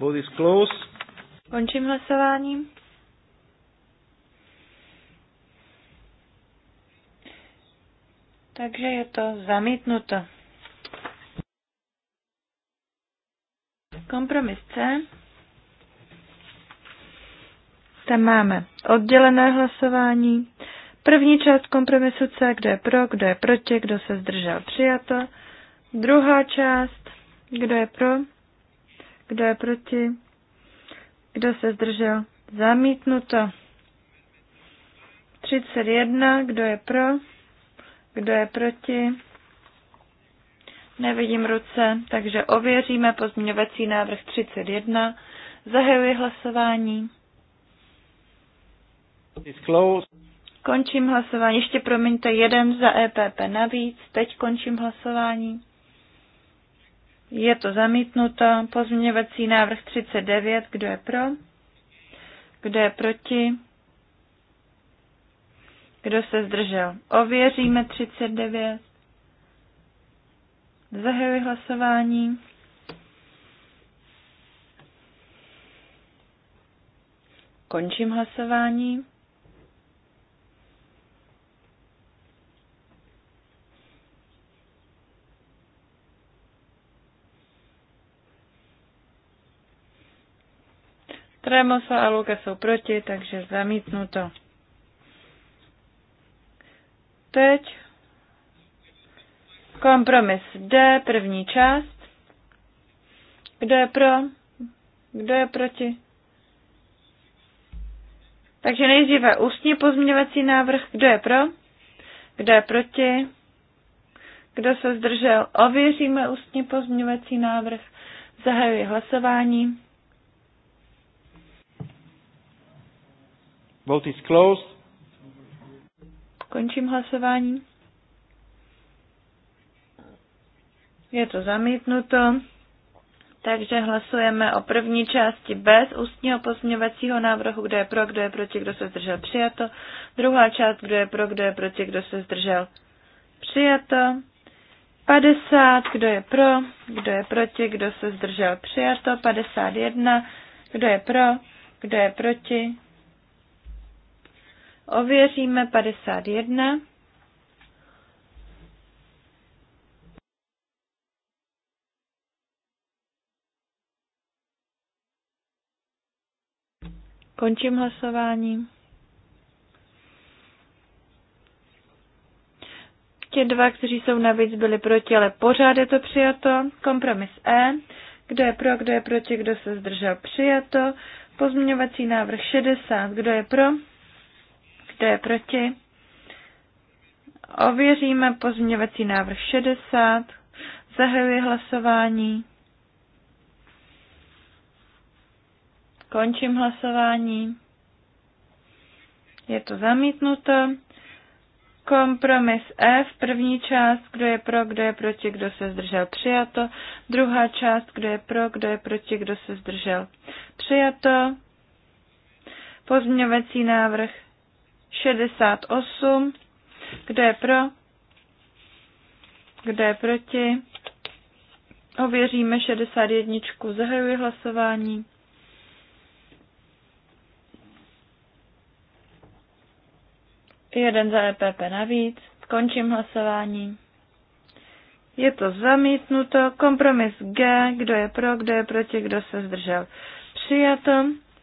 Vote is closed. Končím hlasování. Takže je to zamítnuto. Kompromis C. Tam máme oddělené hlasování. První část kompromisu C, kdo je pro, kdo je proti, kdo se zdržel, přijato. Druhá část, kdo je pro, kdo je proti, kdo se zdržel, zamítnuto. 31, kdo je pro, kdo je proti, Nevidím ruce, takže ověříme pozměňovací návrh 31. Zahajuji hlasování. Končím hlasování. Ještě promiňte, jeden za EPP navíc. Teď končím hlasování. Je to zamítnuto. Pozměňovací návrh 39. Kdo je pro? Kdo je proti? Kdo se zdržel? Ověříme 39. Zahajuji hlasování. Končím hlasování. Tremosa a Luka jsou proti, takže zamítnuto. Teď Kompromis D, první část. Kdo je pro? Kdo je proti? Takže nejdříve ústní pozměňovací návrh. Kdo je pro? Kdo je proti? Kdo se zdržel? Ověříme ústní pozměňovací návrh. Zahajuji hlasování. Vote is closed. Končím hlasování. Je to zamítnuto. Takže hlasujeme o první části bez ústního pozměňovacího návrhu, kdo je pro, kdo je proti, kdo se zdržel přijato. Druhá část, kdo je pro, kdo je proti, kdo se zdržel přijato. 50, kdo je pro, kdo je proti, kdo se zdržel přijato. 51, kdo je pro, kdo je proti. Ověříme 51. Končím hlasování. Ti dva, kteří jsou navíc, byli proti, ale pořád je to přijato. Kompromis E. Kdo je pro, kdo je proti, kdo se zdržel, přijato. Pozměňovací návrh 60. Kdo je pro? Kdo je proti? Ověříme pozměňovací návrh 60. Zahajuji hlasování. Končím hlasování. Je to zamítnuto. Kompromis F, první část, kdo je pro, kdo je proti, kdo se zdržel, přijato. Druhá část, kdo je pro, kdo je proti, kdo se zdržel, přijato. Pozměňovací návrh 68, kdo je pro, kdo je proti. Ověříme 61. Zahajuji hlasování. Jeden za EPP navíc. Končím hlasování. Je to zamítnuto. Kompromis G. Kdo je pro, kdo je proti, kdo se zdržel. Přijato.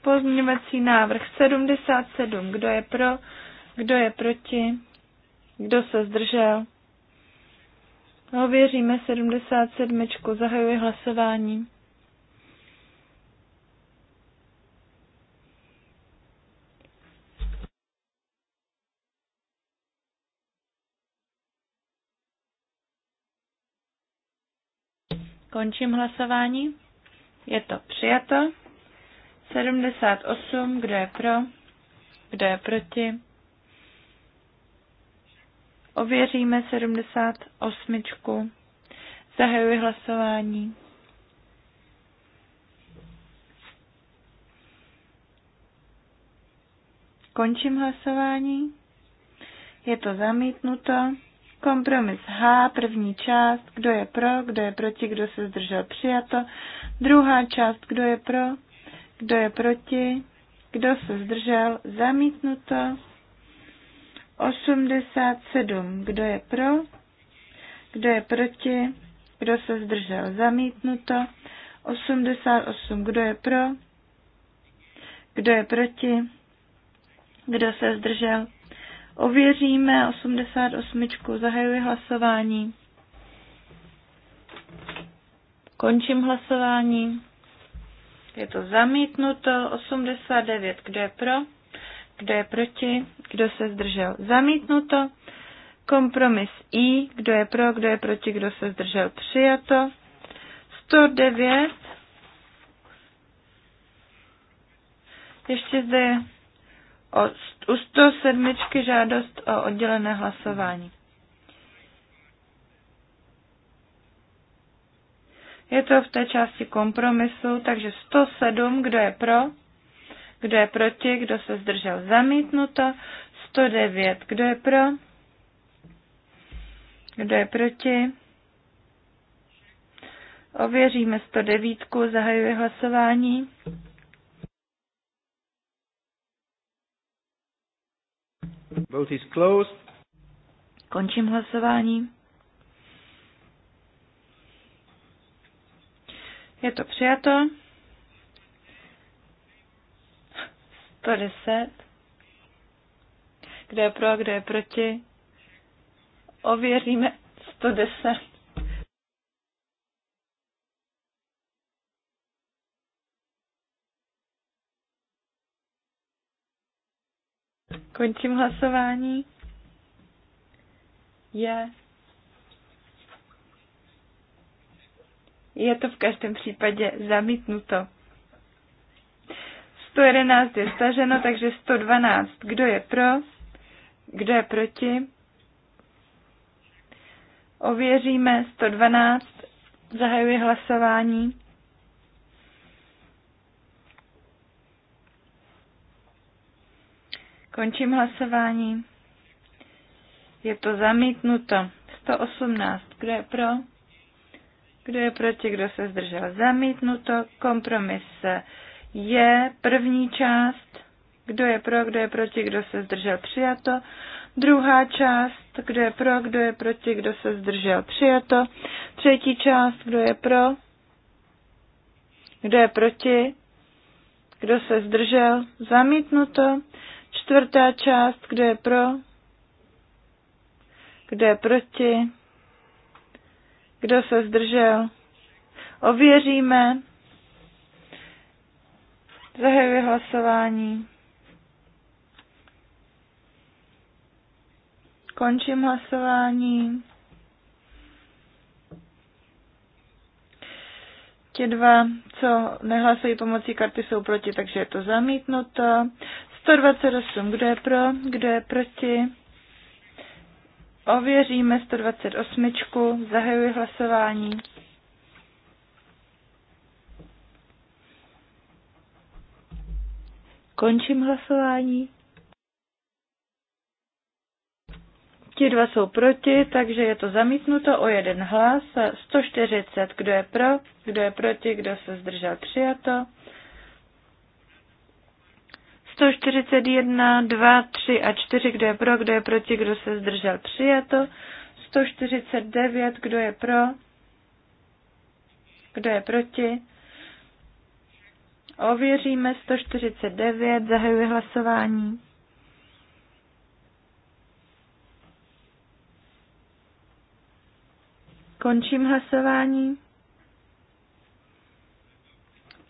Pozměňovací návrh 77. Kdo je pro, kdo je proti, kdo se zdržel. Ověříme 77. Zahajuji hlasování. Končím hlasování. Je to přijato. 78, kdo je pro, kdo je proti. Ověříme 78. Zahajuji hlasování. Končím hlasování. Je to zamítnuto. Kompromis H, první část, kdo je pro, kdo je proti, kdo se zdržel přijato. Druhá část, kdo je pro, kdo je proti, kdo se zdržel zamítnuto. 87, kdo je pro, kdo je proti, kdo se zdržel zamítnuto. 88, kdo je pro, kdo je proti, kdo se zdržel Ověříme 88. Zahajuji hlasování. Končím hlasování. Je to zamítnuto. 89. Kdo je pro? Kdo je proti? Kdo se zdržel? Zamítnuto. Kompromis I. Kdo je pro? Kdo je proti? Kdo se zdržel? Přijato. 109. Ještě zde je o, u 107 žádost o oddělené hlasování. Je to v té části kompromisu, takže 107, kdo je pro, kdo je proti, kdo se zdržel zamítnuto, 109, kdo je pro, kdo je proti. Ověříme 109, zahajuje hlasování. Vote is closed. Končím hlasování. Je to přijato. 110. Kdo je pro, kdo je proti? Ověříme 110. Končím hlasování. Je. Je to v každém případě zamítnuto. 111 je staženo, takže 112. Kdo je pro? Kdo je proti? Ověříme 112. Zahajuji hlasování. Končím hlasování. Je to zamítnuto. 118. Kdo je pro? Kdo je proti? Kdo se zdržel? Zamítnuto. Kompromis je první část. Kdo je pro? Kdo je proti? Kdo se zdržel? Přijato. Druhá část. Kdo je pro? Kdo je proti? Kdo se zdržel? Přijato. Třetí část. Kdo je pro? Kdo je proti? Kdo se zdržel? Zamítnuto. Čtvrtá část, kdo je pro? Kdo je proti? Kdo se zdržel? Ověříme. Zahajuji hlasování. Končím hlasování. Ti dva, co nehlasují pomocí karty, jsou proti, takže je to zamítnuto. 128. Kdo je pro? Kdo je proti? Ověříme 128. Zahajuji hlasování. Končím hlasování. Ti dva jsou proti, takže je to zamítnuto o jeden hlas. 140, kdo je pro, kdo je proti, kdo se zdržel přijato. 141, 2, 3 a 4, kdo je pro, kdo je proti, kdo se zdržel, přijato. 149, kdo je pro, kdo je proti. Ověříme 149, zahajuji hlasování. Končím hlasování.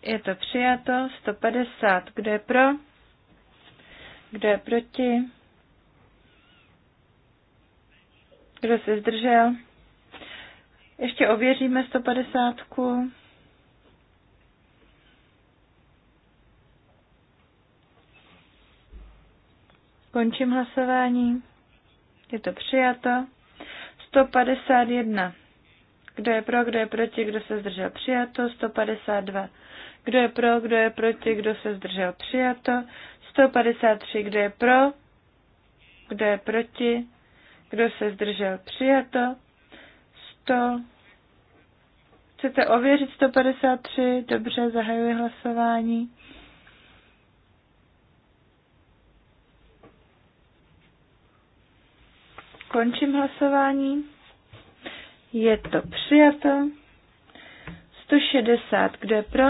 Je to přijato. 150. Kdo je pro? Kdo je proti? Kdo se zdržel? Ještě ověříme 150. Končím hlasování. Je to přijato. 151. Kdo je pro, kdo je proti, kdo se zdržel přijato? 152. Kdo je pro, kdo je proti, kdo se zdržel přijato? 153, kdo je pro, kdo je proti, kdo se zdržel, přijato. 100. Chcete ověřit 153? Dobře, zahajuji hlasování. Končím hlasování. Je to přijato. 160. Kdo je pro?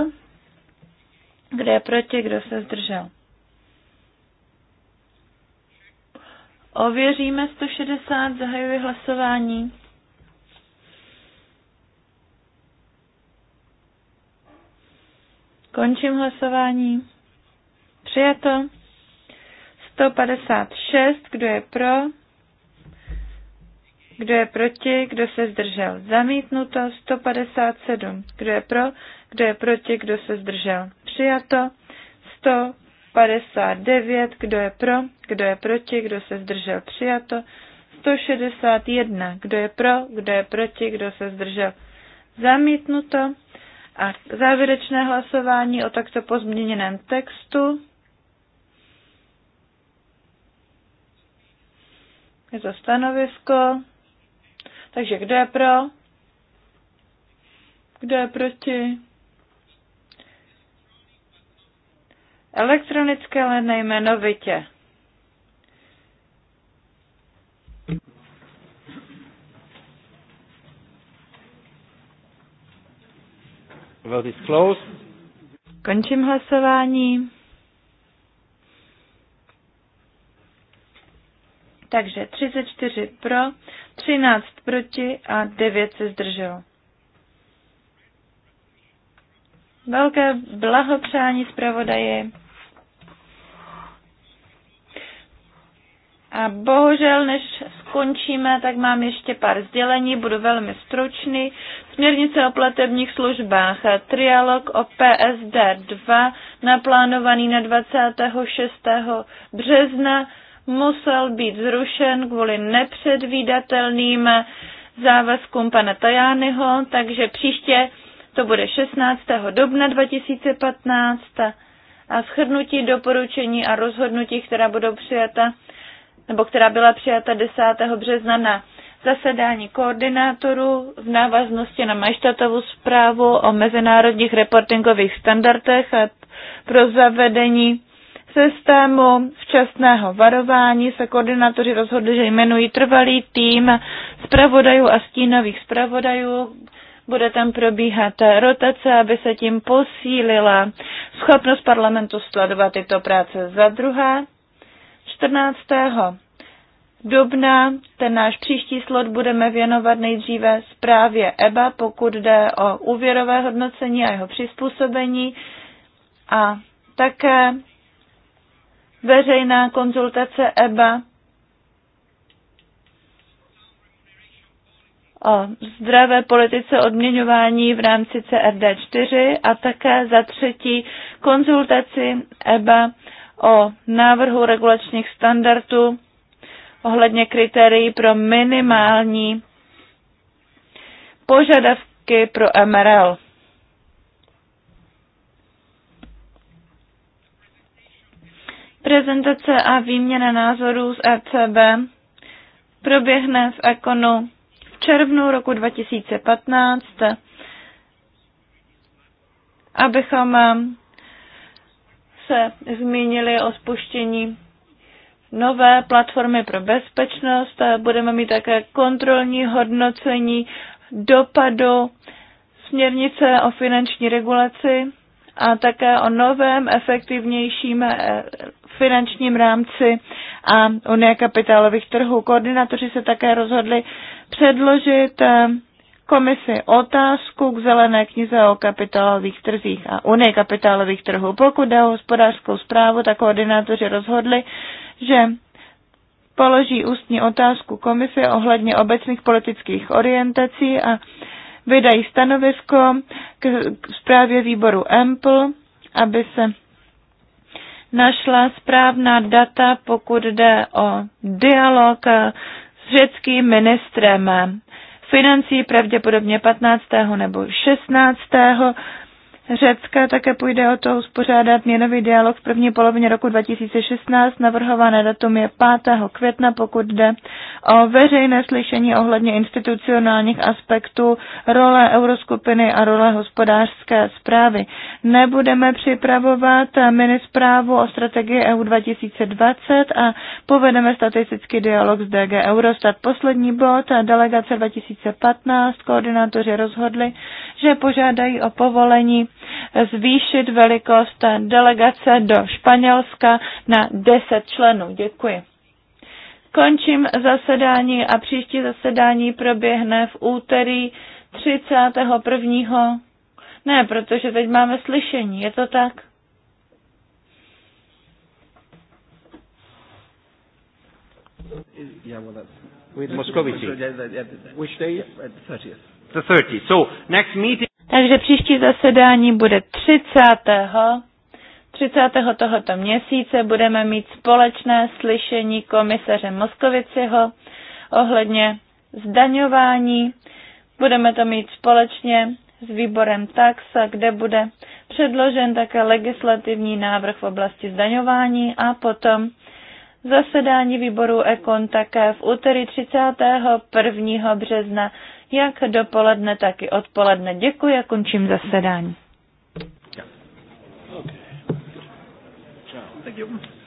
Kdo je proti? Kdo se zdržel? Ověříme 160, zahajuji hlasování. Končím hlasování. Přijato. 156, kdo je pro? Kdo je proti? Kdo se zdržel? Zamítnuto. 157, kdo je pro? Kdo je proti? Kdo se zdržel? Přijato. 100. 59, kdo je pro, kdo je proti, kdo se zdržel přijato, 161, kdo je pro, kdo je proti, kdo se zdržel zamítnuto a závěrečné hlasování o takto pozměněném textu. Je to stanovisko. Takže kdo je pro? Kdo je proti? Elektronické, ale nejmenovitě. Končím hlasování. Takže 34 pro, 13 proti a 9 se zdrželo. Velké blahopřání zpravodaji. A bohužel, než skončíme, tak mám ještě pár sdělení, budu velmi stručný. Směrnice o platebních službách, trialog o PSD 2, naplánovaný na 26. března, musel být zrušen kvůli nepředvídatelným závazkům pana Tajányho, takže příště to bude 16. dubna 2015 a shrnutí doporučení a rozhodnutí, která budou přijata nebo která byla přijata 10. března na zasedání koordinátorů v návaznosti na majštatovou zprávu o mezinárodních reportingových standardech a pro zavedení systému včasného varování se koordinátoři rozhodli, že jmenují trvalý tým zpravodajů a stínových zpravodajů. Bude tam probíhat rotace, aby se tím posílila schopnost parlamentu sledovat tyto práce. Za druhé, 14. dubna ten náš příští slot budeme věnovat nejdříve zprávě EBA, pokud jde o úvěrové hodnocení a jeho přizpůsobení a také veřejná konzultace EBA o zdravé politice odměňování v rámci CRD4 a také za třetí konzultaci EBA o návrhu regulačních standardů ohledně kritérií pro minimální požadavky pro MRL. Prezentace a výměna názorů z ECB proběhne v Ekonu v červnu roku 2015, abychom se zmínili o spuštění nové platformy pro bezpečnost. Budeme mít také kontrolní hodnocení dopadu směrnice o finanční regulaci a také o novém, efektivnějším eh, finančním rámci a Unie kapitálových trhů. Koordinátoři se také rozhodli předložit eh, komisi otázku k zelené knize o kapitálových trzích a unii kapitálových trhů. Pokud jde o hospodářskou zprávu, tak koordinátoři rozhodli, že položí ústní otázku komisi ohledně obecných politických orientací a vydají stanovisko k zprávě výboru EMPL, aby se našla správná data, pokud jde o dialog s řeckým ministrem financí pravděpodobně 15. nebo 16. Řecka také půjde o to uspořádat měnový dialog v první polovině roku 2016. Navrhované datum je 5. května, pokud jde o veřejné slyšení ohledně institucionálních aspektů role euroskupiny a role hospodářské zprávy. Nebudeme připravovat minisprávu o strategii EU 2020 a povedeme statistický dialog s DG Eurostat. Poslední bod, delegace 2015, koordinátoři rozhodli, že požádají o povolení zvýšit velikost delegace do Španělska na 10 členů. Děkuji. Končím zasedání a příští zasedání proběhne v úterý 31. Ne, protože teď máme slyšení, je to tak? Yeah, well, that's with Moscovici. Which day? The 30th. The 30th. So next meeting. Takže příští zasedání bude 30. 30. tohoto měsíce budeme mít společné slyšení komisaře Moskoviciho ohledně zdaňování. Budeme to mít společně s výborem taxa, kde bude předložen také legislativní návrh v oblasti zdaňování a potom zasedání výboru Ekon také v úterý 31. března jak dopoledne, tak i odpoledne. Děkuji a končím zasedání. Thank you.